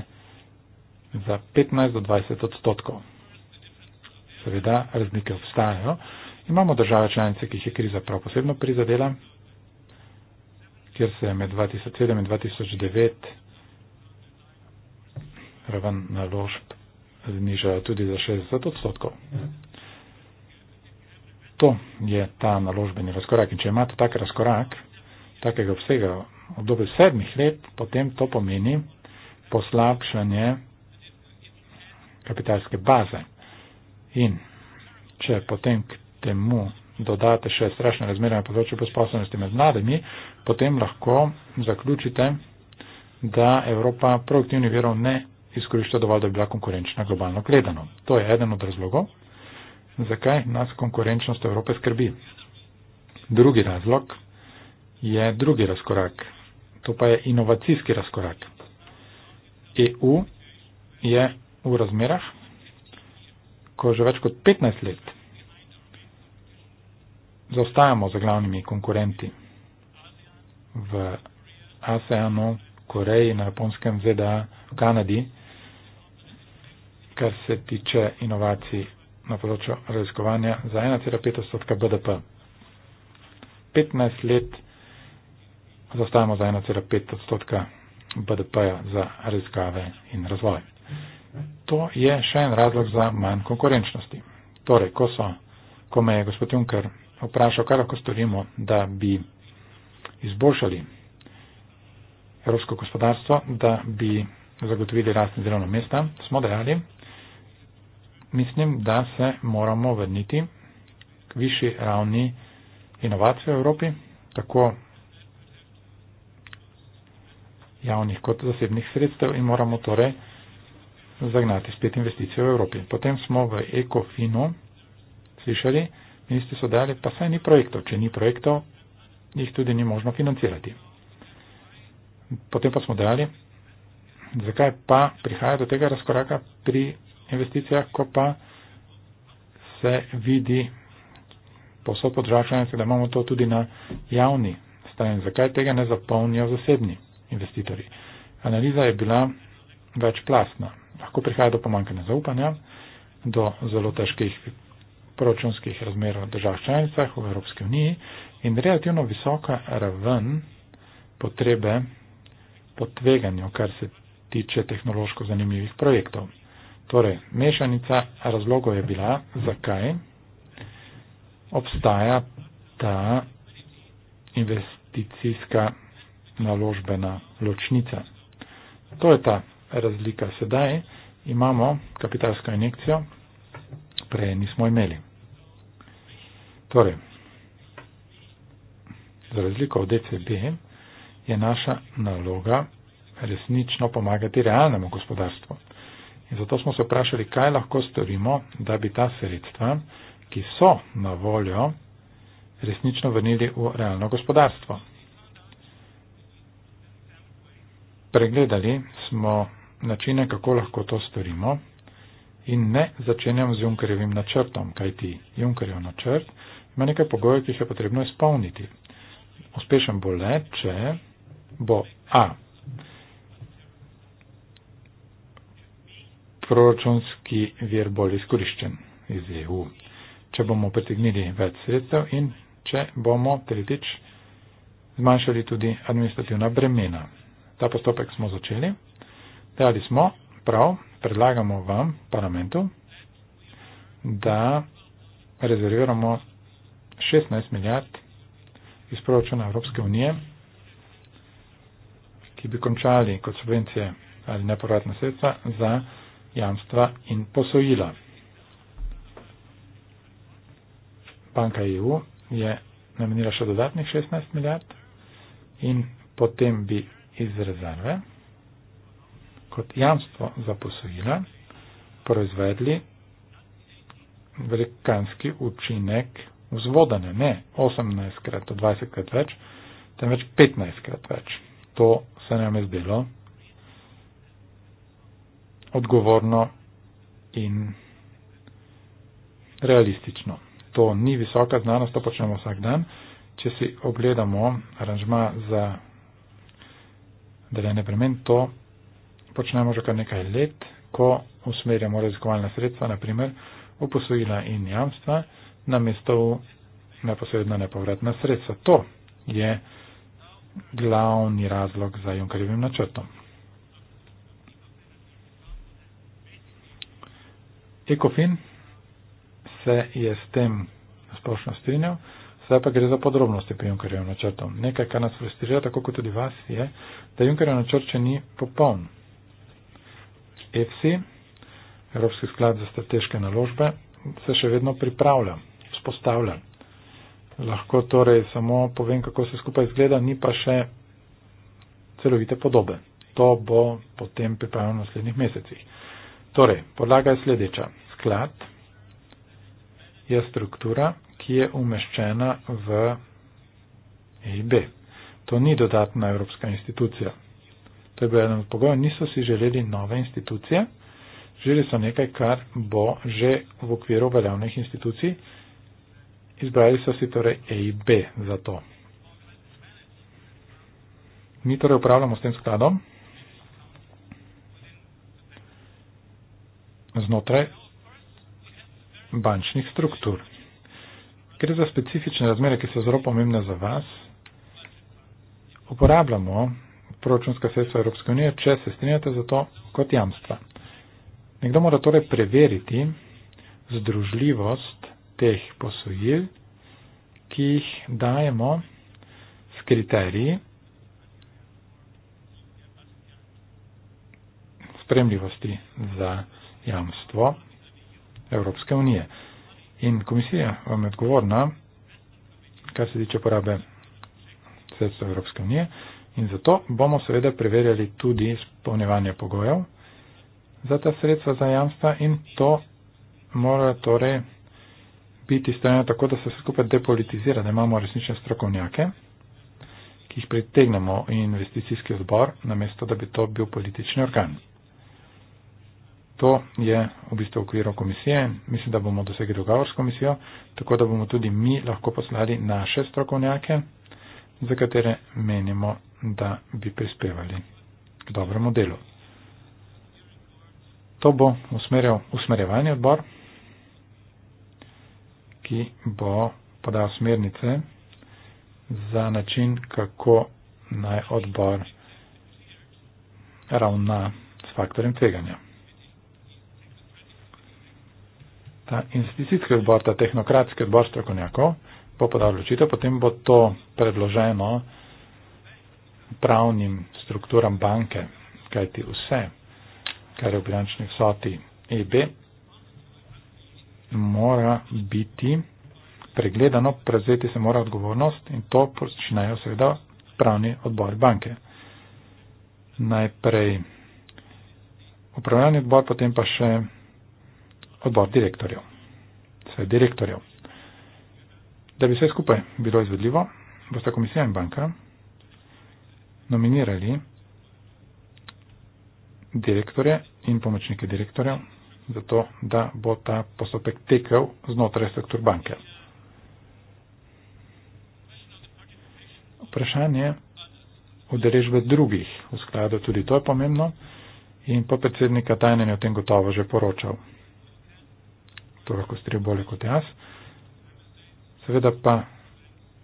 za 15 do 20 odstotkov. Seveda, razlike obstajajo. Imamo države članice, ki jih je kriza prav posebno prizadela, kjer se je med 2007 in 2009 raven naložb znižajo tudi za 60 odstotkov. To je ta naložbeni razkorak. In če imate tak razkorak, takega obsega v dobi sedmih let, potem to pomeni poslabšanje kapitalske baze. In če potem k temu dodate še strašne razmere na področju posposobnosti med mladimi, potem lahko zaključite, da Evropa produktivnih virov ne izkorišča dovolj, da bi bila konkurenčna globalno gledano. To je eden od razlogov, zakaj nas konkurenčnost Evrope skrbi. Drugi razlog je drugi razkorak, to pa je inovacijski razkorak. EU je v razmerah, ko že več kot 15 let zaostajamo za glavnimi konkurenti v ASEANu, Koreji, na Japonskem, ZDA, v Kanadi kar se tiče inovacij na področju raziskovanja za 1,5 odstotka BDP. 15 let zaostajamo za 1,5 odstotka BDP-ja za raziskave in razvoj. To je še en razlog za manj konkurenčnosti. Torej, ko, so, ko me je gospod Juncker vprašal, kaj lahko storimo, da bi izboljšali evropsko gospodarstvo, da bi zagotovili rastne delovne mesta, smo dejali, mislim, da se moramo vrniti k višji ravni inovacij v Evropi, tako javnih kot zasebnih sredstev in moramo torej zagnati spet investicije v Evropi. Potem smo v ECOFINU slišali, ministri so dali, pa saj ni projektov, če ni projektov, jih tudi ni možno financirati. Potem pa smo dali, zakaj pa prihaja do tega razkoraka pri investicijah, ko pa se vidi posod podražanje, da imamo to tudi na javni strani. Zakaj tega ne zapolnijo zasebni investitorji? Analiza je bila večplastna. Lahko prihaja do pomankanja zaupanja, do zelo težkih proračunskih razmer v državah članicah v Evropski uniji in relativno visoka raven potrebe po tveganju, kar se tiče tehnološko zanimivih projektov. Torej, mešanica razlogov je bila, zakaj obstaja ta investicijska naložbena ločnica. To je ta razlika. Sedaj imamo kapitalsko injekcijo, prej nismo imeli. Torej, za razliko od DCB e je naša naloga resnično pomagati realnemu gospodarstvu. In zato smo se vprašali, kaj lahko storimo, da bi ta sredstva, ki so na voljo, resnično vrnili v realno gospodarstvo. Pregledali smo načine, kako lahko to storimo in ne začenjamo z Junkerjevim načrtom, kajti Junkerjev načrt ima nekaj pogojev, ki jih je potrebno izpolniti. Uspešen bo le, če bo A proračunski vir bolj izkoriščen iz EU, če bomo pritegnili več sredstev in če bomo tretjič zmanjšali tudi administrativna bremena. Ta postopek smo začeli, dejali smo, prav, predlagamo vam, parlamentu, da rezerviramo 16 milijard iz proračuna Evropske unije, ki bi končali kot subvencije ali nepovratna sredstva za jamstva in posojila. Banka EU je namenila še dodatnih 16 milijard in potem bi iz rezerve kot jamstvo za posojila proizvedli velikanski učinek vzvodane, ne 18 krat, 20 krat več, temveč 15 krat več. To se nam je zdelo odgovorno in realistično. To ni visoka znanost, to počnemo vsak dan. Če si ogledamo aranžma za deljene bremen, to počnemo že kar nekaj let, ko usmerjamo raziskovalne sredstva, naprimer v posojila in jamstva, na mesto v neposredna nepovratna sredstva. To je glavni razlog za Junkarjevim načrtom. ECOFIN se je s tem splošno strinjal, zdaj pa gre za podrobnosti pri Junkerjevem načrtu. Nekaj, kar nas frustrira, tako kot tudi vas, je, da Junkerjev načrt še ni popoln. EFSI, Evropski sklad za strateške naložbe, se še vedno pripravlja, vzpostavlja. Lahko torej samo povem, kako se skupaj zgleda, ni pa še celovite podobe. To bo potem pripravljeno v naslednjih mesecih. Torej, podlaga je sledeča sklad je struktura, ki je umeščena v EIB. To ni dodatna evropska institucija. To je bil eden od pogojev. Niso si želeli nove institucije, želeli so nekaj, kar bo že v okviru veljavnih institucij. Izbrali so si torej EIB za to. Mi torej upravljamo s tem skladom znotraj bančnih struktur. Gre za specifične razmere, ki so zelo pomembne za vas. Uporabljamo proračunska sredstva Evropske unije, če se strinjate za to kot jamstva. Nekdo mora torej preveriti združljivost teh posojil, ki jih dajemo s kriteriji spremljivosti za jamstvo, Evropske unije. In komisija vam je odgovorna, kar se tiče porabe sredstva Evropske unije. In zato bomo seveda preverjali tudi izpolnevanje pogojev za ta sredstva za jamstva in to mora torej biti strojeno tako, da se vse skupaj depolitizira, da imamo resnične strokovnjake, ki jih pritegnemo in investicijski odbor, namesto da bi to bil politični organ to je v bistvu v okviru komisije. Mislim, da bomo dosegli dogovor s komisijo, tako da bomo tudi mi lahko poslali naše strokovnjake, za katere menimo, da bi prispevali k dobremu delu. To bo usmerjal usmerjevanje odbor, ki bo podal smernice za način, kako naj odbor ravna s faktorjem tveganja. ta institucijski odbor, ta tehnokratski odbor strokovnjakov, bo podal odločitev, potem bo to predloženo pravnim strukturam banke, kajti vse, kar je v bilančni soti EB, mora biti pregledano, prevzeti se mora odgovornost in to počnejo seveda pravni odbor banke. Najprej upravljanje odbor, potem pa še odbor direktorjev. Svet direktorjev. Da bi vse skupaj bilo izvedljivo, boste komisija in banka nominirali direktore in pomočnike direktorjev, zato da bo ta postopek tekel znotraj struktur banke. Vprašanje udeležbe drugih v skladu, tudi to je pomembno in podpredsednika tajnenja o tem gotovo že poročal to lahko strije bolje kot jaz. Seveda pa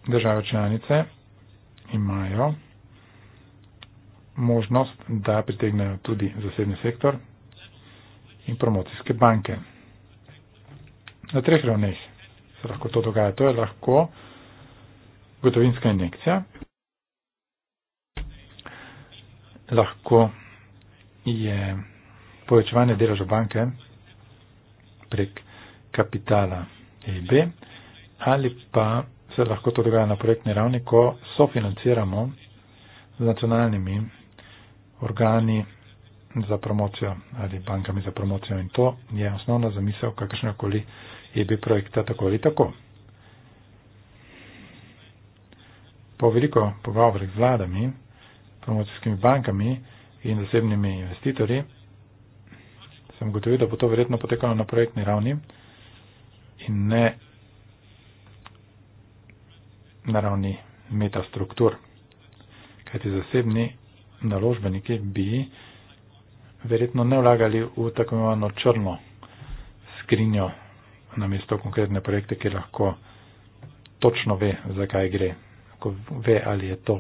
države članice imajo možnost, da pritegnejo tudi zasebni sektor in promocijske banke. Na treh ravneh se lahko to dogaja. To je lahko gotovinska injekcija, lahko je povečevanje deleža banke prek kapitala EB ali pa se lahko to dogaja na projektni ravni, ko sofinanciramo z nacionalnimi organi za promocijo ali bankami za promocijo in to je osnovna zamisel kakršnekoli EB projekta tako ali tako. Po veliko pogovorih z vladami, promocijskimi bankami in zasebnimi investitorji sem gotovil, da bo to verjetno potekalo na projektni ravni in ne na ravni metastruktur. Kajti zasebni naložbeniki bi verjetno ne vlagali v tako imenovano črno skrinjo na mesto konkretne projekte, ki lahko točno ve, zakaj gre, ko ve, ali je to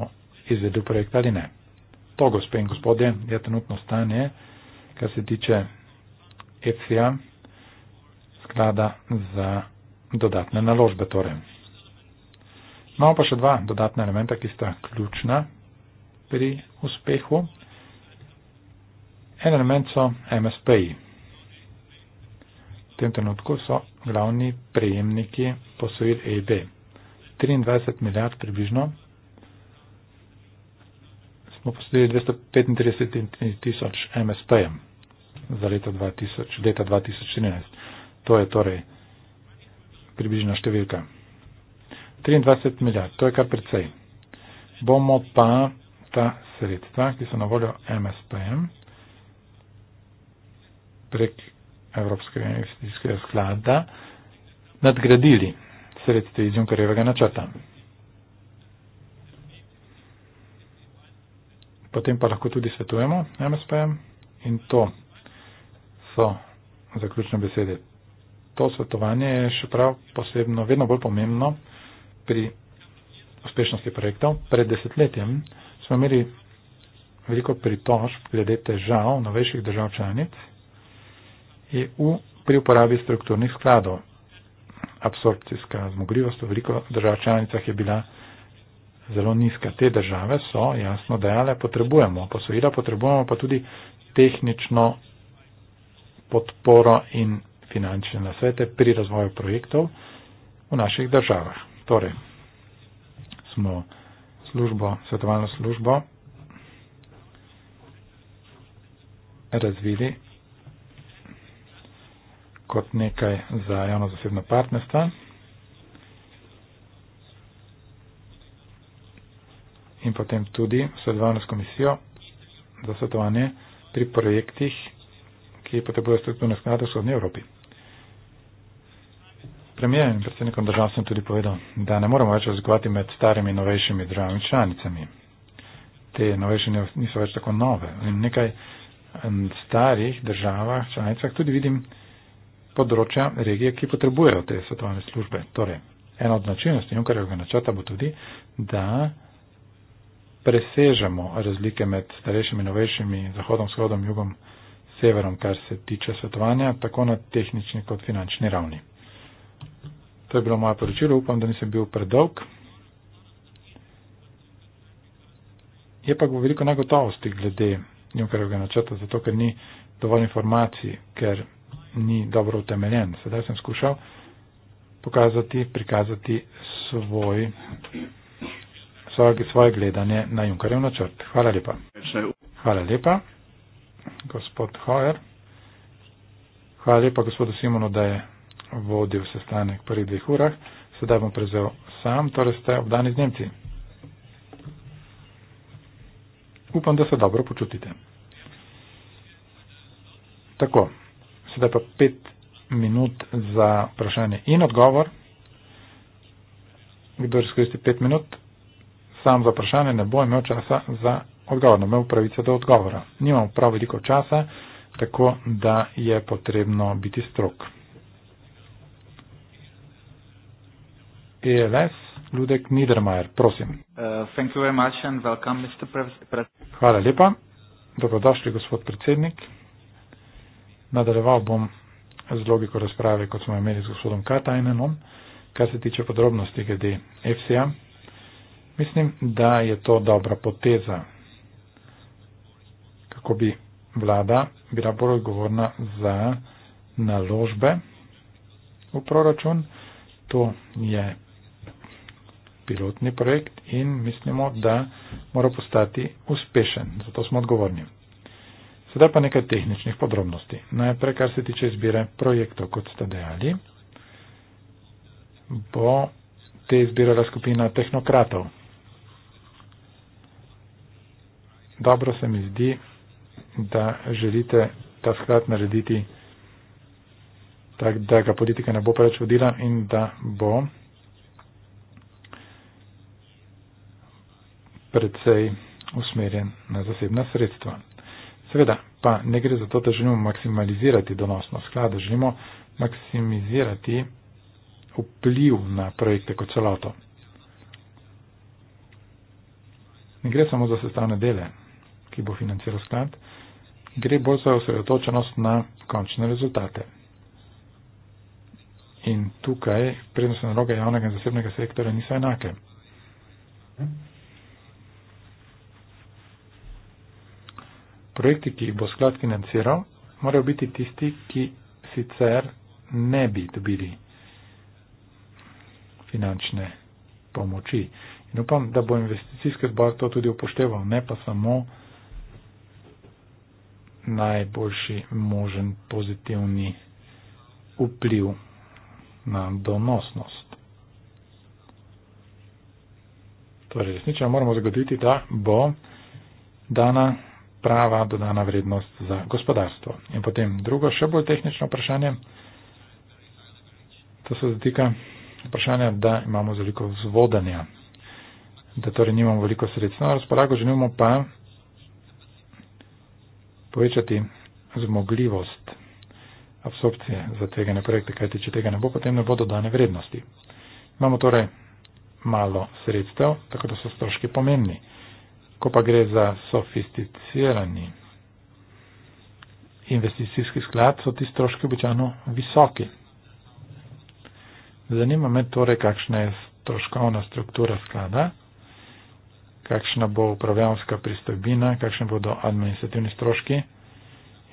izvedel projekt ali ne. To, gospe in gospodje, je trenutno stanje, kar se tiče FCA sklada za dodatne naložbe. Torej. Imamo no, pa še dva dodatna elementa, ki sta ključna pri uspehu. En element so MSP-ji. V tem trenutku so glavni prejemniki posojil EIB. 23 milijard približno. Smo posodili 235 tisoč MSP-jem za leto 2000, leta 2013. To je torej približna številka. 23 milijard, to je kar precej. Bomo pa ta sredstva, ki so na voljo MSPM, prek Evropskega investicijskega sklada, nadgradili sredstva iz Junkarjevega načrta. Potem pa lahko tudi svetujemo MSPM in to so zaključne besede to svetovanje je še prav posebno, vedno bolj pomembno pri uspešnosti projektov. Pred desetletjem smo imeli veliko pritožb glede težav novejših držav članic EU pri uporabi strukturnih skladov. Absorpcijska zmogljivost v veliko držav članicah je bila zelo nizka. Te države so jasno dejale, potrebujemo posojila, potrebujemo pa tudi tehnično podporo in finančne nasvete pri razvoju projektov v naših državah. Torej, smo službo, svetovalno službo razvili kot nekaj za javno-zasebno partnerstvo in potem tudi svetovalno s komisijo za svetovanje pri projektih, ki potrebujejo strukturno skladnost v Evropi. Premijer in predsednikom držav sem tudi povedal, da ne moramo več razlikovati med starimi in novejšimi državami članicami. Te novejše niso več tako nove. In nekaj starih državah, članicah tudi vidim področja regije, ki potrebujejo te svetovne službe. Torej, ena od načinosti, kar je načrta, bo tudi, da presežemo razlike med starejšimi, novejšimi, zahodom, shodom, jugom, severom, kar se tiče svetovanja, tako na tehnični kot finančni ravni. To je bilo moje poročilo, upam, da nisem bil predolg. Je pa veliko negotovosti glede njunkarjega načrta, zato ker ni dovolj informacij, ker ni dobro utemeljen. Sedaj sem skušal pokazati, prikazati svoj, svoj, svoje gledanje na Junkarjev načrt. Hvala lepa. Hvala lepa, gospod Hoer. Hvala lepa, gospodu Simonu, da je vodil sestanek v prvih dveh urah, sedaj bom prevzel sam, torej ste obdani z Nemci. Upam, da se dobro počutite. Tako, sedaj pa pet minut za vprašanje in odgovor. Kdo izkoristi pet minut, sam za vprašanje ne bo imel časa za odgovor, ne bo imel pravice do odgovora. Nimamo prav veliko časa, tako da je potrebno biti strok. ELF, Ludek Niedermayer, prosim. Uh, welcome, Hvala lepa. Dobrodošli, gospod predsednik. Nadaljeval bom z logiko razprave, kot smo imeli z gospodom Katajnenom, kar se tiče podrobnosti glede FCA. Mislim, da je to dobra poteza, kako bi vlada bila bolj odgovorna za naložbe v proračun. To je pilotni projekt in mislimo, da mora postati uspešen. Zato smo odgovorni. Sedaj pa nekaj tehničnih podrobnosti. Najprej, kar se tiče izbire projektov, kot ste dejali, bo te izbirala skupina tehnokratov. Dobro se mi zdi, da želite ta sklad narediti tak, da ga politika ne bo preveč vodila in da bo predvsej usmerjen na zasebna sredstva. Seveda pa ne gre za to, da želimo maksimalizirati donosnost sklada, želimo maksimizirati vpliv na projekte kot celoto. Ne gre samo za sestavne dele, ki bo financiral sklad, gre bolj za osredotočenost na končne rezultate. In tukaj prednostne naloge javnega in zasebnega sektora niso enake. projekti, ki jih bo sklad financiral, morajo biti tisti, ki sicer ne bi dobili finančne pomoči. In upam, da bo investicijski zbor to tudi upošteval, ne pa samo najboljši možen pozitivni vpliv na donosnost. Torej, resnično moramo zagotoviti, da bo dana prava dodana vrednost za gospodarstvo. In potem drugo, še bolj tehnično vprašanje, to se zatika vprašanja, da imamo veliko vzvodanja, da torej nimamo veliko sredstva na razpolago, želimo pa povečati zmogljivost absorpcije za tega projekta, kajti če tega ne bo, potem ne bo dodane vrednosti. Imamo torej malo sredstev, tako da so stroški pomembni. Ko pa gre za sofisticirani investicijski sklad, so ti stroški običajno visoki. Zanima me torej, kakšna je stroškovna struktura sklada, kakšna bo upravljanska pristojbina, kakšne bodo administrativni stroški,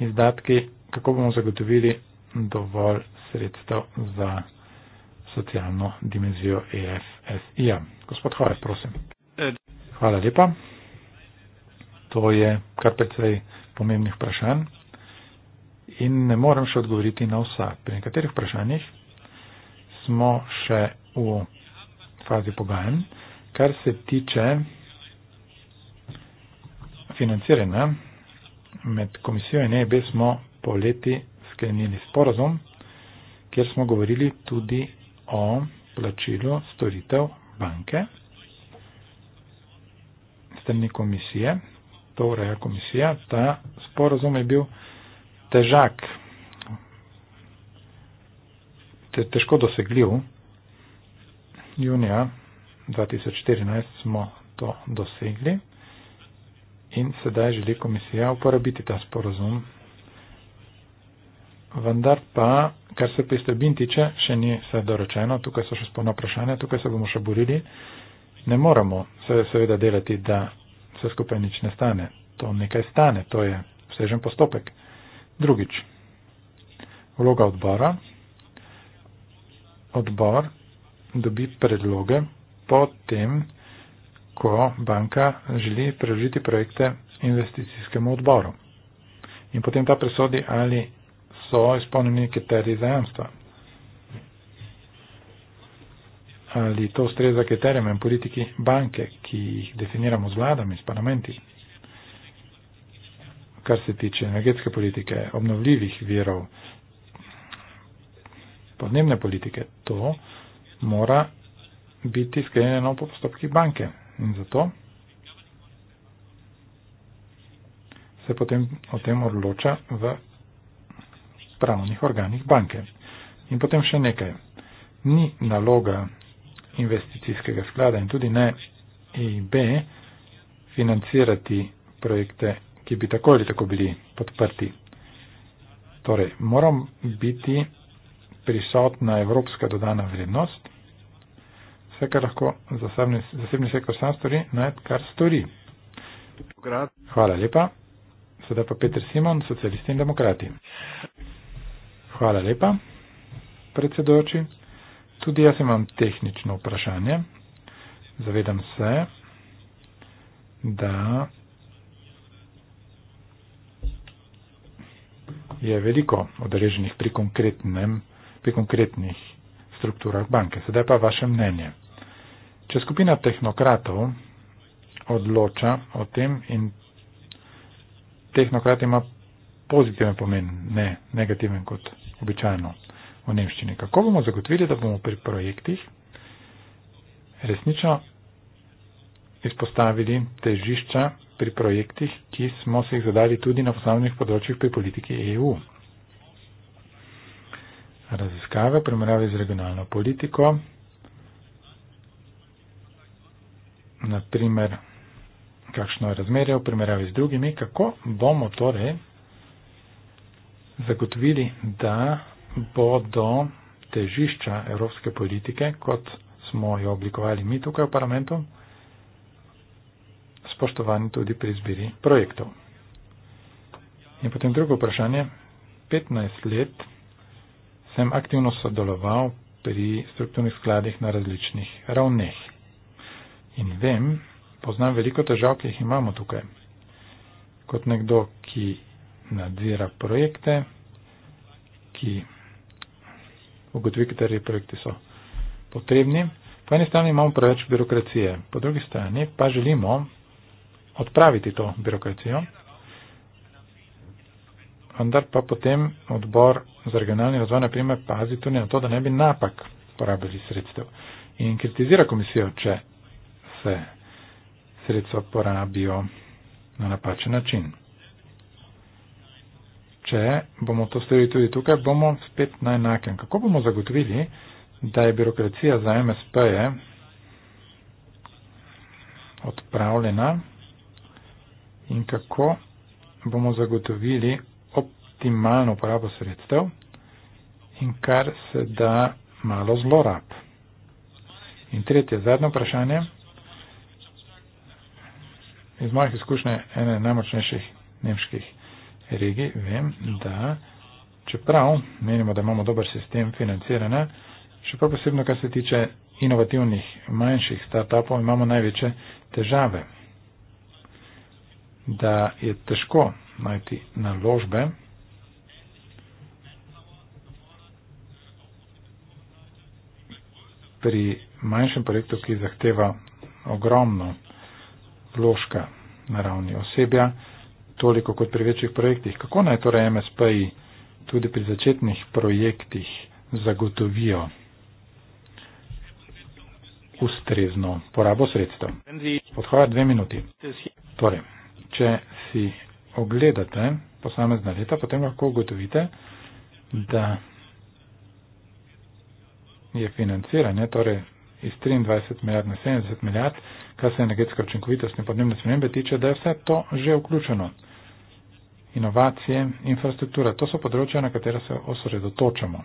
izdatki, kako bomo zagotovili dovolj sredstev za socialno dimenzijo EFSI-ja. Gospod Hore, prosim. Eh, Hvala lepa. To je kar precej pomembnih vprašanj in ne morem še odgovoriti na vsa. Pri nekaterih vprašanjih smo še v fazi pogajanj. Kar se tiče financiranja med komisijo in EB smo po leti sklenili sporozum, kjer smo govorili tudi o plačilu storitev banke strani komisije to ureja komisija. Ta sporozum je bil težak, te, težko dosegljiv. Junija 2014 smo to dosegli in sedaj želi komisija uporabiti ta sporozum. Vendar pa, kar se pristojbin tiče, še ni vse dorečeno, tukaj so še spolna vprašanja, tukaj se bomo še borili. Ne moramo se seveda delati, da vse skupaj nič ne stane. To nekaj stane, to je vsežen postopek. Drugič, vloga odbora. Odbor dobi predloge po tem, ko banka želi preložiti projekte investicijskemu odboru. In potem ta presodi, ali so izpolnjeni kriteriji za jamstva. ali to ustreza kriterijem in politiki banke, ki jih definiramo z vladami, s parlamenti. Kar se tiče energetske politike, obnovljivih virov, podnebne politike, to mora biti sklenjeno po postopkih banke. In zato se potem o tem odloča v pravnih organih banke. In potem še nekaj. Ni naloga investicijskega sklada in tudi ne EIB financirati projekte, ki bi tako ali tako bili podprti. Torej, moram biti prisotna evropska dodana vrednost, vse, kar lahko zasebni, zasebni sektor sam stori, naj kar stori. Hvala lepa. Sedaj pa Peter Simon, socialisti in demokrati. Hvala lepa, predsedojoči. Tudi jaz imam tehnično vprašanje. Zavedam se, da je veliko odreženih pri, pri konkretnih strukturah banke. Sedaj pa vaše mnenje. Če skupina tehnokratov odloča o tem in tehnokrat ima pozitiven pomen, ne negativen kot običajno v nemščini. Kako bomo zagotovili, da bomo pri projektih resnično izpostavili težišča pri projektih, ki smo se jih zadali tudi na posameznih področjih pri politiki EU. Raziskave v primerjavi z regionalno politiko, naprimer, kakšno je razmerje v primerjavi z drugimi, kako bomo torej zagotovili, da bodo težišča evropske politike, kot smo jo oblikovali mi tukaj v parlamentu, spoštovani tudi pri izbiri projektov. In potem drugo vprašanje. 15 let sem aktivno sodeloval pri strukturnih skladih na različnih ravneh. In vem, poznam veliko težav, ki jih imamo tukaj. Kot nekdo, ki nadzira projekte, ki ugotovi, kateri projekti so potrebni. Po eni strani imamo preveč birokracije, po drugi strani pa želimo odpraviti to birokracijo, vendar pa potem odbor za regionalni razvoj, na primer, pazi tudi na to, da ne bi napak porabili sredstev in kritizira komisijo, če se sredstva porabijo na napačen način če bomo to storili tudi tukaj, bomo spet na enakem. Kako bomo zagotovili, da je birokracija za MSP-je odpravljena in kako bomo zagotovili optimalno uporabo sredstev in kar se da malo zlorab. In tretje, zadnje vprašanje. Iz mojih izkušnje ene najmočnejših nemških regij vem, da čeprav menimo, da imamo dober sistem financiranja, še prav posebno, kar se tiče inovativnih manjših startupov, imamo največje težave. Da je težko najti naložbe. pri manjšem projektu, ki zahteva ogromno vložka na ravni osebja, toliko kot pri večjih projektih. Kako naj torej MSP-ji tudi pri začetnih projektih zagotovijo ustrezno porabo sredstev? Odhaja dve minuti. Torej, če si ogledate posamezna leta, potem lahko ugotovite, da je financiranje, torej iz 23 milijard na 70 milijard, kar se energetska učinkovitost in podnebne spremembe tiče, da je vse to že vključeno. Inovacije, infrastruktura, to so področja, na katera se osredotočamo.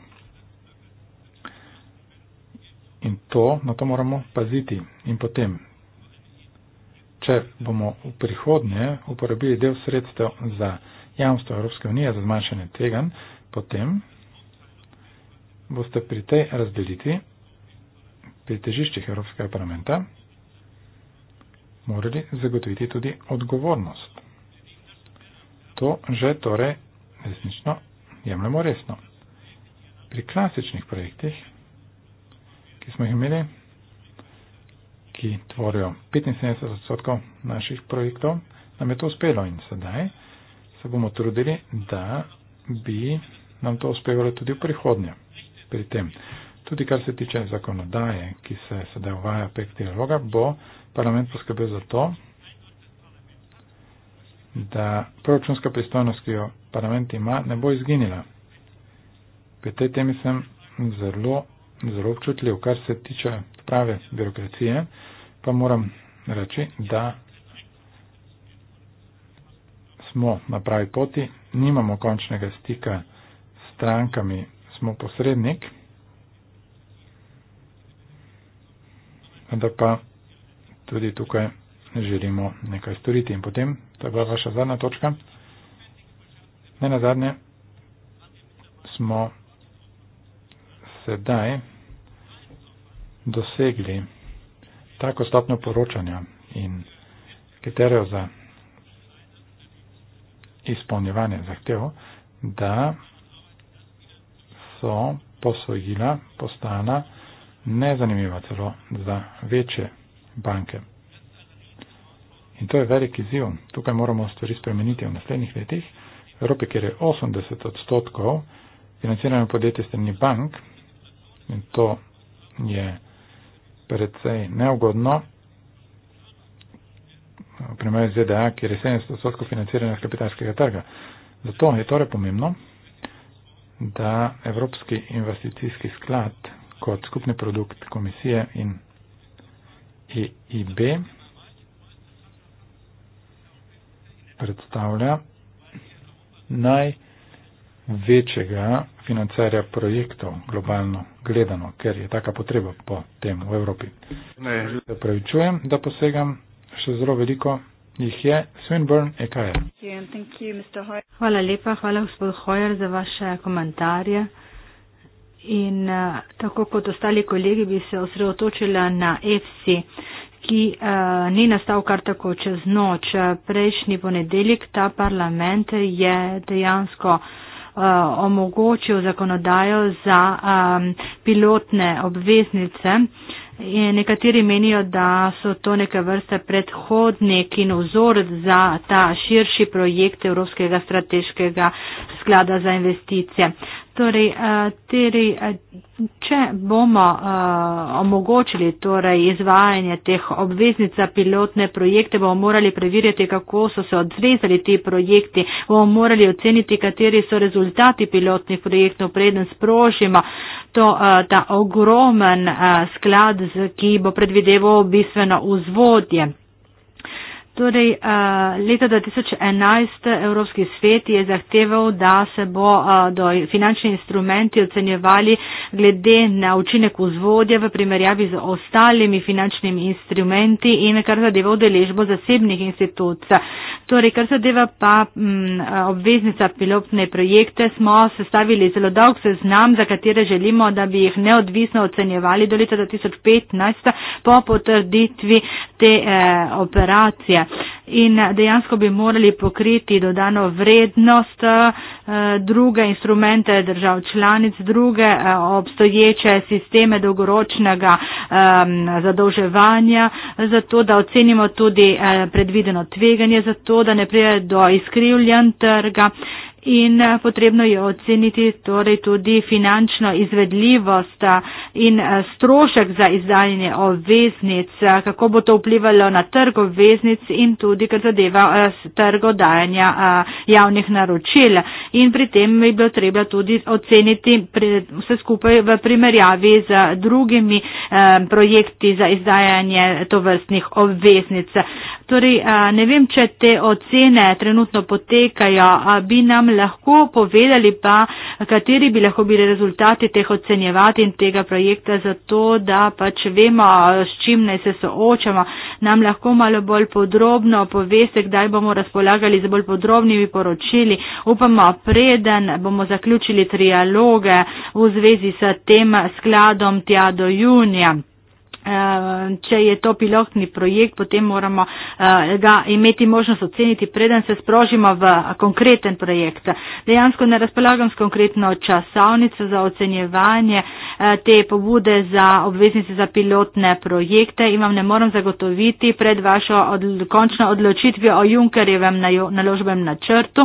In to, na to moramo paziti. In potem, če bomo v prihodnje uporabili del sredstev za jamstvo Evropske unije za zmanjšanje tveganj, potem boste pri tej razdelitvi pritežiščih Evropskega parlamenta, morali zagotoviti tudi odgovornost. To že torej resnično jemljamo resno. Pri klasičnih projektih, ki smo jih imeli, ki tvorijo 75 odstotkov naših projektov, nam je to uspelo in sedaj se bomo trudili, da bi nam to uspevalo tudi v prihodnje. Pri tem Tudi kar se tiče zakonodaje, ki se sedaj uvaja prek dialoga, bo parlament poskrbel za to, da proračunska pristojnost, ki jo parlament ima, ne bo izginila. Pri tej temi sem zelo, zelo občutljiv. Kar se tiče prave birokracije, pa moram reči, da smo na pravi poti, nimamo končnega stika s strankami, smo posrednik. vendar pa tudi tukaj želimo nekaj storiti. In potem, to je bila vaša zadnja točka, ne na zadnje, smo sedaj dosegli tako stopno poročanja in kriterijev za izpolnjevanje zahtev, da so posojila postala nezanimiva celo za veće banke. In to je veliki ziv. Tukaj moramo stvari spremeniti v naslednjih letih. V Evropi, kjer je 80 odstotkov financiranja podjetja strani bank, in to je predvsej neugodno, v primeru ZDA, kjer je 70 odstotkov financiranja kapitalskega trga. Zato je torej pomembno, da Evropski investicijski sklad kot skupni produkt komisije in EIB predstavlja največjega financerja projektov globalno gledano, ker je taka potreba po tem v Evropi. Ne. Da pravičujem, da posegam še zelo veliko. Jih je Swinburne EKR. E. Hvala lepa, hvala gospod Hoyer za vaše komentarje in uh, tako kot ostali kolegi bi se osredotočila na EFSI, ki uh, ni nastal kar tako čez noč. Prejšnji ponedeljek ta parlament je dejansko eh, omogočil zakonodajo za um, pilotne obveznice. In nekateri menijo, da so to neke vrste predhodnik in vzorec za ta širši projekt Evropskega strateškega sklada za investicije. Torej, eh, tere, eh, če bomo eh, omogočili torej, izvajanje teh obveznic za pilotne projekte, bomo morali preverjati, kako so se odzvezali ti projekti, bomo morali oceniti, kateri so rezultati pilotnih projektov, preden sprožimo to, ta ogromen sklad, ki bo predvideval bistveno vzvodje. Torej, uh, leta 2011 Evropski svet je zahteval, da se bo uh, do finančni instrumenti ocenjevali glede na učinek vzvodja v primerjavi z ostalimi finančnimi instrumenti in kar zadeva udeležbo zasebnih institucij. Torej, kar zadeva pa m, mm, obveznica pilotne projekte, smo sestavili zelo dolg seznam, za katere želimo, da bi jih neodvisno ocenjevali do leta 2015 po potrditvi te eh, operacije je. In dejansko bi morali pokriti dodano vrednost eh, druge instrumente držav članic, druge eh, obstoječe sisteme dolgoročnega zadolževanja, zato da ocenimo tudi eh, predvideno tveganje, zato da ne prije do izkrivljanja trga in eh, potrebno je oceniti torej tudi finančno izvedljivost eh, in eh, strošek za izdajanje obveznic, kako bo to vplivalo na trg obveznic in tudi, kar zadeva trg odajanja javnih naročil. In pri tem bi bilo treba tudi oceniti vse skupaj v primerjavi z drugimi projekti za izdajanje tovrstnih obveznic. Torej, ne vem, če te ocene trenutno potekajo, bi nam lahko povedali pa, kateri bi lahko bili rezultati teh ocenjevati in tega projekta, zato da pač vemo, s čim naj se soočamo, nam lahko malo bolj podrobno poveste, kdaj bomo razpolagali z bolj podrobnimi poročili. Upamo, preden bomo zaključili trialoge v zvezi s tem skladom tja do junija. Eh, če je to pilotni projekt, potem moramo eh, ga imeti možnost oceniti, preden se sprožimo v konkreten projekt. Dejansko ne razpolagam s konkretno časovnico za ocenjevanje eh, te pobude za obveznice za pilotne projekte in vam ne morem zagotoviti pred vašo odl končno odločitvijo o Junkerjevem naložbem na črtu.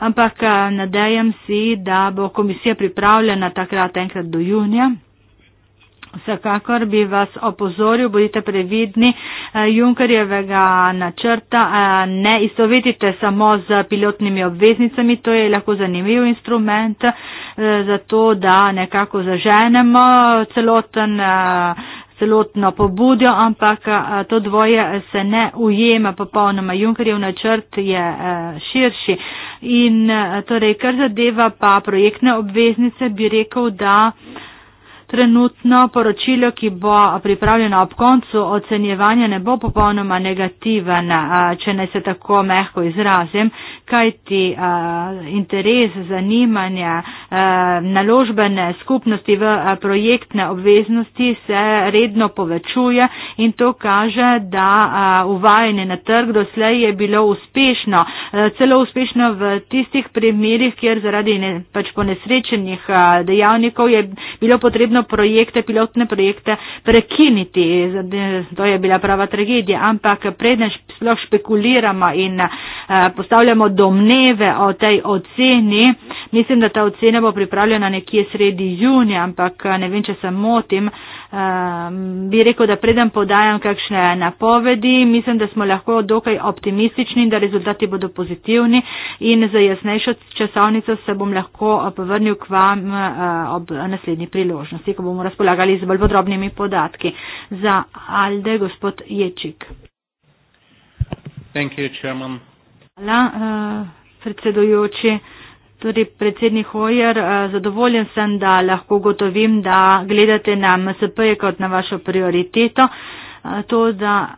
Ampak nadejam si, da bo komisija pripravljena takrat enkrat do junija. Vsekakor bi vas opozoril, bodite previdni, eh, Junkerjevega načrta eh, ne istovetite samo z pilotnimi obveznicami, to je lahko zanimiv instrument eh, za to, da nekako zaženemo celoten celotno pobudjo, ampak to dvoje se ne ujema popolnoma. Junkerjev načrt je širši. In torej, kar zadeva pa projektne obveznice, bi rekel, da uh, Trenutno poročilo, ki bo pripravljeno ob koncu ocenjevanja, ne bo popolnoma negativen, če ne se tako mehko izrazim, kajti interes, zanimanje, naložbene skupnosti v projektne obveznosti se redno povečuje in to kaže, da uvajanje na trg doslej je bilo uspešno, celo uspešno v tistih primerih, kjer zaradi pač ponesrečenih dejavnikov je bilo potrebno vedno projekte, pilotne projekte prekiniti. To je bila prava tragedija, ampak prednež sploh špekuliramo in Eh, postavljamo domneve o tej oceni. Mislim, da ta ocena bo pripravljena nekje sredi junija, ampak eh, ne vem, če se motim. Eh, bi rekel, da predem podajam kakšne napovedi, mislim, da smo lahko dokaj optimistični, da rezultati bodo pozitivni in za jasnejšo časovnico se bom lahko povrnil k vam ob naslednji priložnosti, ko bomo razpolagali z bolj podrobnimi podatki. Za Alde, gospod Ječik. Thank you, chairman. Hvala, eh, predsedujoči. Tudi predsednik Hojer, eh, zadovoljen sem, da lahko gotovim, da gledate na MSP kot na vašo prioriteto to, da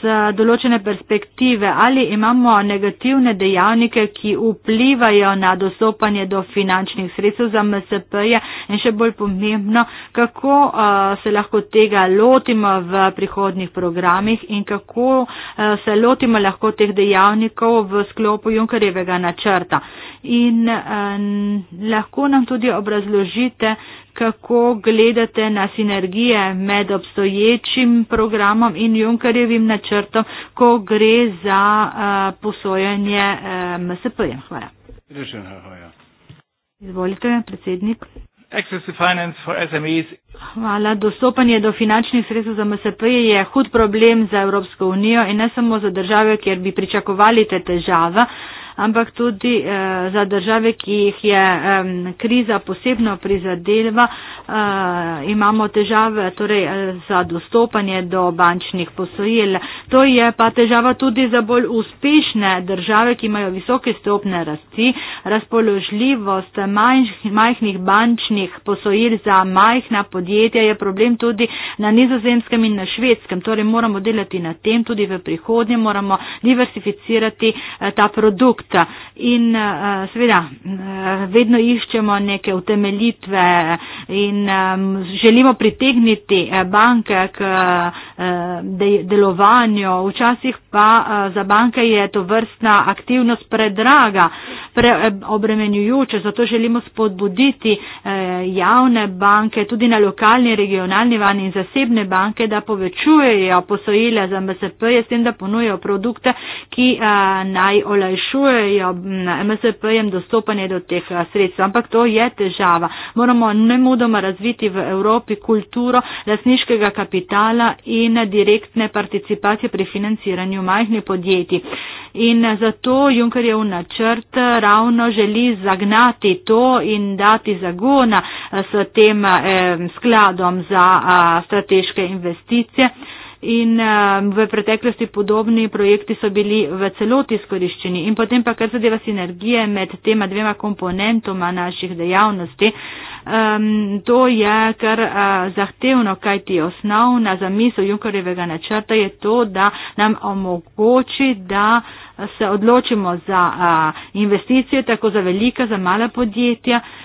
z določene perspektive ali imamo negativne dejavnike, ki vplivajo na dostopanje do finančnih sredstev za MSP-je in še bolj pomembno, kako se lahko tega lotimo v prihodnih programih in kako se lotimo lahko teh dejavnikov v sklopu Junkarjevega načrta. In eh, lahko nam tudi obrazložite, kako gledate na sinergije med obstoječim programom in Junkarjevim načrtom, ko gre za uh, posojanje uh, eh, MSP-ja. Hvala. Izvolite, predsednik. Hvala. Dostopanje do finančnih sredstev za MSP je hud problem za Evropsko unijo in ne samo za države, kjer bi pričakovali te težave. Uh, ampak tudi eh, za države, ki jih je kriza posebno prizadela, eh, imamo težave torej, eh, za dostopanje do bančnih posojil. To je pa težava tudi za bolj uspešne države, ki imajo visoke stopne rasti, razpoložljivost manj, majhnih bančnih posojil za majhna podjetja je problem tudi na nizozemskem in na švedskem. Torej moramo delati na tem tudi v prihodnje, moramo diversificirati ta produkt. Egipta in eh, seveda eh, vedno iščemo neke utemeljitve in želimo pritegniti eh, banke k delovanju. Včasih pa za banke je to vrstna aktivnost predraga, preobremenjujoča, zato želimo spodbuditi javne banke tudi na lokalni, regionalni van in zasebne banke, da povečujejo posojila za MSP, s tem, da ponujejo produkte, ki naj olajšujejo omogočujejo MSP-jem dostopanje do teh eh, sredstev, ampak to je težava. Moramo nemudoma razviti v Evropi kulturo lasniškega kapitala in direktne participacije pri financiranju majhnih podjetij. In eh, zato Junkerjev načrt eh, ravno želi zagnati to in dati zagona s tem skladom za strateške investicije in um, v preteklosti podobni projekti so bili v celoti skoriščeni. In potem pa kar zadeva sinergije med tema dvema komponentoma naših dejavnosti. Um, to je kar uh, zahtevno, kaj ti osnovna zamisel Junkarjevega načrta je to, da nam omogoči, da se odločimo za uh, investicije, tako za velika, za mala podjetja. Uh,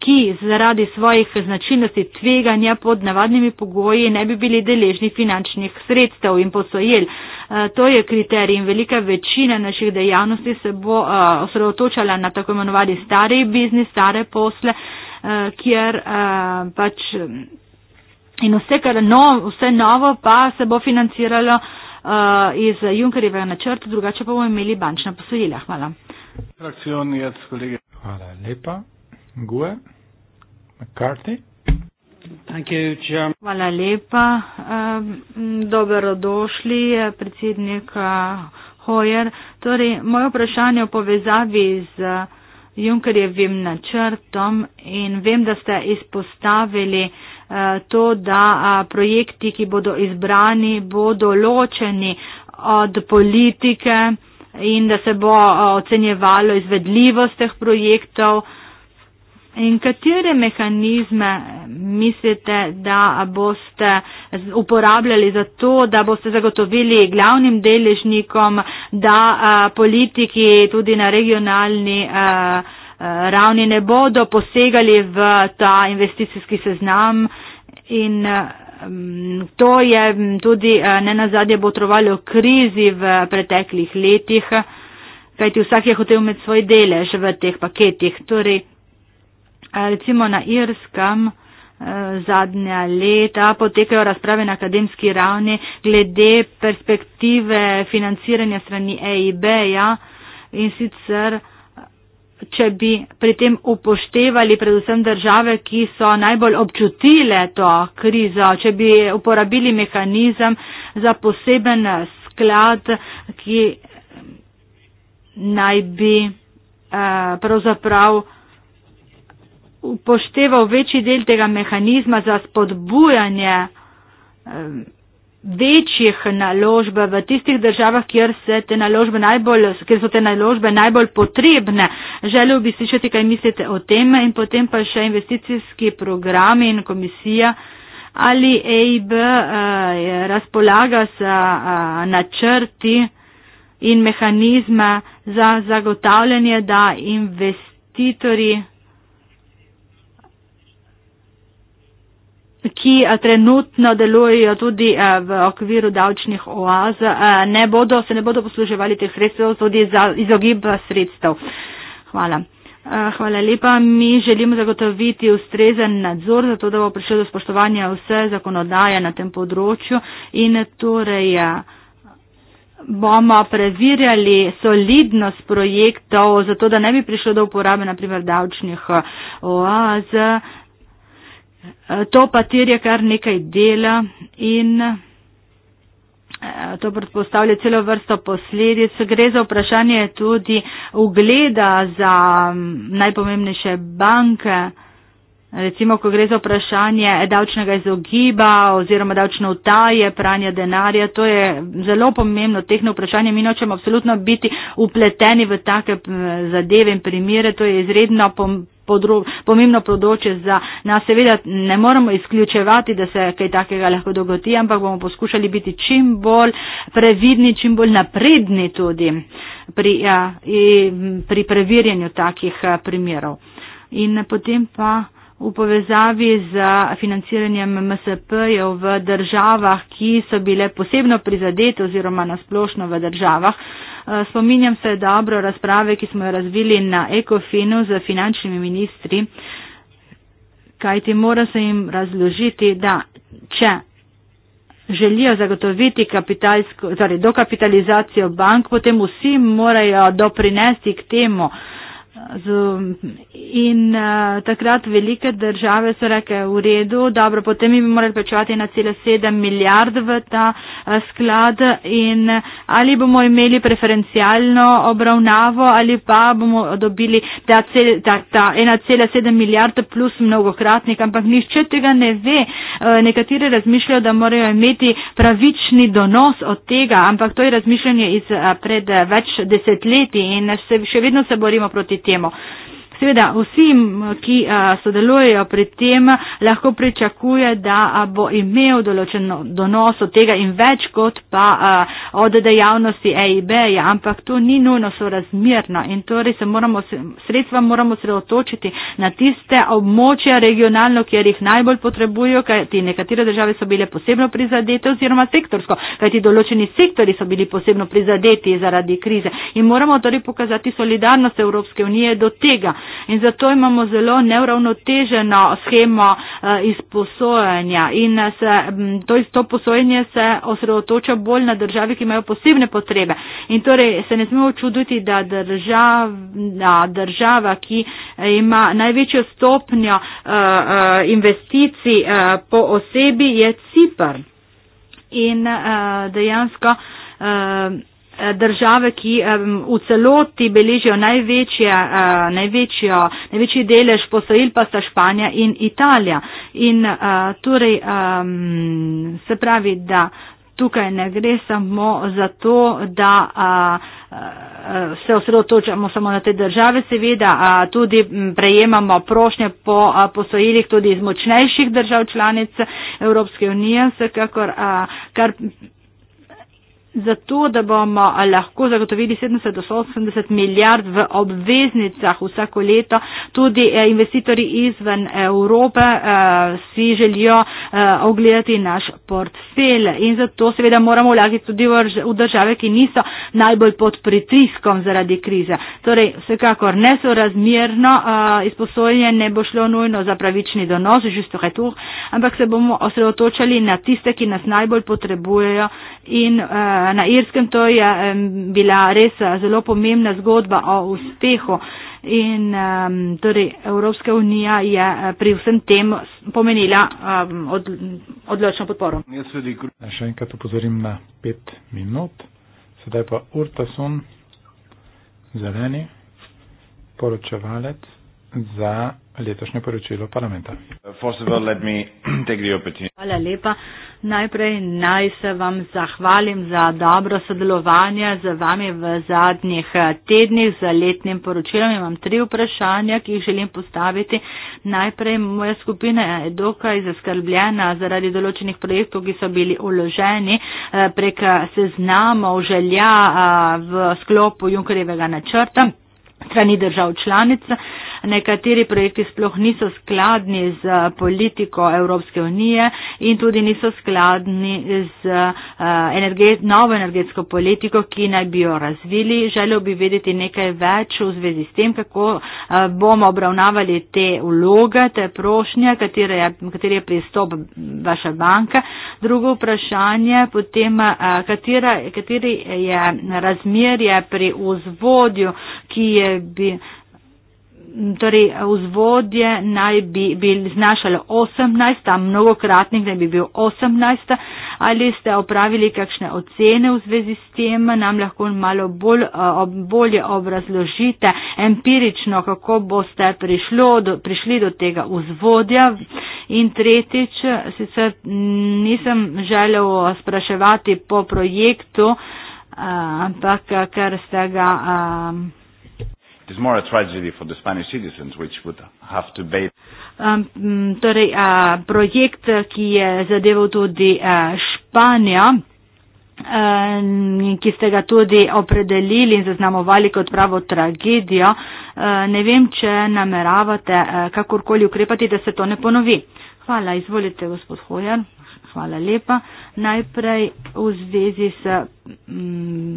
ki zaradi svojih značilnosti tveganja pod navadnimi pogoji ne bi bili deležni finančnih sredstev in posojil. Eh, to je kriterij in velika večina naših dejavnosti se bo eh, osredotočala na tako imenovani stari biznis, stare posle, eh, kjer pač in vse, kar no, vse novo pa se bo financiralo iz Junkerjevega načrta, drugače pa bomo imeli bančna posojila. Hvala. Hvala lepa. Ngue McCarthy. Hvala lepa. Dobrodošli, eh, predsednik eh, Hoyer. Torej, moje vprašanje v povezavi z eh, Junkerjevim načrtom in vem, da ste izpostavili to, da projekti, ki bodo izbrani, bodo ločeni od politike in da se bo ocenjevalo izvedljivost teh projektov. In katere mehanizme mislite, da boste uporabljali za to, da boste zagotovili glavnim deležnikom, da a, politiki tudi na regionalni a, a, ravni ne bodo posegali v ta investicijski seznam in a, to je tudi a, ne nazadnje botrovalo krizi v preteklih letih, kajti vsak je hotel imeti svoj delež v teh paketih. Torej, recimo na Irskem eh, zadnja leta potekajo razprave na akademski ravni glede perspektive financiranja strani EIB-ja in sicer, če bi pri tem upoštevali predvsem države, ki so najbolj občutile to krizo, če bi uporabili mehanizem za poseben sklad, ki naj bi eh, pravzaprav eh, upošteval večji del tega mehanizma za spodbujanje večjih naložb v tistih državah, kjer, najbolj, kjer so te naložbe najbolj potrebne. Želel bi slišati, kaj mislite o tem in potem pa še investicijski program in komisija. Ali EIB eh, razpolaga s eh, načrti in mehanizma za zagotavljanje, da investitorji. ki eh, trenutno delujejo tudi eh, v okviru davčnih oaz, eh, ne bodo, se ne bodo posluževali teh sredstev tudi za izogib sredstev. Hvala. Hvala lepa. Mi želimo zagotoviti ustrezen nadzor, zato da bo prišlo do spoštovanja vse zakonodaje na tem področju in torej bomo preverjali solidnost projektov, zato da ne bi prišlo do uporabe naprimer davčnih oaz. Eh, to pa terje kar nekaj dela in eh, to predpostavlja celo vrsto posledic. Gre za vprašanje tudi ugleda za najpomembnejše banke. Recimo, ko gre za vprašanje davčnega izogiba oziroma davčne utaje, pranja denarja, to je zelo pomembno tehno vprašanje. Mi nočemo absolutno biti upleteni v take eh, zadeve in primere. To je izredno pomembno področje za nas. Seveda ne moramo izključevati, da se kaj takega lahko dogoti, ampak bomo poskušali biti čim bolj previdni, čim bolj napredni tudi pri, eh, pri preverjanju takih eh, primerov. In potem pa. V povezavi z financiranjem MSP-jev v državah, ki so bile posebno prizadete oziroma nasplošno v državah, eh, spominjam se dobro razprave, ki smo jo razvili na ECOFIN-u z finančnimi ministri, kajti moram se jim razložiti, da če želijo zagotoviti torej dokapitalizacijo bank, potem vsi morajo doprinesti k temu, z, in uh, takrat velike države so reke v redu, dobro, potem bi morali plačevati 1,7 milijard v ta uh, sklad in ali bomo imeli preferencialno obravnavo ali pa bomo dobili ta, ta, ta 1,7 milijard plus mnogokratnik, ampak nišče tega ne ve. Uh, nekateri razmišljajo, da morajo imeti pravični donos od tega, ampak to je razmišljanje iz uh, pred uh, več desetletij in se, še vedno se borimo proti temu temo. Seveda, vsi, ki a, sodelujejo pri tem, lahko pričakuje, da a, bo imel določen no-, donos od tega in več kot pa a, od dejavnosti EIB-ja, ampak to ni nujno sorazmerno in torej se moramo, sredstva moramo sredotočiti na tiste območja regionalno, kjer jih najbolj potrebujo, kajti nekatere države so bile posebno prizadete oziroma sektorsko, kajti določeni sektori so bili posebno prizadeti zaradi krize in moramo torej pokazati solidarnost Evropske unije do tega in zato imamo zelo neuravnoteženo schemo eh, izposojanja in eh, se, to, to posojanje se osredotoča bolj na države, ki imajo posebne potrebe. In torej se ne smemo čuditi, da država, država ki eh, ima največjo stopnjo investicij po osebi, je Cipr. In dejansko. Eh, države, ki v celoti beležijo največje, eh, največjo, največji delež posojil, pa sta Španija in Italija. In eh, torej, se pravi, da tukaj ne gre samo za to, da se osredotočamo samo na te države, seveda tudi prejemamo prošnje po posojilih tudi iz močnejših držav članic Evropske unije, vsekakor, kar zato, da bomo lahko zagotovili 70 do 80 milijard v obveznicah vsako leto. Tudi e, investitorji izven Evrope e, si želijo e, ogledati naš portfel in zato seveda moramo vlagati tudi v države, ki niso najbolj pod pritiskom zaradi krize. Torej, vsekakor ne so razmerno izposojenje, ne bo šlo nujno za pravični donos, tu, ampak se bomo osredotočali na tiste, ki nas najbolj potrebujejo in uh, na Irskem to je bila res eh, zelo pomembna zgodba o uspehu. In um, torej Evropska unija je eh, pri vsem tem pomenila um, od, odločno podporo. Jaz tudi še enkrat upozorim na pet minut. Sedaj pa Urtasun, zeleni poročevalec za letošnje poročilo parlamenta. Hvala lepa. Najprej naj se vam zahvalim za dobro sodelovanje z vami v zadnjih eh, tednih za letnim poročilom. Imam tri vprašanja, ki jih želim postaviti. Najprej moja skupina je dokaj zaskrbljena zaradi določenih projektov, ki so bili uloženi eh, prek eh, seznamov želja v sklopu Junkerjevega načrta strani držav članica nekateri projekti sploh niso skladni z eh, politiko Evropske unije in tudi niso skladni z eh, novo energetsko politiko, ki naj bi jo razvili. Želel bi vedeti nekaj več v zvezi s tem, kako eh, bomo obravnavali te vloge, te prošnje, kateri je pristop vaša banka. Drugo vprašanje potem, katera, kateri je razmerje pri vzvodju, ki je bi torej vzvodje naj bi bil znašalo 18, a mnogokratnik naj bi bil 18. Ali ste opravili kakšne ocene v zvezi s tem, nam lahko malo bolj, eh, bolje obrazložite empirično, kako boste prišlo, do, prišli do tega vzvodja. In tretjič, sicer mm, nisem želel spraševati po projektu, eh, ampak ker ste ga. A, eh, It is more a tragedy for the Spanish citizens which would have to pay. Um, mm, torej, uh, projekt, ki je zadeval tudi uh, Španijo, uh, ki ste ga tudi opredelili in zaznamovali kot pravo tragedijo, uh, ne vem, če nameravate uh, kakorkoli ukrepati, da se to ne ponovi. Hvala, izvolite, gospod Hojan hvala lepa. Najprej v zvezi s mm,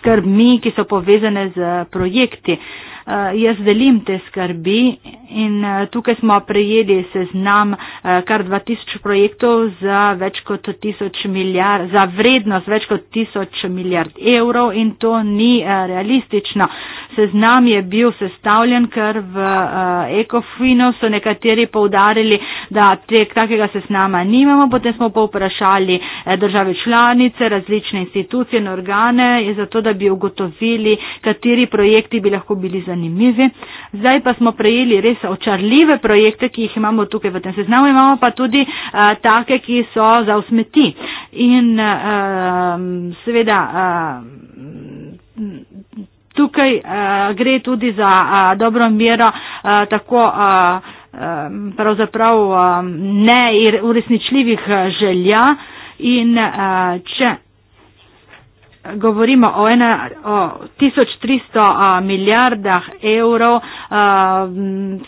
skrbmi, ki so povezane z projekti. Uh, Eh, jaz delim te skrbi in eh, tukaj smo prejeli seznam eh, kar 2000 projektov za, milijard, za vrednost več kot 1000 milijard evrov in to ni realistično. Seznam je bil sestavljen, ker v Ekofinu so nekateri povdarili, da takega seznama nimamo. Potem smo pa vprašali države članice, različne institucije in organe, zato da bi ugotovili, kateri projekti bi lahko bili zanimivi zanimivi. Zdaj pa smo prejeli res očarljive projekte, ki jih imamo tukaj v tem seznamu, imamo pa tudi a, eh, take, ki so za usmeti. In a, ehm, seveda. A, ehm, Tukaj uh, gre tudi za uh, dobro mero, uh, tako uh, pravzaprav uh, neuresničljivih želja in uh, če govorimo o, ena, o 1300 a, milijardah evrov. A,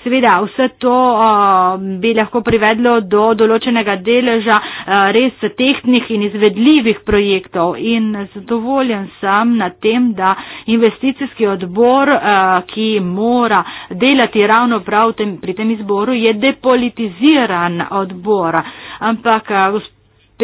seveda, vse to a, bi lahko privedlo do določenega deleža a, res tehtnih in izvedljivih projektov in zadovoljen sem na tem, da investicijski odbor, a, ki mora delati ravno prav tem, pri tem izboru, je depolitiziran odbor. Ampak, a,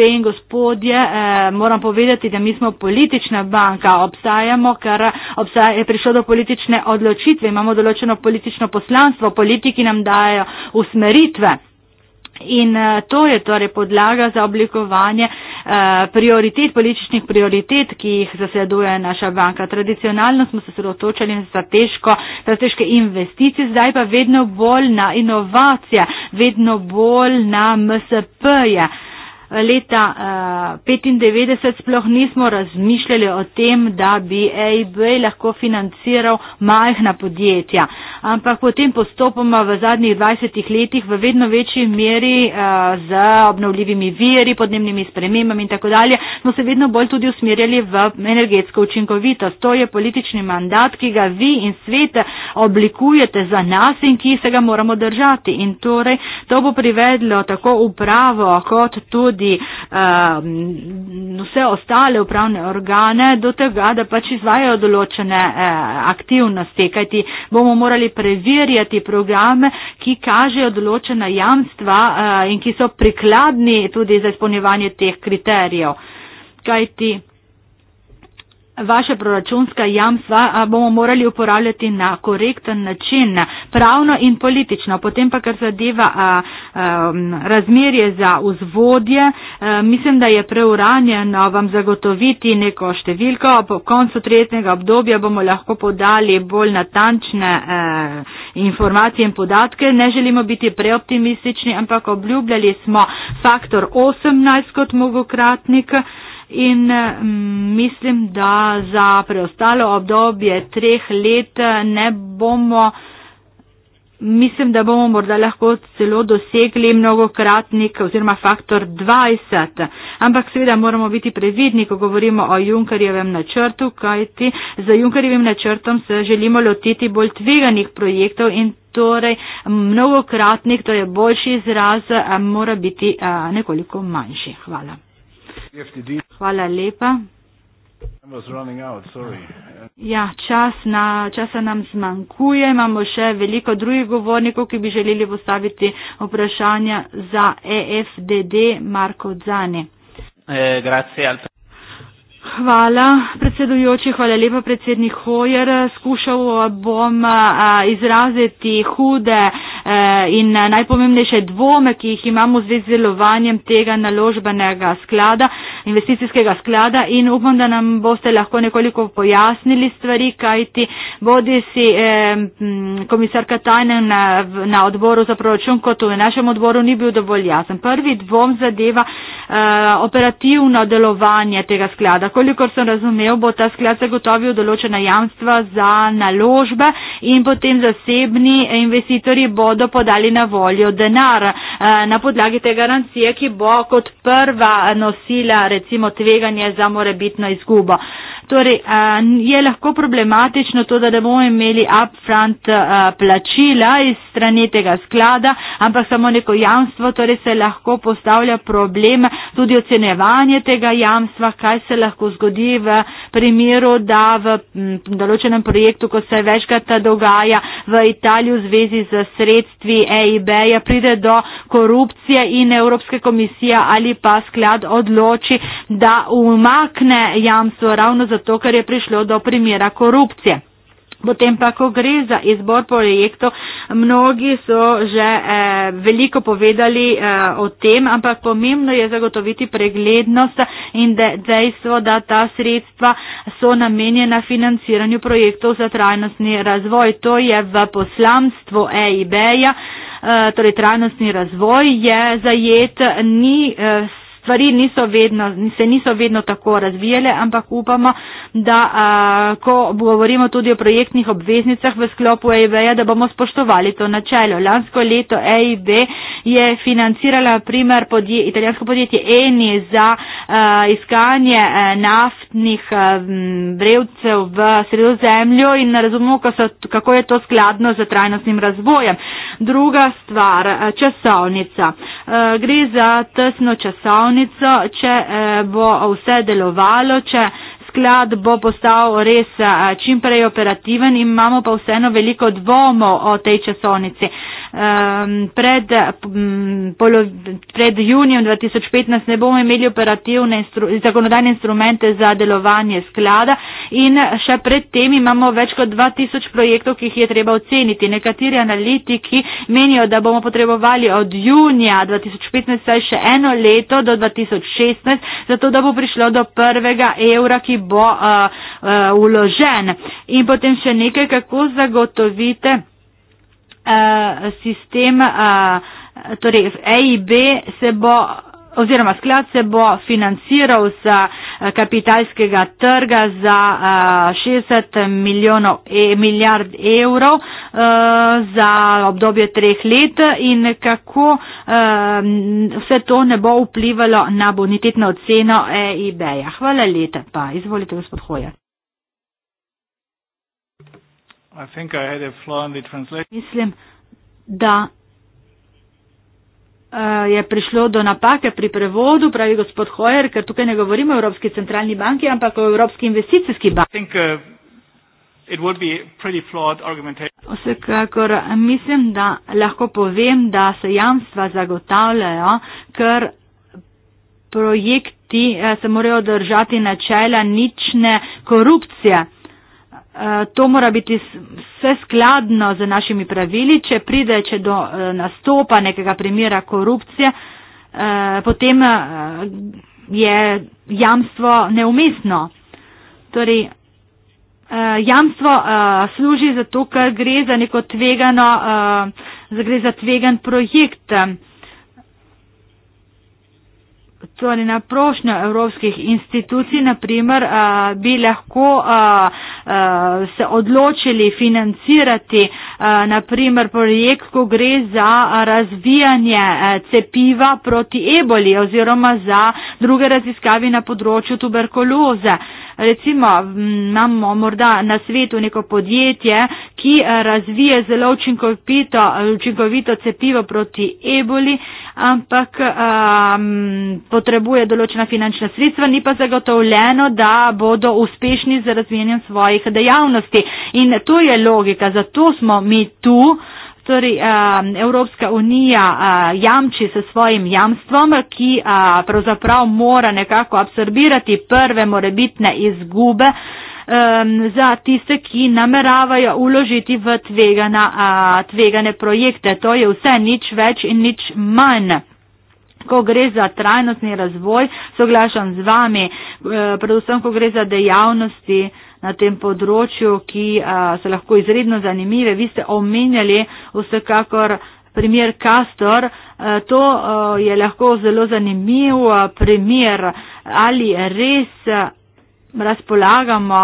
gospe in gospodje, eh, moram povedati, da mi smo politična banka, obstajamo, ker obstaja, je prišlo do politične odločitve, imamo določeno politično poslanstvo, politiki nam dajo usmeritve. In eh, to je torej podlaga za oblikovanje eh, prioritet, političnih prioritet, ki jih zasleduje naša banka. Tradicionalno smo se sredotočali na strateške investicije, zdaj pa vedno bolj na inovacije, vedno bolj na MSP-je leta 1995 eh, sploh nismo razmišljali o tem, da bi AIB lahko financiral majhna podjetja. Ampak potem postopoma v zadnjih 20 letih v vedno večji meri eh, z obnovljivimi viri, podnebnimi spremembami in tako dalje, smo se vedno bolj tudi usmerjali v energetsko učinkovitost. To je politični mandat, ki ga vi in svet oblikujete za nas in ki se ga moramo držati. In torej to bo privedlo tako upravo kot tudi tudi uh, vse ostale upravne organe do tega, da pač izvajajo določene uh, aktivnosti, kajti bomo morali preverjati programe, ki kažejo določena jamstva uh, in ki so prikladni tudi za izpolnjevanje teh kriterijev. Kajti, vaše proračunska jamstva bomo morali uporabljati na korekten način, pravno in politično. Potem pa, kar zadeva a, a, razmerje za vzvodje, a, e, mislim, da je preuranjeno vam zagotoviti neko številko. Po koncu tretjega obdobja bomo lahko podali bolj natančne a, e, informacije in podatke. Ne želimo biti preoptimistični, ampak obljubljali smo faktor 18 kot mogokratnik. A, in mm, mislim, da za preostalo obdobje treh let eh, ne bomo, mislim, da bomo morda lahko celo dosegli mnogokratnik oziroma faktor 20. Ampak seveda moramo biti previdni, ko govorimo o Junkarjevem načrtu, kajti za Junkarjevim načrtom se želimo lotiti bolj tveganih projektov in torej mnogokratnik, to torej je boljši izraz, eh, mora biti eh, nekoliko manjši. Hvala. Hvala lepa. Ja, čas na, časa nam zmanjkuje, imamo še veliko drugih govornikov, ki bi želeli postaviti vprašanja za EFDD Marko Dzani. Eh, grazie, Hvala, predsedujoči, hvala lepa, predsednik Hojer. Skušal eh, bom eh, izraziti hude eh, in najpomembnejše dvome, ki jih imamo v zvezi z delovanjem tega naložbenega sklada, investicijskega sklada in upam, da nam boste lahko nekoliko pojasnili stvari, kajti bodi si komisarka Tajnen na odboru za proračun, kot v našem odboru ni bil dovolj jasen. Prvi dvom zadeva operativno delovanje tega sklada kolikor sem razumel, bo ta sklad zagotovil določena jamstva za naložbe in potem zasebni investitorji bodo podali na voljo denar eh, na podlagi te garancije, ki bo kot prva nosila recimo tveganje za morebitno izgubo. Torej, je lahko problematično to, da ne bomo imeli upfront plačila iz strani tega sklada, ampak samo neko jamstvo, torej se lahko postavlja problem tudi ocenevanje tega jamstva, kaj se lahko zgodi v primeru, da v določenem projektu, ko se večkrat dogaja v Italiji v zvezi z sredstvi EIB-ja, pride do korupcije in Evropska komisija ali pa sklad odloči, da umakne jamstvo ravno za zato, ker je prišlo do primera korupcije. Potem pa, ko gre za izbor projektov, mnogi so že eh, veliko povedali eh, o tem, ampak pomembno je zagotoviti preglednost in de, dejstvo, da ta sredstva so namenjena financiranju projektov za trajnostni razvoj. To je v poslamstvu EIB-ja, eh, torej trajnostni razvoj je zajet, ni. Eh, stvari niso vedno, se niso vedno tako razvijale, ampak upamo, da a, ko govorimo tudi o projektnih obveznicah v sklopu EIB-ja, da bomo spoštovali to načelo. Lansko leto EIB je financirala primer podje, italijansko podjetje Eni za a, iskanje a, naftnih brevcev v sredozemlju in razumemo, kako je to skladno z trajnostnim razvojem. Druga stvar, časovnica. A, gre za tesno časovnico delavnico, če eh, bo vse delovalo, če sklad bo postal res eh, čimprej operativen, imamo pa vseeno veliko dvomov o tej časovnici um, pred, um, polo, pred junijem 2015 ne bomo imeli operativne instru, zakonodajne instrumente za delovanje sklada in še predtem imamo več kot 2000 projektov, ki jih je treba oceniti. Nekateri analitiki menijo, da bomo potrebovali od junija 2015 saj še eno leto do 2016, zato da bo prišlo do prvega evra, ki bo uh, eh, uh, eh, uložen. In potem še nekaj, kako zagotovite. Eh, sistem, eh, torej EIB se bo oziroma sklad se bo financiral z eh, kapitalskega trga za 60 milijonov, e, milijard evrov za obdobje treh let in kako vse to ne bo vplivalo na bonitetno oceno EIB-ja. Hvala lepa, izvolite gospod Hoja. I think I had a flaw in the translation. Mislim, da uh, je prišlo do napake pri prevodu, pravi gospod Hoyer, ker tukaj ne govorimo o Evropski centralni banki, ampak o Evropski investicijski banki. Eh, it would be pretty flawed argumentation. Vsekakor eh, mislim, da lahko povem, da se jamstva zagotavljajo, ker projekti se morajo držati načela nične korupcije. Eh, to mora biti vse skladno z našimi pravili. Če pride če do eh, nastopa nekega primjera korupcije, eh, potem je jamstvo neumestno. Torej, jamstvo služi zato, ker gre za neko tvegano, gre za tvegan projekt torej na prošnjo evropskih institucij, naprimer, bi lahko se odločili financirati naprimer projekt, ko gre za razvijanje cepiva proti eboli oziroma za druge raziskave na področju tuberkuloze recimo mm, imamo morda na svetu neko podjetje, ki eh, razvije zelo učinkovito, eh, učinkovito cepivo proti eboli, ampak um, potrebuje določena finančna sredstva, ni pa zagotovljeno, da bodo uspešni z razvijanjem svojih dejavnosti. In to je logika, zato smo mi tu torej Evropska unija jamči se svojim jamstvom, ki pravzaprav mora nekako absorbirati prve morebitne izgube za tiste, ki nameravajo uložiti v tvegana, tvegane projekte. To je vse nič več in nič manj. Ko gre za trajnostni razvoj, soglašam z vami, eh, predvsem ko gre za dejavnosti, na tem področju, ki a, so lahko izredno zanimive. Vi ste omenjali vsekakor primer Castor. A, to a, je lahko zelo zanimiv a, primer, ali res a, razpolagamo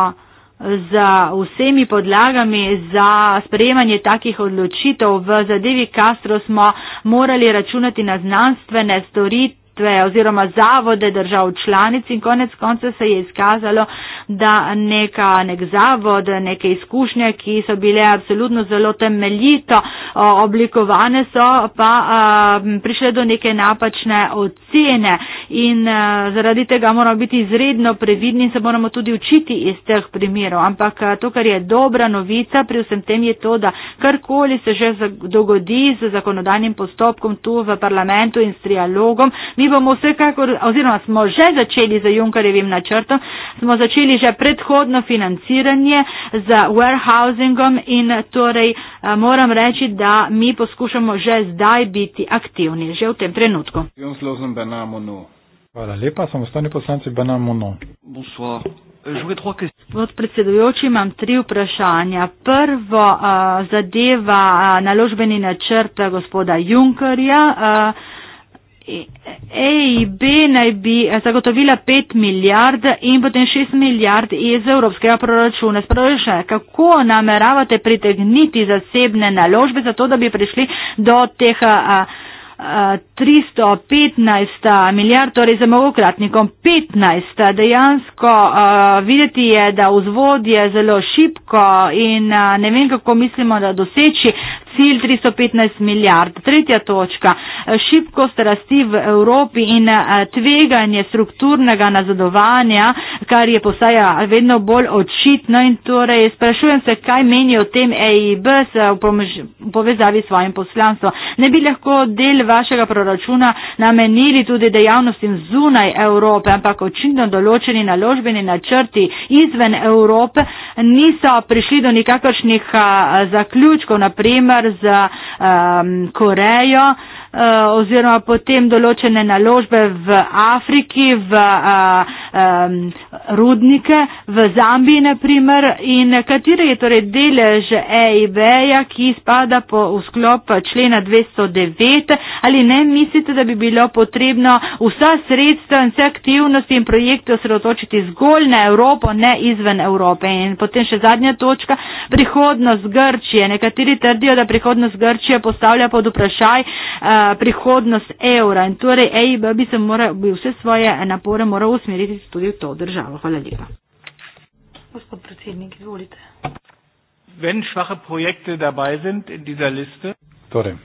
z vsemi podlagami za sprejemanje takih odločitev. V zadevi Castro smo morali računati na znanstvene storitve inštitutve oziroma zavode držav članic in konec konca se je izkazalo, da neka, nek zavod, neke izkušnje, ki so bile absolutno zelo temeljito oblikovane, so pa a, prišle do neke napačne ocene in a, zaradi tega moramo biti izredno previdni in se moramo tudi učiti iz teh primerov. Ampak to, kar je dobra novica pri vsem tem, je to, da karkoli se že dogodi z zakonodajnim postopkom tu v parlamentu in s trialogom, mi bomo vsekakor, oziroma smo že začeli z Junkarjevim načrtom, smo začeli že predhodno financiranje z warehousingom in torej moram reči, da mi poskušamo že zdaj biti aktivni, že v tem trenutku. Hvala lepa, sem ostani poslanci Benamono. Gospod predsedujoči, imam tri vprašanja. Prvo uh, zadeva uh, naložbeni načrt gospoda Junkerja. Uh, EIB naj bi eh, zagotovila 5 milijard in potem 6 milijard iz evropskega proračuna. Sprašujem, kako nameravate pritegniti zasebne naložbe za to, da bi prišli do teh a, a, 315 milijard, torej z mogokratnikom 15. Dejansko a, eh, videti je, da vzvod je zelo šipko in a, eh, ne vem, kako mislimo, da doseči cilj 315 milijard. Tretja točka, eh, šibkost rasti v Evropi in eh, tveganje strukturnega nazadovanja, kar je postaja vedno bolj očitno in torej sprašujem se, kaj meni o tem EIB se eh, v povezavi s svojim poslanstvom. Ne bi lahko del vašega proračuna namenili tudi dejavnostim zunaj Evrope, ampak očitno določeni naložbeni načrti izven Evrope niso prišli do nikakršnih zaključkov, naprimer z um, ehm, Korejo, Eh, oziroma potem določene naložbe v Afriki, v eh, rudnike, v Zambiji naprimer in kateri je torej delež EIB-ja, ki spada po sklop člena 209 ali ne mislite, da bi bilo potrebno vsa sredstva in vse aktivnosti in projekte osredotočiti zgolj na Evropo, ne izven Evrope. In potem še zadnja točka, prihodnost Grčije. Nekateri trdijo, da prihodnost Grčije postavlja pod vprašaj uh, prihodnost evra in torej EIB bi, se mora, bi vse svoje napore moral usmeriti tudi v to državo. Hvala lepa. Gospod predsednik, izvolite. Wenn schwache Projekte dabei sind in dieser Liste. Torej.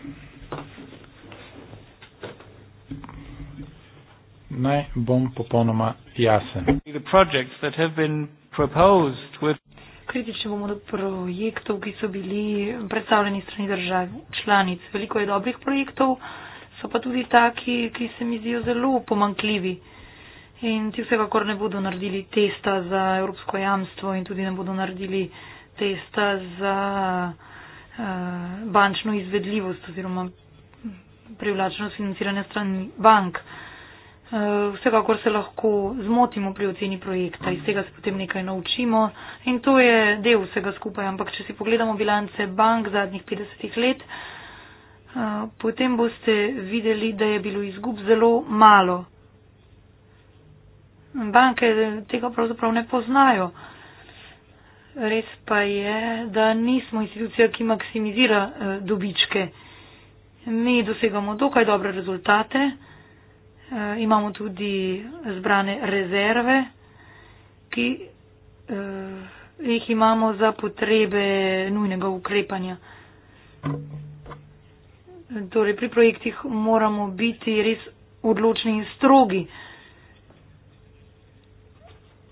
Naj bom popolnoma jasen. The projects that have been proposed with kritičnemu projektu, ki so bili predstavljeni strani držav članic. Veliko je dobrih projektov, so pa tudi taki, ki se mi zdijo zelo pomankljivi. In ti vsekakor ne bodo naredili testa za evropsko jamstvo in tudi ne bodo naredili testa za uh, bančno izvedljivost oziroma privlačnost financiranja strani bank. Uh, Eh, vsekakor se lahko zmotimo pri oceni projekta, iz tega se potem nekaj naučimo in to je del vsega skupaj. Ampak če si pogledamo bilance bank zadnjih 50 let, eh, potem boste videli, da je bilo izgub zelo malo. Banke tega pravzaprav ne poznajo. Res pa je, da nismo institucija, ki maksimizira eh, dobičke. Mi dosegamo dokaj dobre rezultate. Eh, imamo tudi zbrane rezerve, ki eh, jih imamo za potrebe nujnega ukrepanja. Torej, pri projektih moramo biti res odločni in strogi.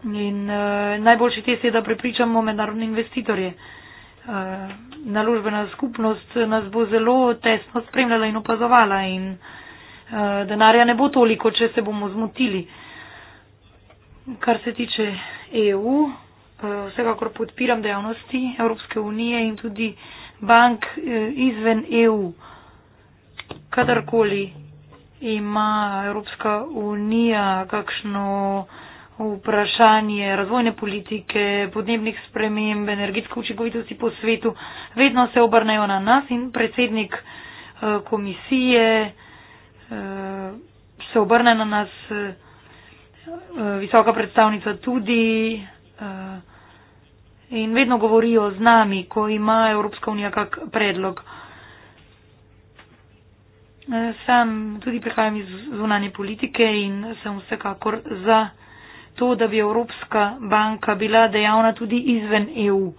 In uh, najboljši test je, da prepričamo mednarodne investitorje. Uh, naložbena skupnost nas bo zelo tesno spremljala in opazovala in uh, Eh, denarja ne bo toliko, če se bomo zmotili. Kar se tiče EU, eh, vsekakor podpiram dejavnosti Evropske unije in tudi bank eh, izven EU. Kadarkoli ima Evropska unija kakšno vprašanje razvojne politike, podnebnih sprememb, energetske učinkovitosti po svetu, vedno se obrnejo na nas in predsednik komisije, Eh, se obrne na nas eh, eh, visoka predstavnica tudi in vedno govorijo z nami, ko ima Evropska unija kak predlog. Sam tudi prihajam iz zunanje politike in sem vsekakor za to, da bi Evropska banka bila dejavna tudi izven EU.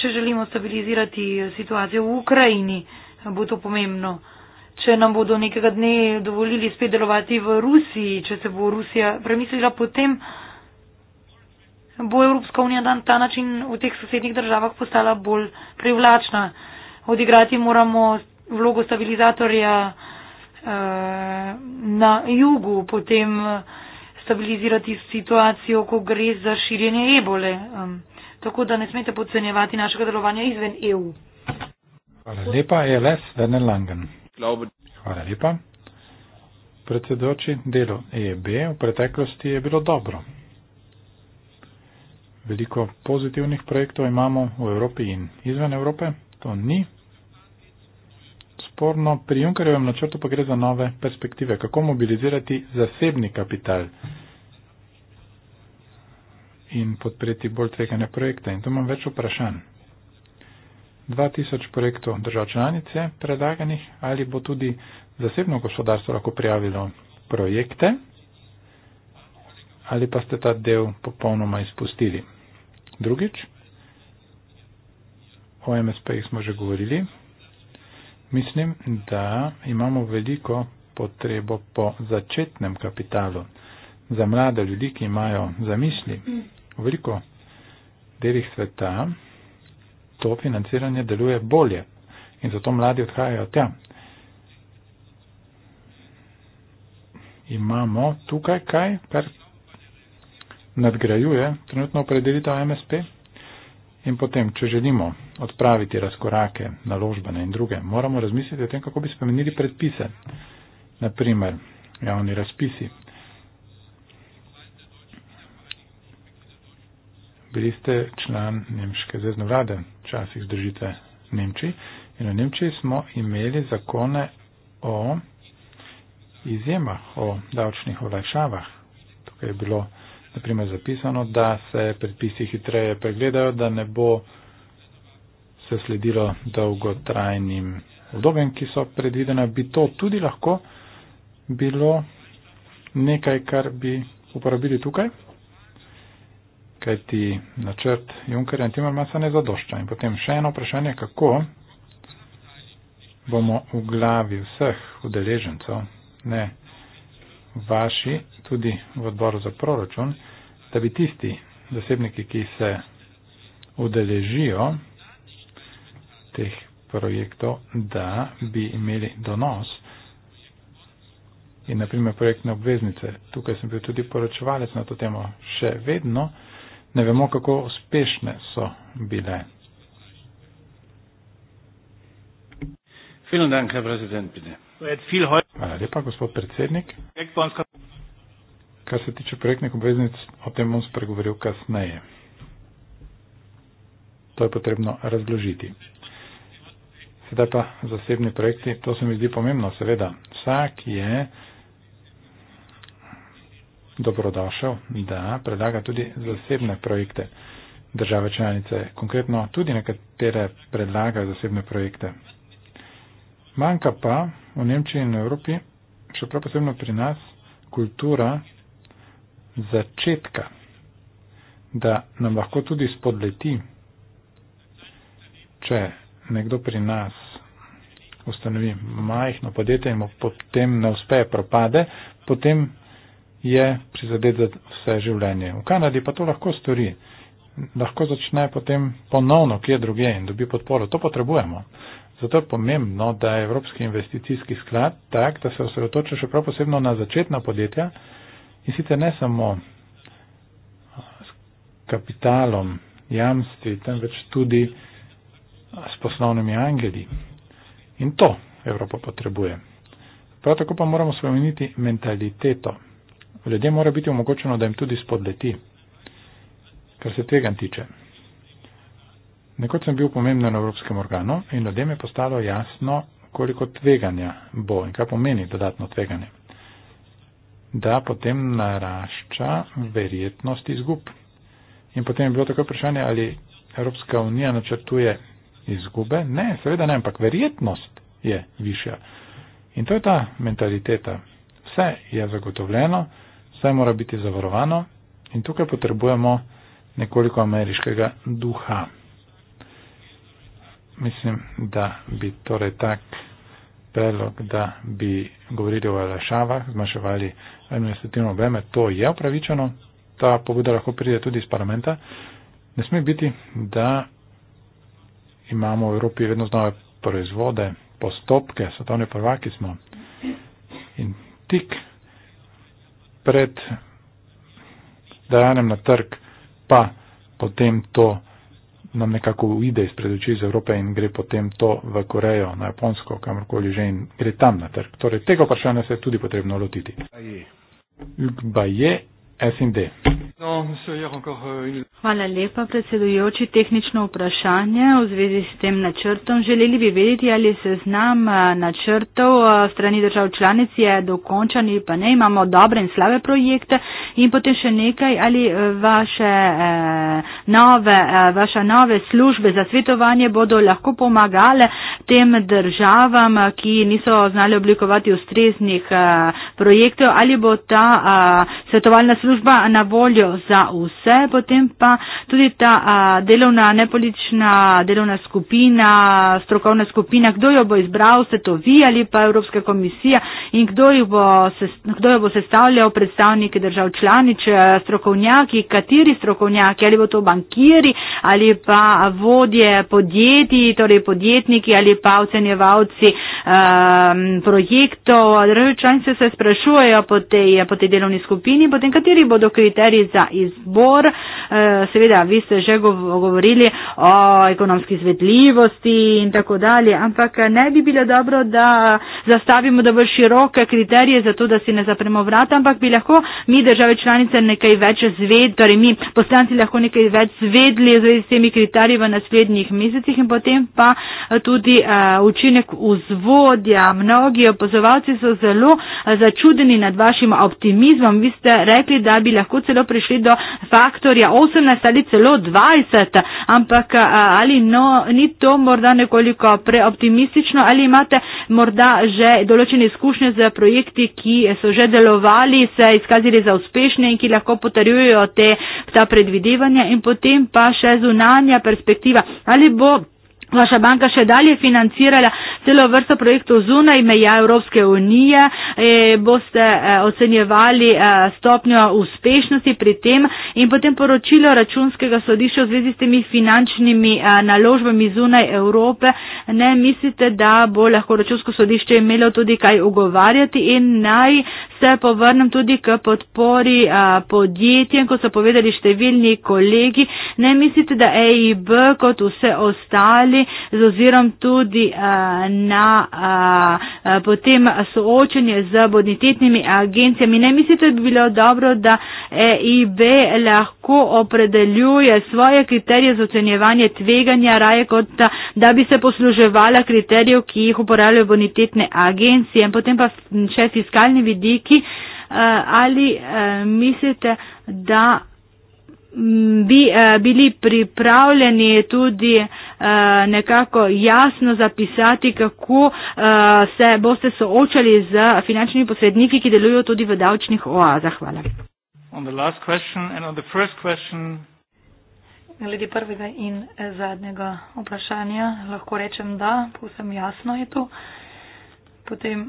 Če želimo stabilizirati situacijo v Ukrajini, bo to pomembno. Če nam bodo nekega dne dovolili spet delovati v Rusiji, če se bo Rusija premislila, potem bo Evropska unija dan ta način v teh sosednjih državah postala bolj privlačna. Odigrati moramo vlogo stabilizatorja eh, na jugu, potem eh, stabilizirati situacijo, ko gre za širjenje ebole. Eh, tako da ne smete podcenjevati našega delovanja izven EU. Hvala lepa, ELS, Werner Langen. Hvala lepa. Predsedoči, delo EEB v preteklosti je bilo dobro. Veliko pozitivnih projektov imamo v Evropi in izven Evrope, to ni. Sporno, pri Junkerjevem načrtu pa gre za nove perspektive, kako mobilizirati zasebni kapital in podpreti bolj tvegane projekte. In tu imam več vprašanj. 2000 projektov držav članice predlaganih ali bo tudi zasebno gospodarstvo lahko prijavilo projekte ali pa ste ta del popolnoma izpustili. Drugič, o MSP-jih smo že govorili. Mislim, da imamo veliko potrebo po začetnem kapitalu za mlade ljudi, ki imajo zamisli. V veliko delih sveta to financiranje deluje bolje in zato mladi odhajajo tja. Imamo tukaj kaj, kar nadgrajuje trenutno opredelitev MSP in potem, če želimo odpraviti razkorake naložbene in druge, moramo razmisliti o tem, kako bi spremenili predpise, naprimer javni razpisi, bili ste član nemške zvezdne vlade, včasih zdržite v Nemčiji. In v Nemčiji smo imeli zakone o izjemah, o davčnih olajšavah. Tukaj je bilo naprimer zapisano, da se predpisi hitreje pregledajo, da ne bo se sledilo dolgotrajnim obdobjem, ki so predvidena. Bi to tudi lahko bilo nekaj, kar bi uporabili tukaj? kajti načrt Junkerja in Timmermansa ne zadošča. In potem še eno vprašanje, kako bomo v glavi vseh udeležencev, ne vaši, tudi v odboru za proračun, da bi tisti zasebniki, ki se udeležijo teh projektov, da bi imeli donos. In naprimer projektne obveznice. Tukaj sem bil tudi poročevalec na to temo. Še vedno ne vemo, kako uspešne so bile. Hvala lepa, gospod predsednik. Kar se tiče projektnih obveznic, o tem bom spregovoril kasneje. To je potrebno razložiti. Sedaj pa zasebni projekti, to se mi zdi pomembno, seveda. Vsak je dobrodošel, da predlaga tudi zasebne projekte države članice. Konkretno tudi nekatere predlaga zasebne projekte. Manjka pa v Nemčiji in Evropi, še prav posebno pri nas, kultura začetka, da nam lahko tudi spodleti, če nekdo pri nas ustanovi majhno podjetje in mu potem ne uspe, propade, potem je prizadet za vse življenje. V Kanadi pa to lahko stori. Lahko začne potem ponovno kje druge in dobi podporo. To potrebujemo. Zato je pomembno, da je Evropski investicijski sklad tak, da se osredotoča še prav posebno na začetna podjetja in sicer ne samo s kapitalom, jamstvi, temveč tudi s poslovnimi angeli. In to Evropa potrebuje. Prav tako pa moramo spremeniti mentaliteto. Ljudje mora biti omogočeno, da jim tudi spodleti, kar se tega tiče. Nekoč sem bil pomemben na Evropskem organu in ljudem je postalo jasno, koliko tveganja bo in kaj pomeni dodatno tveganje. Da potem narašča verjetnost izgub. In potem je bilo tako vprašanje, ali Evropska unija načrtuje izgube. Ne, seveda ne, ampak verjetnost je višja. In to je ta mentaliteta. Vse je zagotovljeno vse mora biti zavarovano in tukaj potrebujemo nekoliko ameriškega duha. Mislim, da bi torej tak predlog, da bi govorili o lešavah, zmaševali administrativno breme, to je upravičeno, ta pobuda lahko pride tudi iz parlamenta. Ne sme biti, da imamo v Evropi vedno znove proizvode, postopke, svetovne prvaki smo. In tik pred dajanjem na trg, pa potem to nam nekako uide iz predoči iz Evrope in gre potem to v Korejo, na Japonsko, kamorkoli že in gre tam na trg. Torej, tega vprašanja se je tudi potrebno lotiti. Ljubba je SND. No, encore, uh, Hvala lepa, predsedujoči. Tehnično vprašanje v zvezi s tem načrtom. Želeli bi vedeti, ali se znam uh, načrtov uh, strani držav članic je dokončan ali pa ne. Imamo dobre in slabe projekte in potem še nekaj, ali uh, vaše, eh, nove, eh, vaše nove službe za svetovanje bodo lahko pomagale tem državam, ki niso znali oblikovati ustreznih eh, projektov, ali bo ta eh, svetovalna služba služba na voljo za vse, potem pa tudi ta a, delovna, nepolitična delovna skupina, strokovna skupina, kdo jo bo izbral, ste to vi ali pa Evropska komisija in kdo jo bo, kdo jo bo sestavljal, predstavniki držav članič, e, strokovnjaki, kateri strokovnjaki, ali bo to bankiri ali pa vodje podjetij, torej podjetniki ali pa ocenjevalci e, projektov. E, Države članice se sprašujejo po tej, po tej delovni skupini, potem kateri kateri bodo kriteriji za izbor. Eh, seveda, vi ste že govorili o ekonomski izvedljivosti in tako dalje, ampak ne bi bilo dobro, da zastavimo dovolj široke kriterije za to, da si ne zapremo vrata, ampak bi lahko mi države članice nekaj več zved, torej mi poslanci lahko nekaj več zvedli z temi kriteriji v naslednjih mesecih in potem pa eh, tudi eh, učinek vzvodja. Mnogi opozovalci so zelo začudeni nad vašim optimizmom. Vi ste rekli, da bi lahko celo prišli do faktorja 18 ali celo 20, ampak ali no, ni to morda nekoliko preoptimistično ali imate morda že določene izkušnje z projekti, ki so že delovali, se izkazili za uspešne in ki lahko potrjujejo te, ta predvidevanja in potem pa še zunanja perspektiva. Ali bo Vaša banka še dalje financirala celo vrsto projektov zunaj meja Evropske unije. E, boste e, ocenjevali e, stopnjo uspešnosti pri tem in potem poročilo računskega sodišča v zvezi s temi finančnimi e, naložbami zunaj Evrope. Ne mislite, da bo lahko računsko sodišče imelo tudi kaj ugovarjati in naj se povrnem tudi k podpori a, podjetjem, kot so povedali številni kolegi. Ne mislite, da EIB kot vse ostali vladi z ozirom tudi a, eh, na a, eh, a, eh, potem soočenje z bonitetnimi agencijami. Ne mislim, da bi bilo dobro, da EIB lahko opredeljuje svoje kriterije za ocenjevanje tveganja, raje kot da, da bi se posluževala kriterijev, ki jih uporabljajo bonitetne agencije. In potem pa še fiskalni vidiki. Ali mislite, da mm, bi bili pripravljeni tudi uh, Eh, nekako jasno zapisati, kako eh, se boste soočali z finančnimi posredniki, ki delujo tudi v davčnih oazah. Hvala. Glede prvega in eh, zadnjega vprašanja lahko rečem da, povsem jasno je to. Potem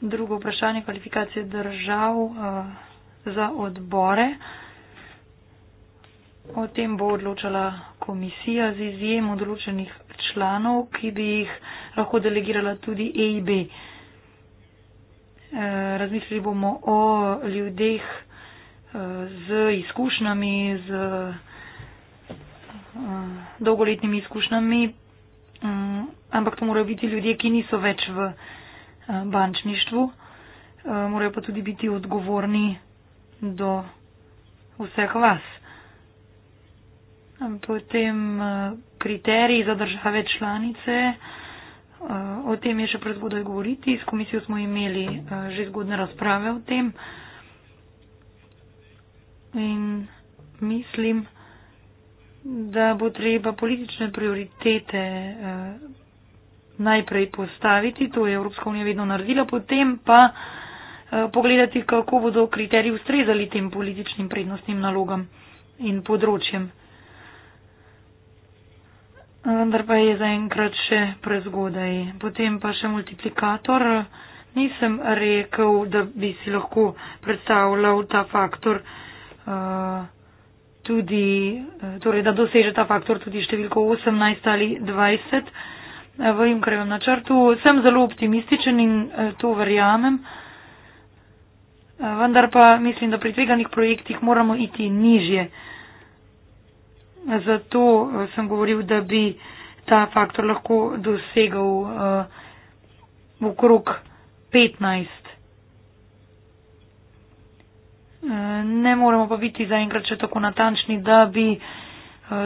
drugo vprašanje kvalifikacije držav uh, za odbore. Uh, O tem bo odločala komisija z izjemo določenih članov, ki bi jih lahko delegirala tudi EIB. Eh, razmislili bomo o ljudeh eh, z izkušnjami, z eh, dolgoletnimi izkušnjami, mm, ampak to morajo biti ljudje, ki niso več v bančništvu, morajo pa tudi biti odgovorni do vseh vas potem eh, kriteriji za države članice. Eh, o tem je še prezgodaj govoriti. S komisijo smo imeli eh, že zgodne razprave o tem. In mislim, da bo treba politične prioritete najprej postaviti, to je Evropska unija vedno naredila, potem pa pogledati, kako bodo kriteriji ustrezali tem političnim prednostnim nalogam in področjem vendar pa je zaenkrat še prezgodaj. Potem pa še multiplikator. Nisem rekel, da bi si lahko predstavljal ta faktor uh, tudi, eh, torej da doseže ta faktor tudi številko 18 ali 20 eh, v Junkerjevem načrtu. Sem zelo optimističen in uh, to verjamem, uh, vendar pa mislim, da pri tveganih projektih moramo iti nižje. Uh, Zato eh, sem govoril, da bi ta faktor lahko dosegal uh, eh, okrog 15. Eh, ne moremo pa biti zaenkrat še tako natančni, da bi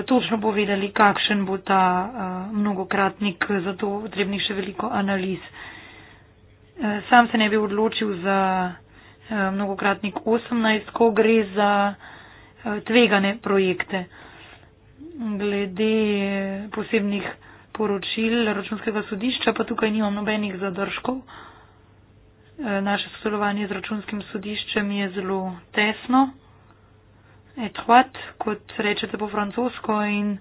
točno povedali, kakšen bo ta mnogokratnik, zato potrebnih še veliko analiz. Sam se ne bi odločil za mnogokratnik 18, ko gre za tvegane projekte glede posebnih poročil računskega sodišča, pa tukaj nimam nobenih zadržkov. E, naše sodelovanje z računskim sodiščem je zelo tesno, etroat, kot rečete po francosko in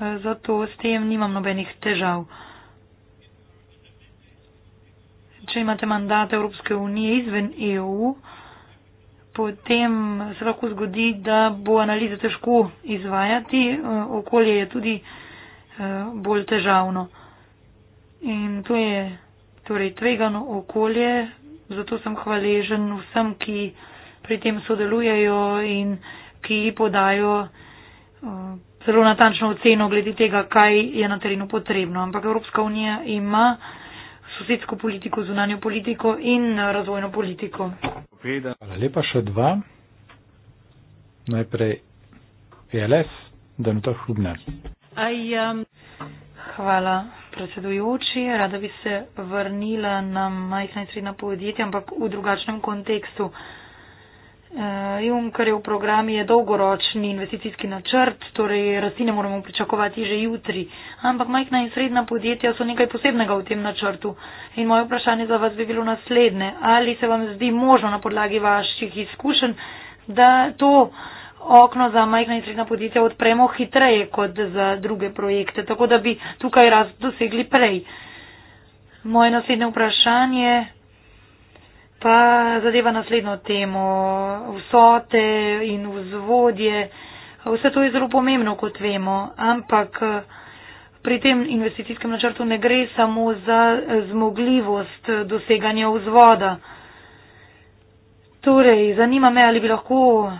e, zato s tem nimam nobenih težav. Če imate mandate Evropske unije izven EU, potem se lahko zgodi, da bo analize težko izvajati, eh, okolje je tudi eh, bolj težavno. In to je torej tvegano okolje, zato sem hvaležen vsem, ki pri tem sodelujejo in ki podajo eh, zelo natančno oceno glede tega, kaj je na terenu potrebno. Ampak Evropska unija ima sosedsko politiko, zunanjo politiko in eh, razvojno politiko. Hvala lepa še dva. Najprej ELS, Danuta Hrubna. Aj, um, hvala, predsedujoči. Rada bi se vrnila na majhna in srednja podjetja, ampak v drugačnem kontekstu. Uh, Eh, Junkerjev program je dolgoročni investicijski načrt, torej rasti ne moremo pričakovati že jutri, ampak majhna in srednja podjetja so nekaj posebnega v tem načrtu. In moje vprašanje za vas bi bilo naslednje. Ali se vam zdi možno na podlagi vaših izkušenj, da to okno za majhna in srednja podjetja odpremo hitreje kot za druge projekte, tako da bi tukaj rast dosegli prej? Moje naslednje vprašanje pa zadeva naslednjo temo, vsote in vzvodje. Vse to je zelo pomembno, kot vemo, ampak pri tem investicijskem načrtu ne gre samo za zmogljivost doseganja vzvoda. Torej, zanima me, ali bi lahko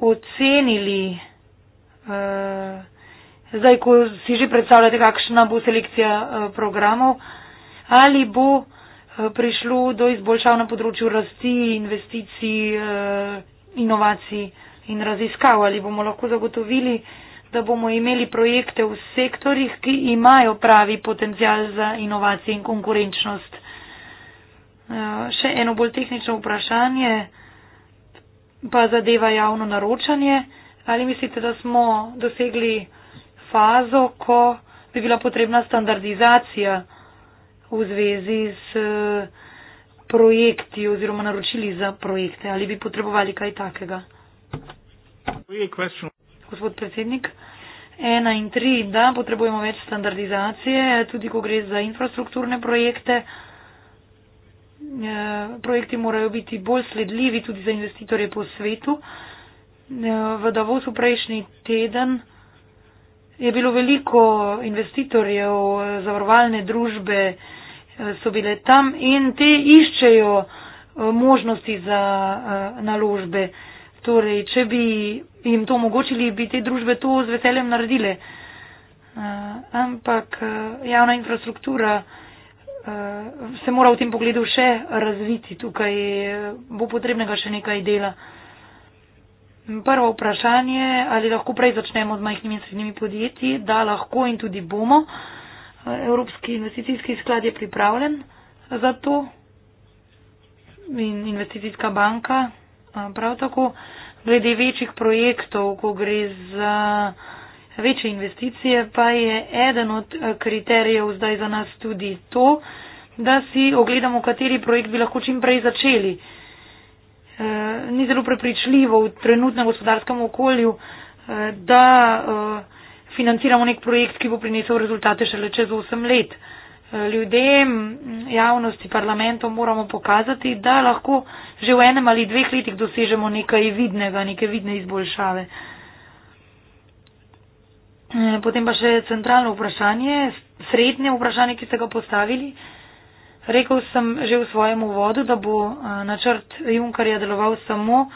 ocenili, eh, zdaj, ko si že predstavljate, kakšna bo selekcija eh, programov, ali bo prišlo do izboljšav na področju rasti, investicij, eh, inovacij in raziskav, ali bomo lahko zagotovili, da bomo imeli projekte v sektorjih, ki imajo pravi potencial za inovacije in konkurenčnost. Eh, še eno bolj tehnično vprašanje pa zadeva javno naročanje. Ali mislite, da smo dosegli fazo, ko bi bila potrebna standardizacija? v zvezi s eh, projekti oziroma naročili za projekte? Ali bi potrebovali kaj takega? Gospod predsednik, ena in tri, da potrebujemo več standardizacije, tudi ko gre za infrastrukturne projekte. Eh, projekti morajo biti bolj sledljivi tudi za investitorje po svetu. Eh, v Davosu prejšnji teden je bilo veliko investitorjev, zavarovalne družbe, so bile tam in te iščejo eh, možnosti za eh, naložbe. Torej, če bi jim to omogočili, bi te družbe to z veseljem naredile. Eh, ampak javna infrastruktura se mora v tem pogledu še razviti. Tukaj bo potrebnega še nekaj dela. Prvo vprašanje, ali lahko prej začnemo z majhnimi in srednjimi podjetji, da lahko in tudi bomo. Uh, Evropski investicijski sklad je pripravljen za to in investicijska banka prav tako. Glede večjih projektov, ko gre za večje investicije, pa je eden od kriterijev zdaj za nas tudi to, da si ogledamo, kateri projekt bi lahko čim prej začeli. Ni zelo prepričljivo v trenutnem gospodarskem okolju, da financiramo nek projekt, ki bo prinesel rezultate šele čez 8 let. Eh, ljudem, javnosti, parlamentu moramo pokazati, da lahko že v enem ali dveh letih dosežemo nekaj vidnega, neke vidne izboljšave. Eh, potem pa še centralno vprašanje, srednje vprašanje, ki ste ga postavili. Rekel sem že v svojem uvodu, da bo eh, načrt Junkarja deloval samo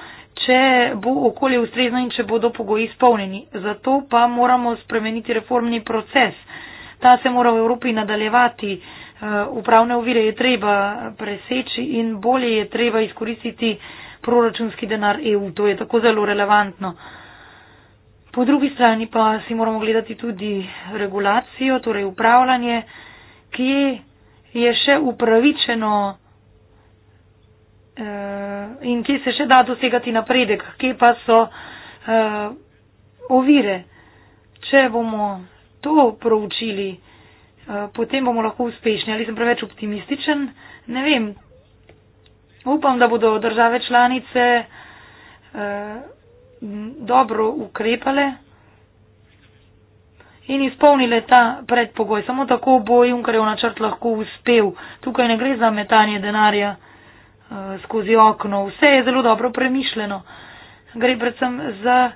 če bo okolje ustrezno in če bodo pogoji izpolnjeni. Zato pa moramo spremeniti reformni proces. Ta se mora v Evropi nadaljevati. Eh, upravne ovire je treba preseči in bolje je treba izkoristiti proračunski denar EU. To je tako zelo relevantno. Po drugi strani pa si moramo gledati tudi regulacijo, torej upravljanje, ki je še upravičeno Eh, in kje se še da dosegati napredek, kje pa so eh, ovire. Če bomo to proučili, eh, potem bomo lahko uspešni. Ali sem preveč optimističen? Ne vem. Upam, da bodo države članice dobro ukrepale in izpolnile ta predpogoj. Samo tako bo Junkarjev načrt lahko uspel. Tukaj ne gre za metanje denarja. Eh, skozi okno. Vse je zelo dobro premišljeno. Gre predvsem za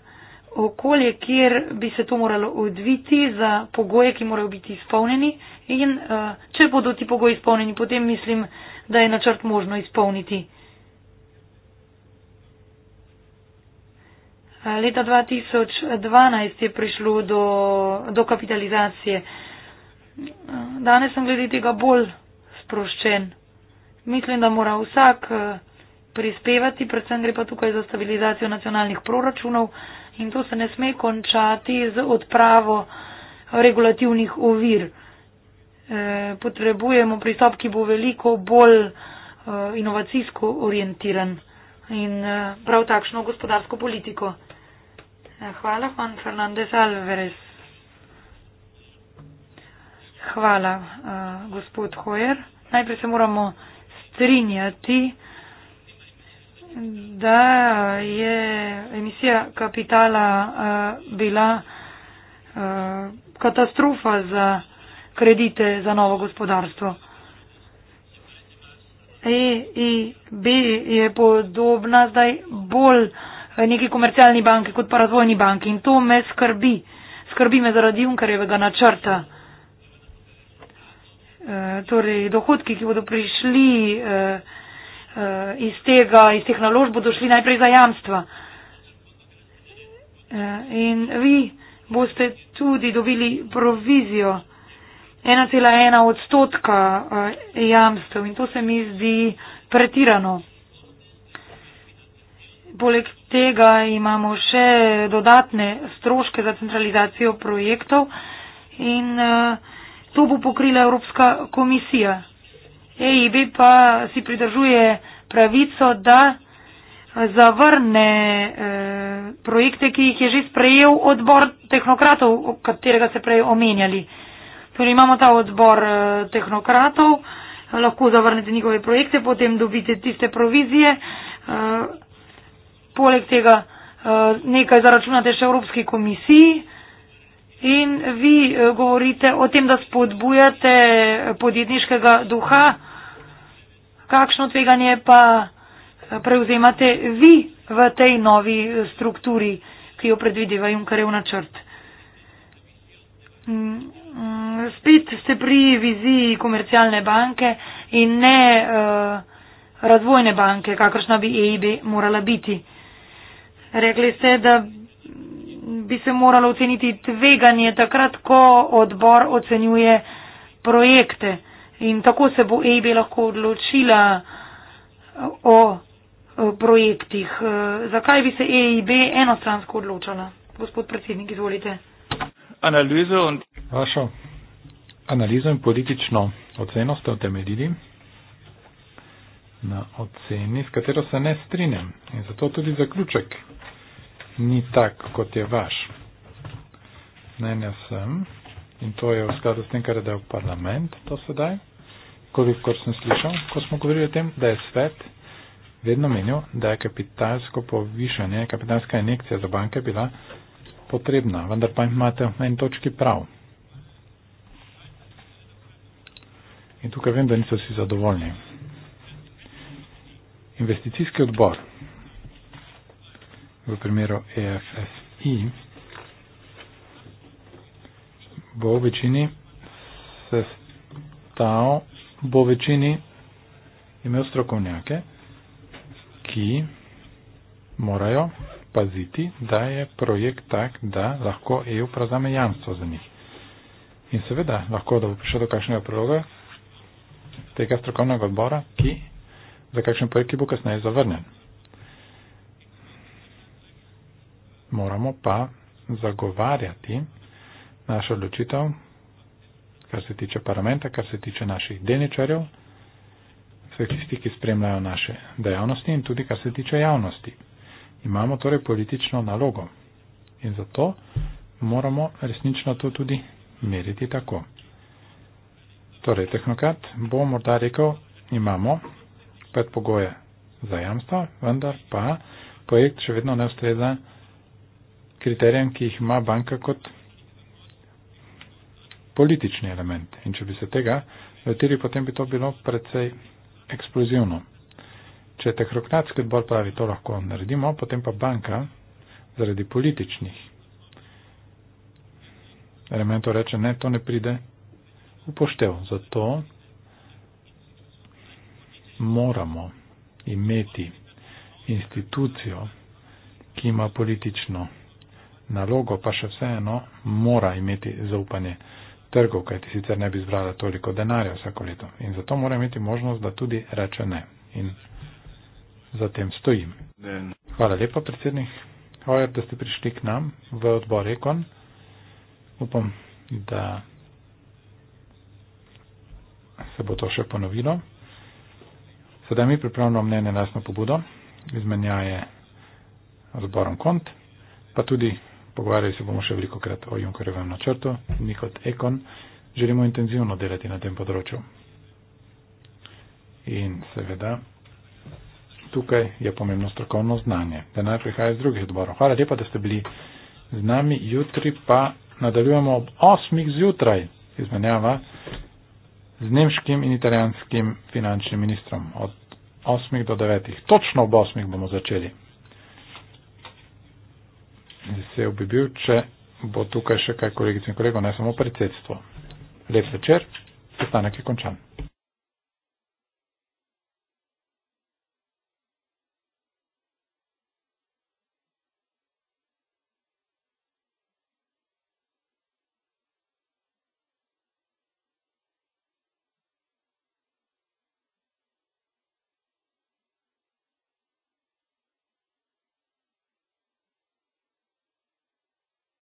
okolje, kjer bi se to moralo odviti, za pogoje, ki morajo biti izpolnjeni. In uh, če bodo ti pogoji izpolnjeni, potem mislim, da je načrt možno izpolniti. Eh, leta 2012 je prišlo do, do kapitalizacije. Danes sem glede tega bolj sproščen mislim, da mora vsak eh, prispevati, predvsem gre pa tukaj za stabilizacijo nacionalnih proračunov in to se ne sme končati z odpravo regulativnih ovir. Eh, potrebujemo pristop, ki bo veliko bolj eh, inovacijsko orientiran in prav takšno gospodarsko politiko. Hvala, Juan Fernandez Alvarez. Hvala, gospod Hoyer. Najprej se moramo strinjati, da je emisija kapitala uh, bila uh, katastrofa za kredite za novo gospodarstvo. EIB je podobna zdaj bolj eh, neki komercialni banki kot pa razvojni banki in to me skrbi. Skrbi me zaradi Junkarjevega načrta. Eh, torej dohodki, ki bodo prišli eh, eh, iz tega, iz teh naložb, bodo šli najprej za jamstva. In vi boste tudi dobili provizijo 1,1 odstotka jamstev in to se mi zdi pretirano. Poleg tega imamo še dodatne stroške za centralizacijo projektov in uh, to bo pokrila Evropska komisija. EIB pa si pridržuje pravico, da zavrne e, projekte, ki jih je že sprejel odbor tehnokratov, katerega se prej omenjali. Torej imamo ta odbor e, tehnokratov, eh, lahko zavrnete njihove projekte, potem dobite tiste provizije. E, poleg tega e, nekaj zaračunate še Evropski komisiji. In vi eh, govorite o tem, da spodbujate eh, podjetniškega duha. Kakšno tveganje pa eh, prevzemate vi v tej novi strukturi, ki jo predvideva Junkarev načrt? Mm, mm, spet ste pri viziji komercialne banke in ne razvojne banke, kakršna bi EIB morala biti. Rekli ste, da bi se moralo oceniti tveganje takrat, ko odbor ocenjuje projekte. In tako se bo EIB lahko odločila o projektih. E, zakaj bi se EIB enostransko odločala? Gospod predsednik, izvolite. Analizo in... Vašo analizo in politično oceno ste utemeljili na oceni, s katero se ne strinjam. In zato tudi zaključek ni tak, kot je vaš. Mnenja sem in to je v skladu s tem, kar je dal parlament do sedaj, kolikor sem slišal, ko smo govorili o tem, da je svet vedno menil, da je kapitalsko povišanje, kapitalska injekcija za banke bila potrebna, vendar pa imate na eni točki prav. In tukaj vem, da niso vsi zadovoljni. Investicijski odbor v primeru EFSI, bo v večini sestav, bo v večini imel strokovnjake, ki morajo paziti, da je projekt tak, da lahko EU prazame jamstvo za njih. In seveda lahko, da bo prišel do kakšnega priloga tega strokovnega odbora, ki za kakšen projekt, ki bo kasneje zavrnjen. moramo pa zagovarjati našo odločitev, kar se tiče parlamenta, kar se tiče naših delničarjev, vseh tistih, ki spremljajo naše dejavnosti in tudi kar se tiče javnosti. Imamo torej politično nalogo in zato moramo resnično to tudi meriti tako. Torej, tehnokrat bo morda rekel, imamo pet pogoje za jamstva, vendar pa projekt še vedno ne ustreza kriterijem, ki jih ima banka kot politični element. In če bi se tega lotili, potem bi to bilo predvsej eksplozivno. Če tehnokratski odbor pravi, to lahko naredimo, potem pa banka zaradi političnih elementov reče, ne, to ne pride upoštev. Zato moramo imeti institucijo, ki ima politično nalogo, pa še vseeno mora imeti zaupanje trgov, kajti sicer ne bi zbrala toliko denarja vsako leto. In zato mora imeti možnost, da tudi reče ne. In za tem stojim. Hvala lepa, predsednik. Hvala, da ste prišli k nam v odbor Ekon. Upam, da se bo to še ponovilo. Sedaj mi pripravljamo mnenje na jasno pobudo, izmenjaje odborom kont, pa tudi pogovarjali se bomo še veliko krat o Junkerjevem načrtu. Mi kot Ekon želimo intenzivno delati na tem področju. In seveda, tukaj je pomembno strokovno znanje. Denar prihaja iz drugih odborov. Hvala lepa, da ste bili z nami. Jutri pa nadaljujemo ob 8. zjutraj izmenjava z nemškim in italijanskim finančnim ministrom. Od 8. do 9. Točno ob 8. bomo začeli. Vesel bi bil, če bo tukaj še kaj kolegic in kolegov, ne samo predsedstvo. Lep večer, postanek je končan.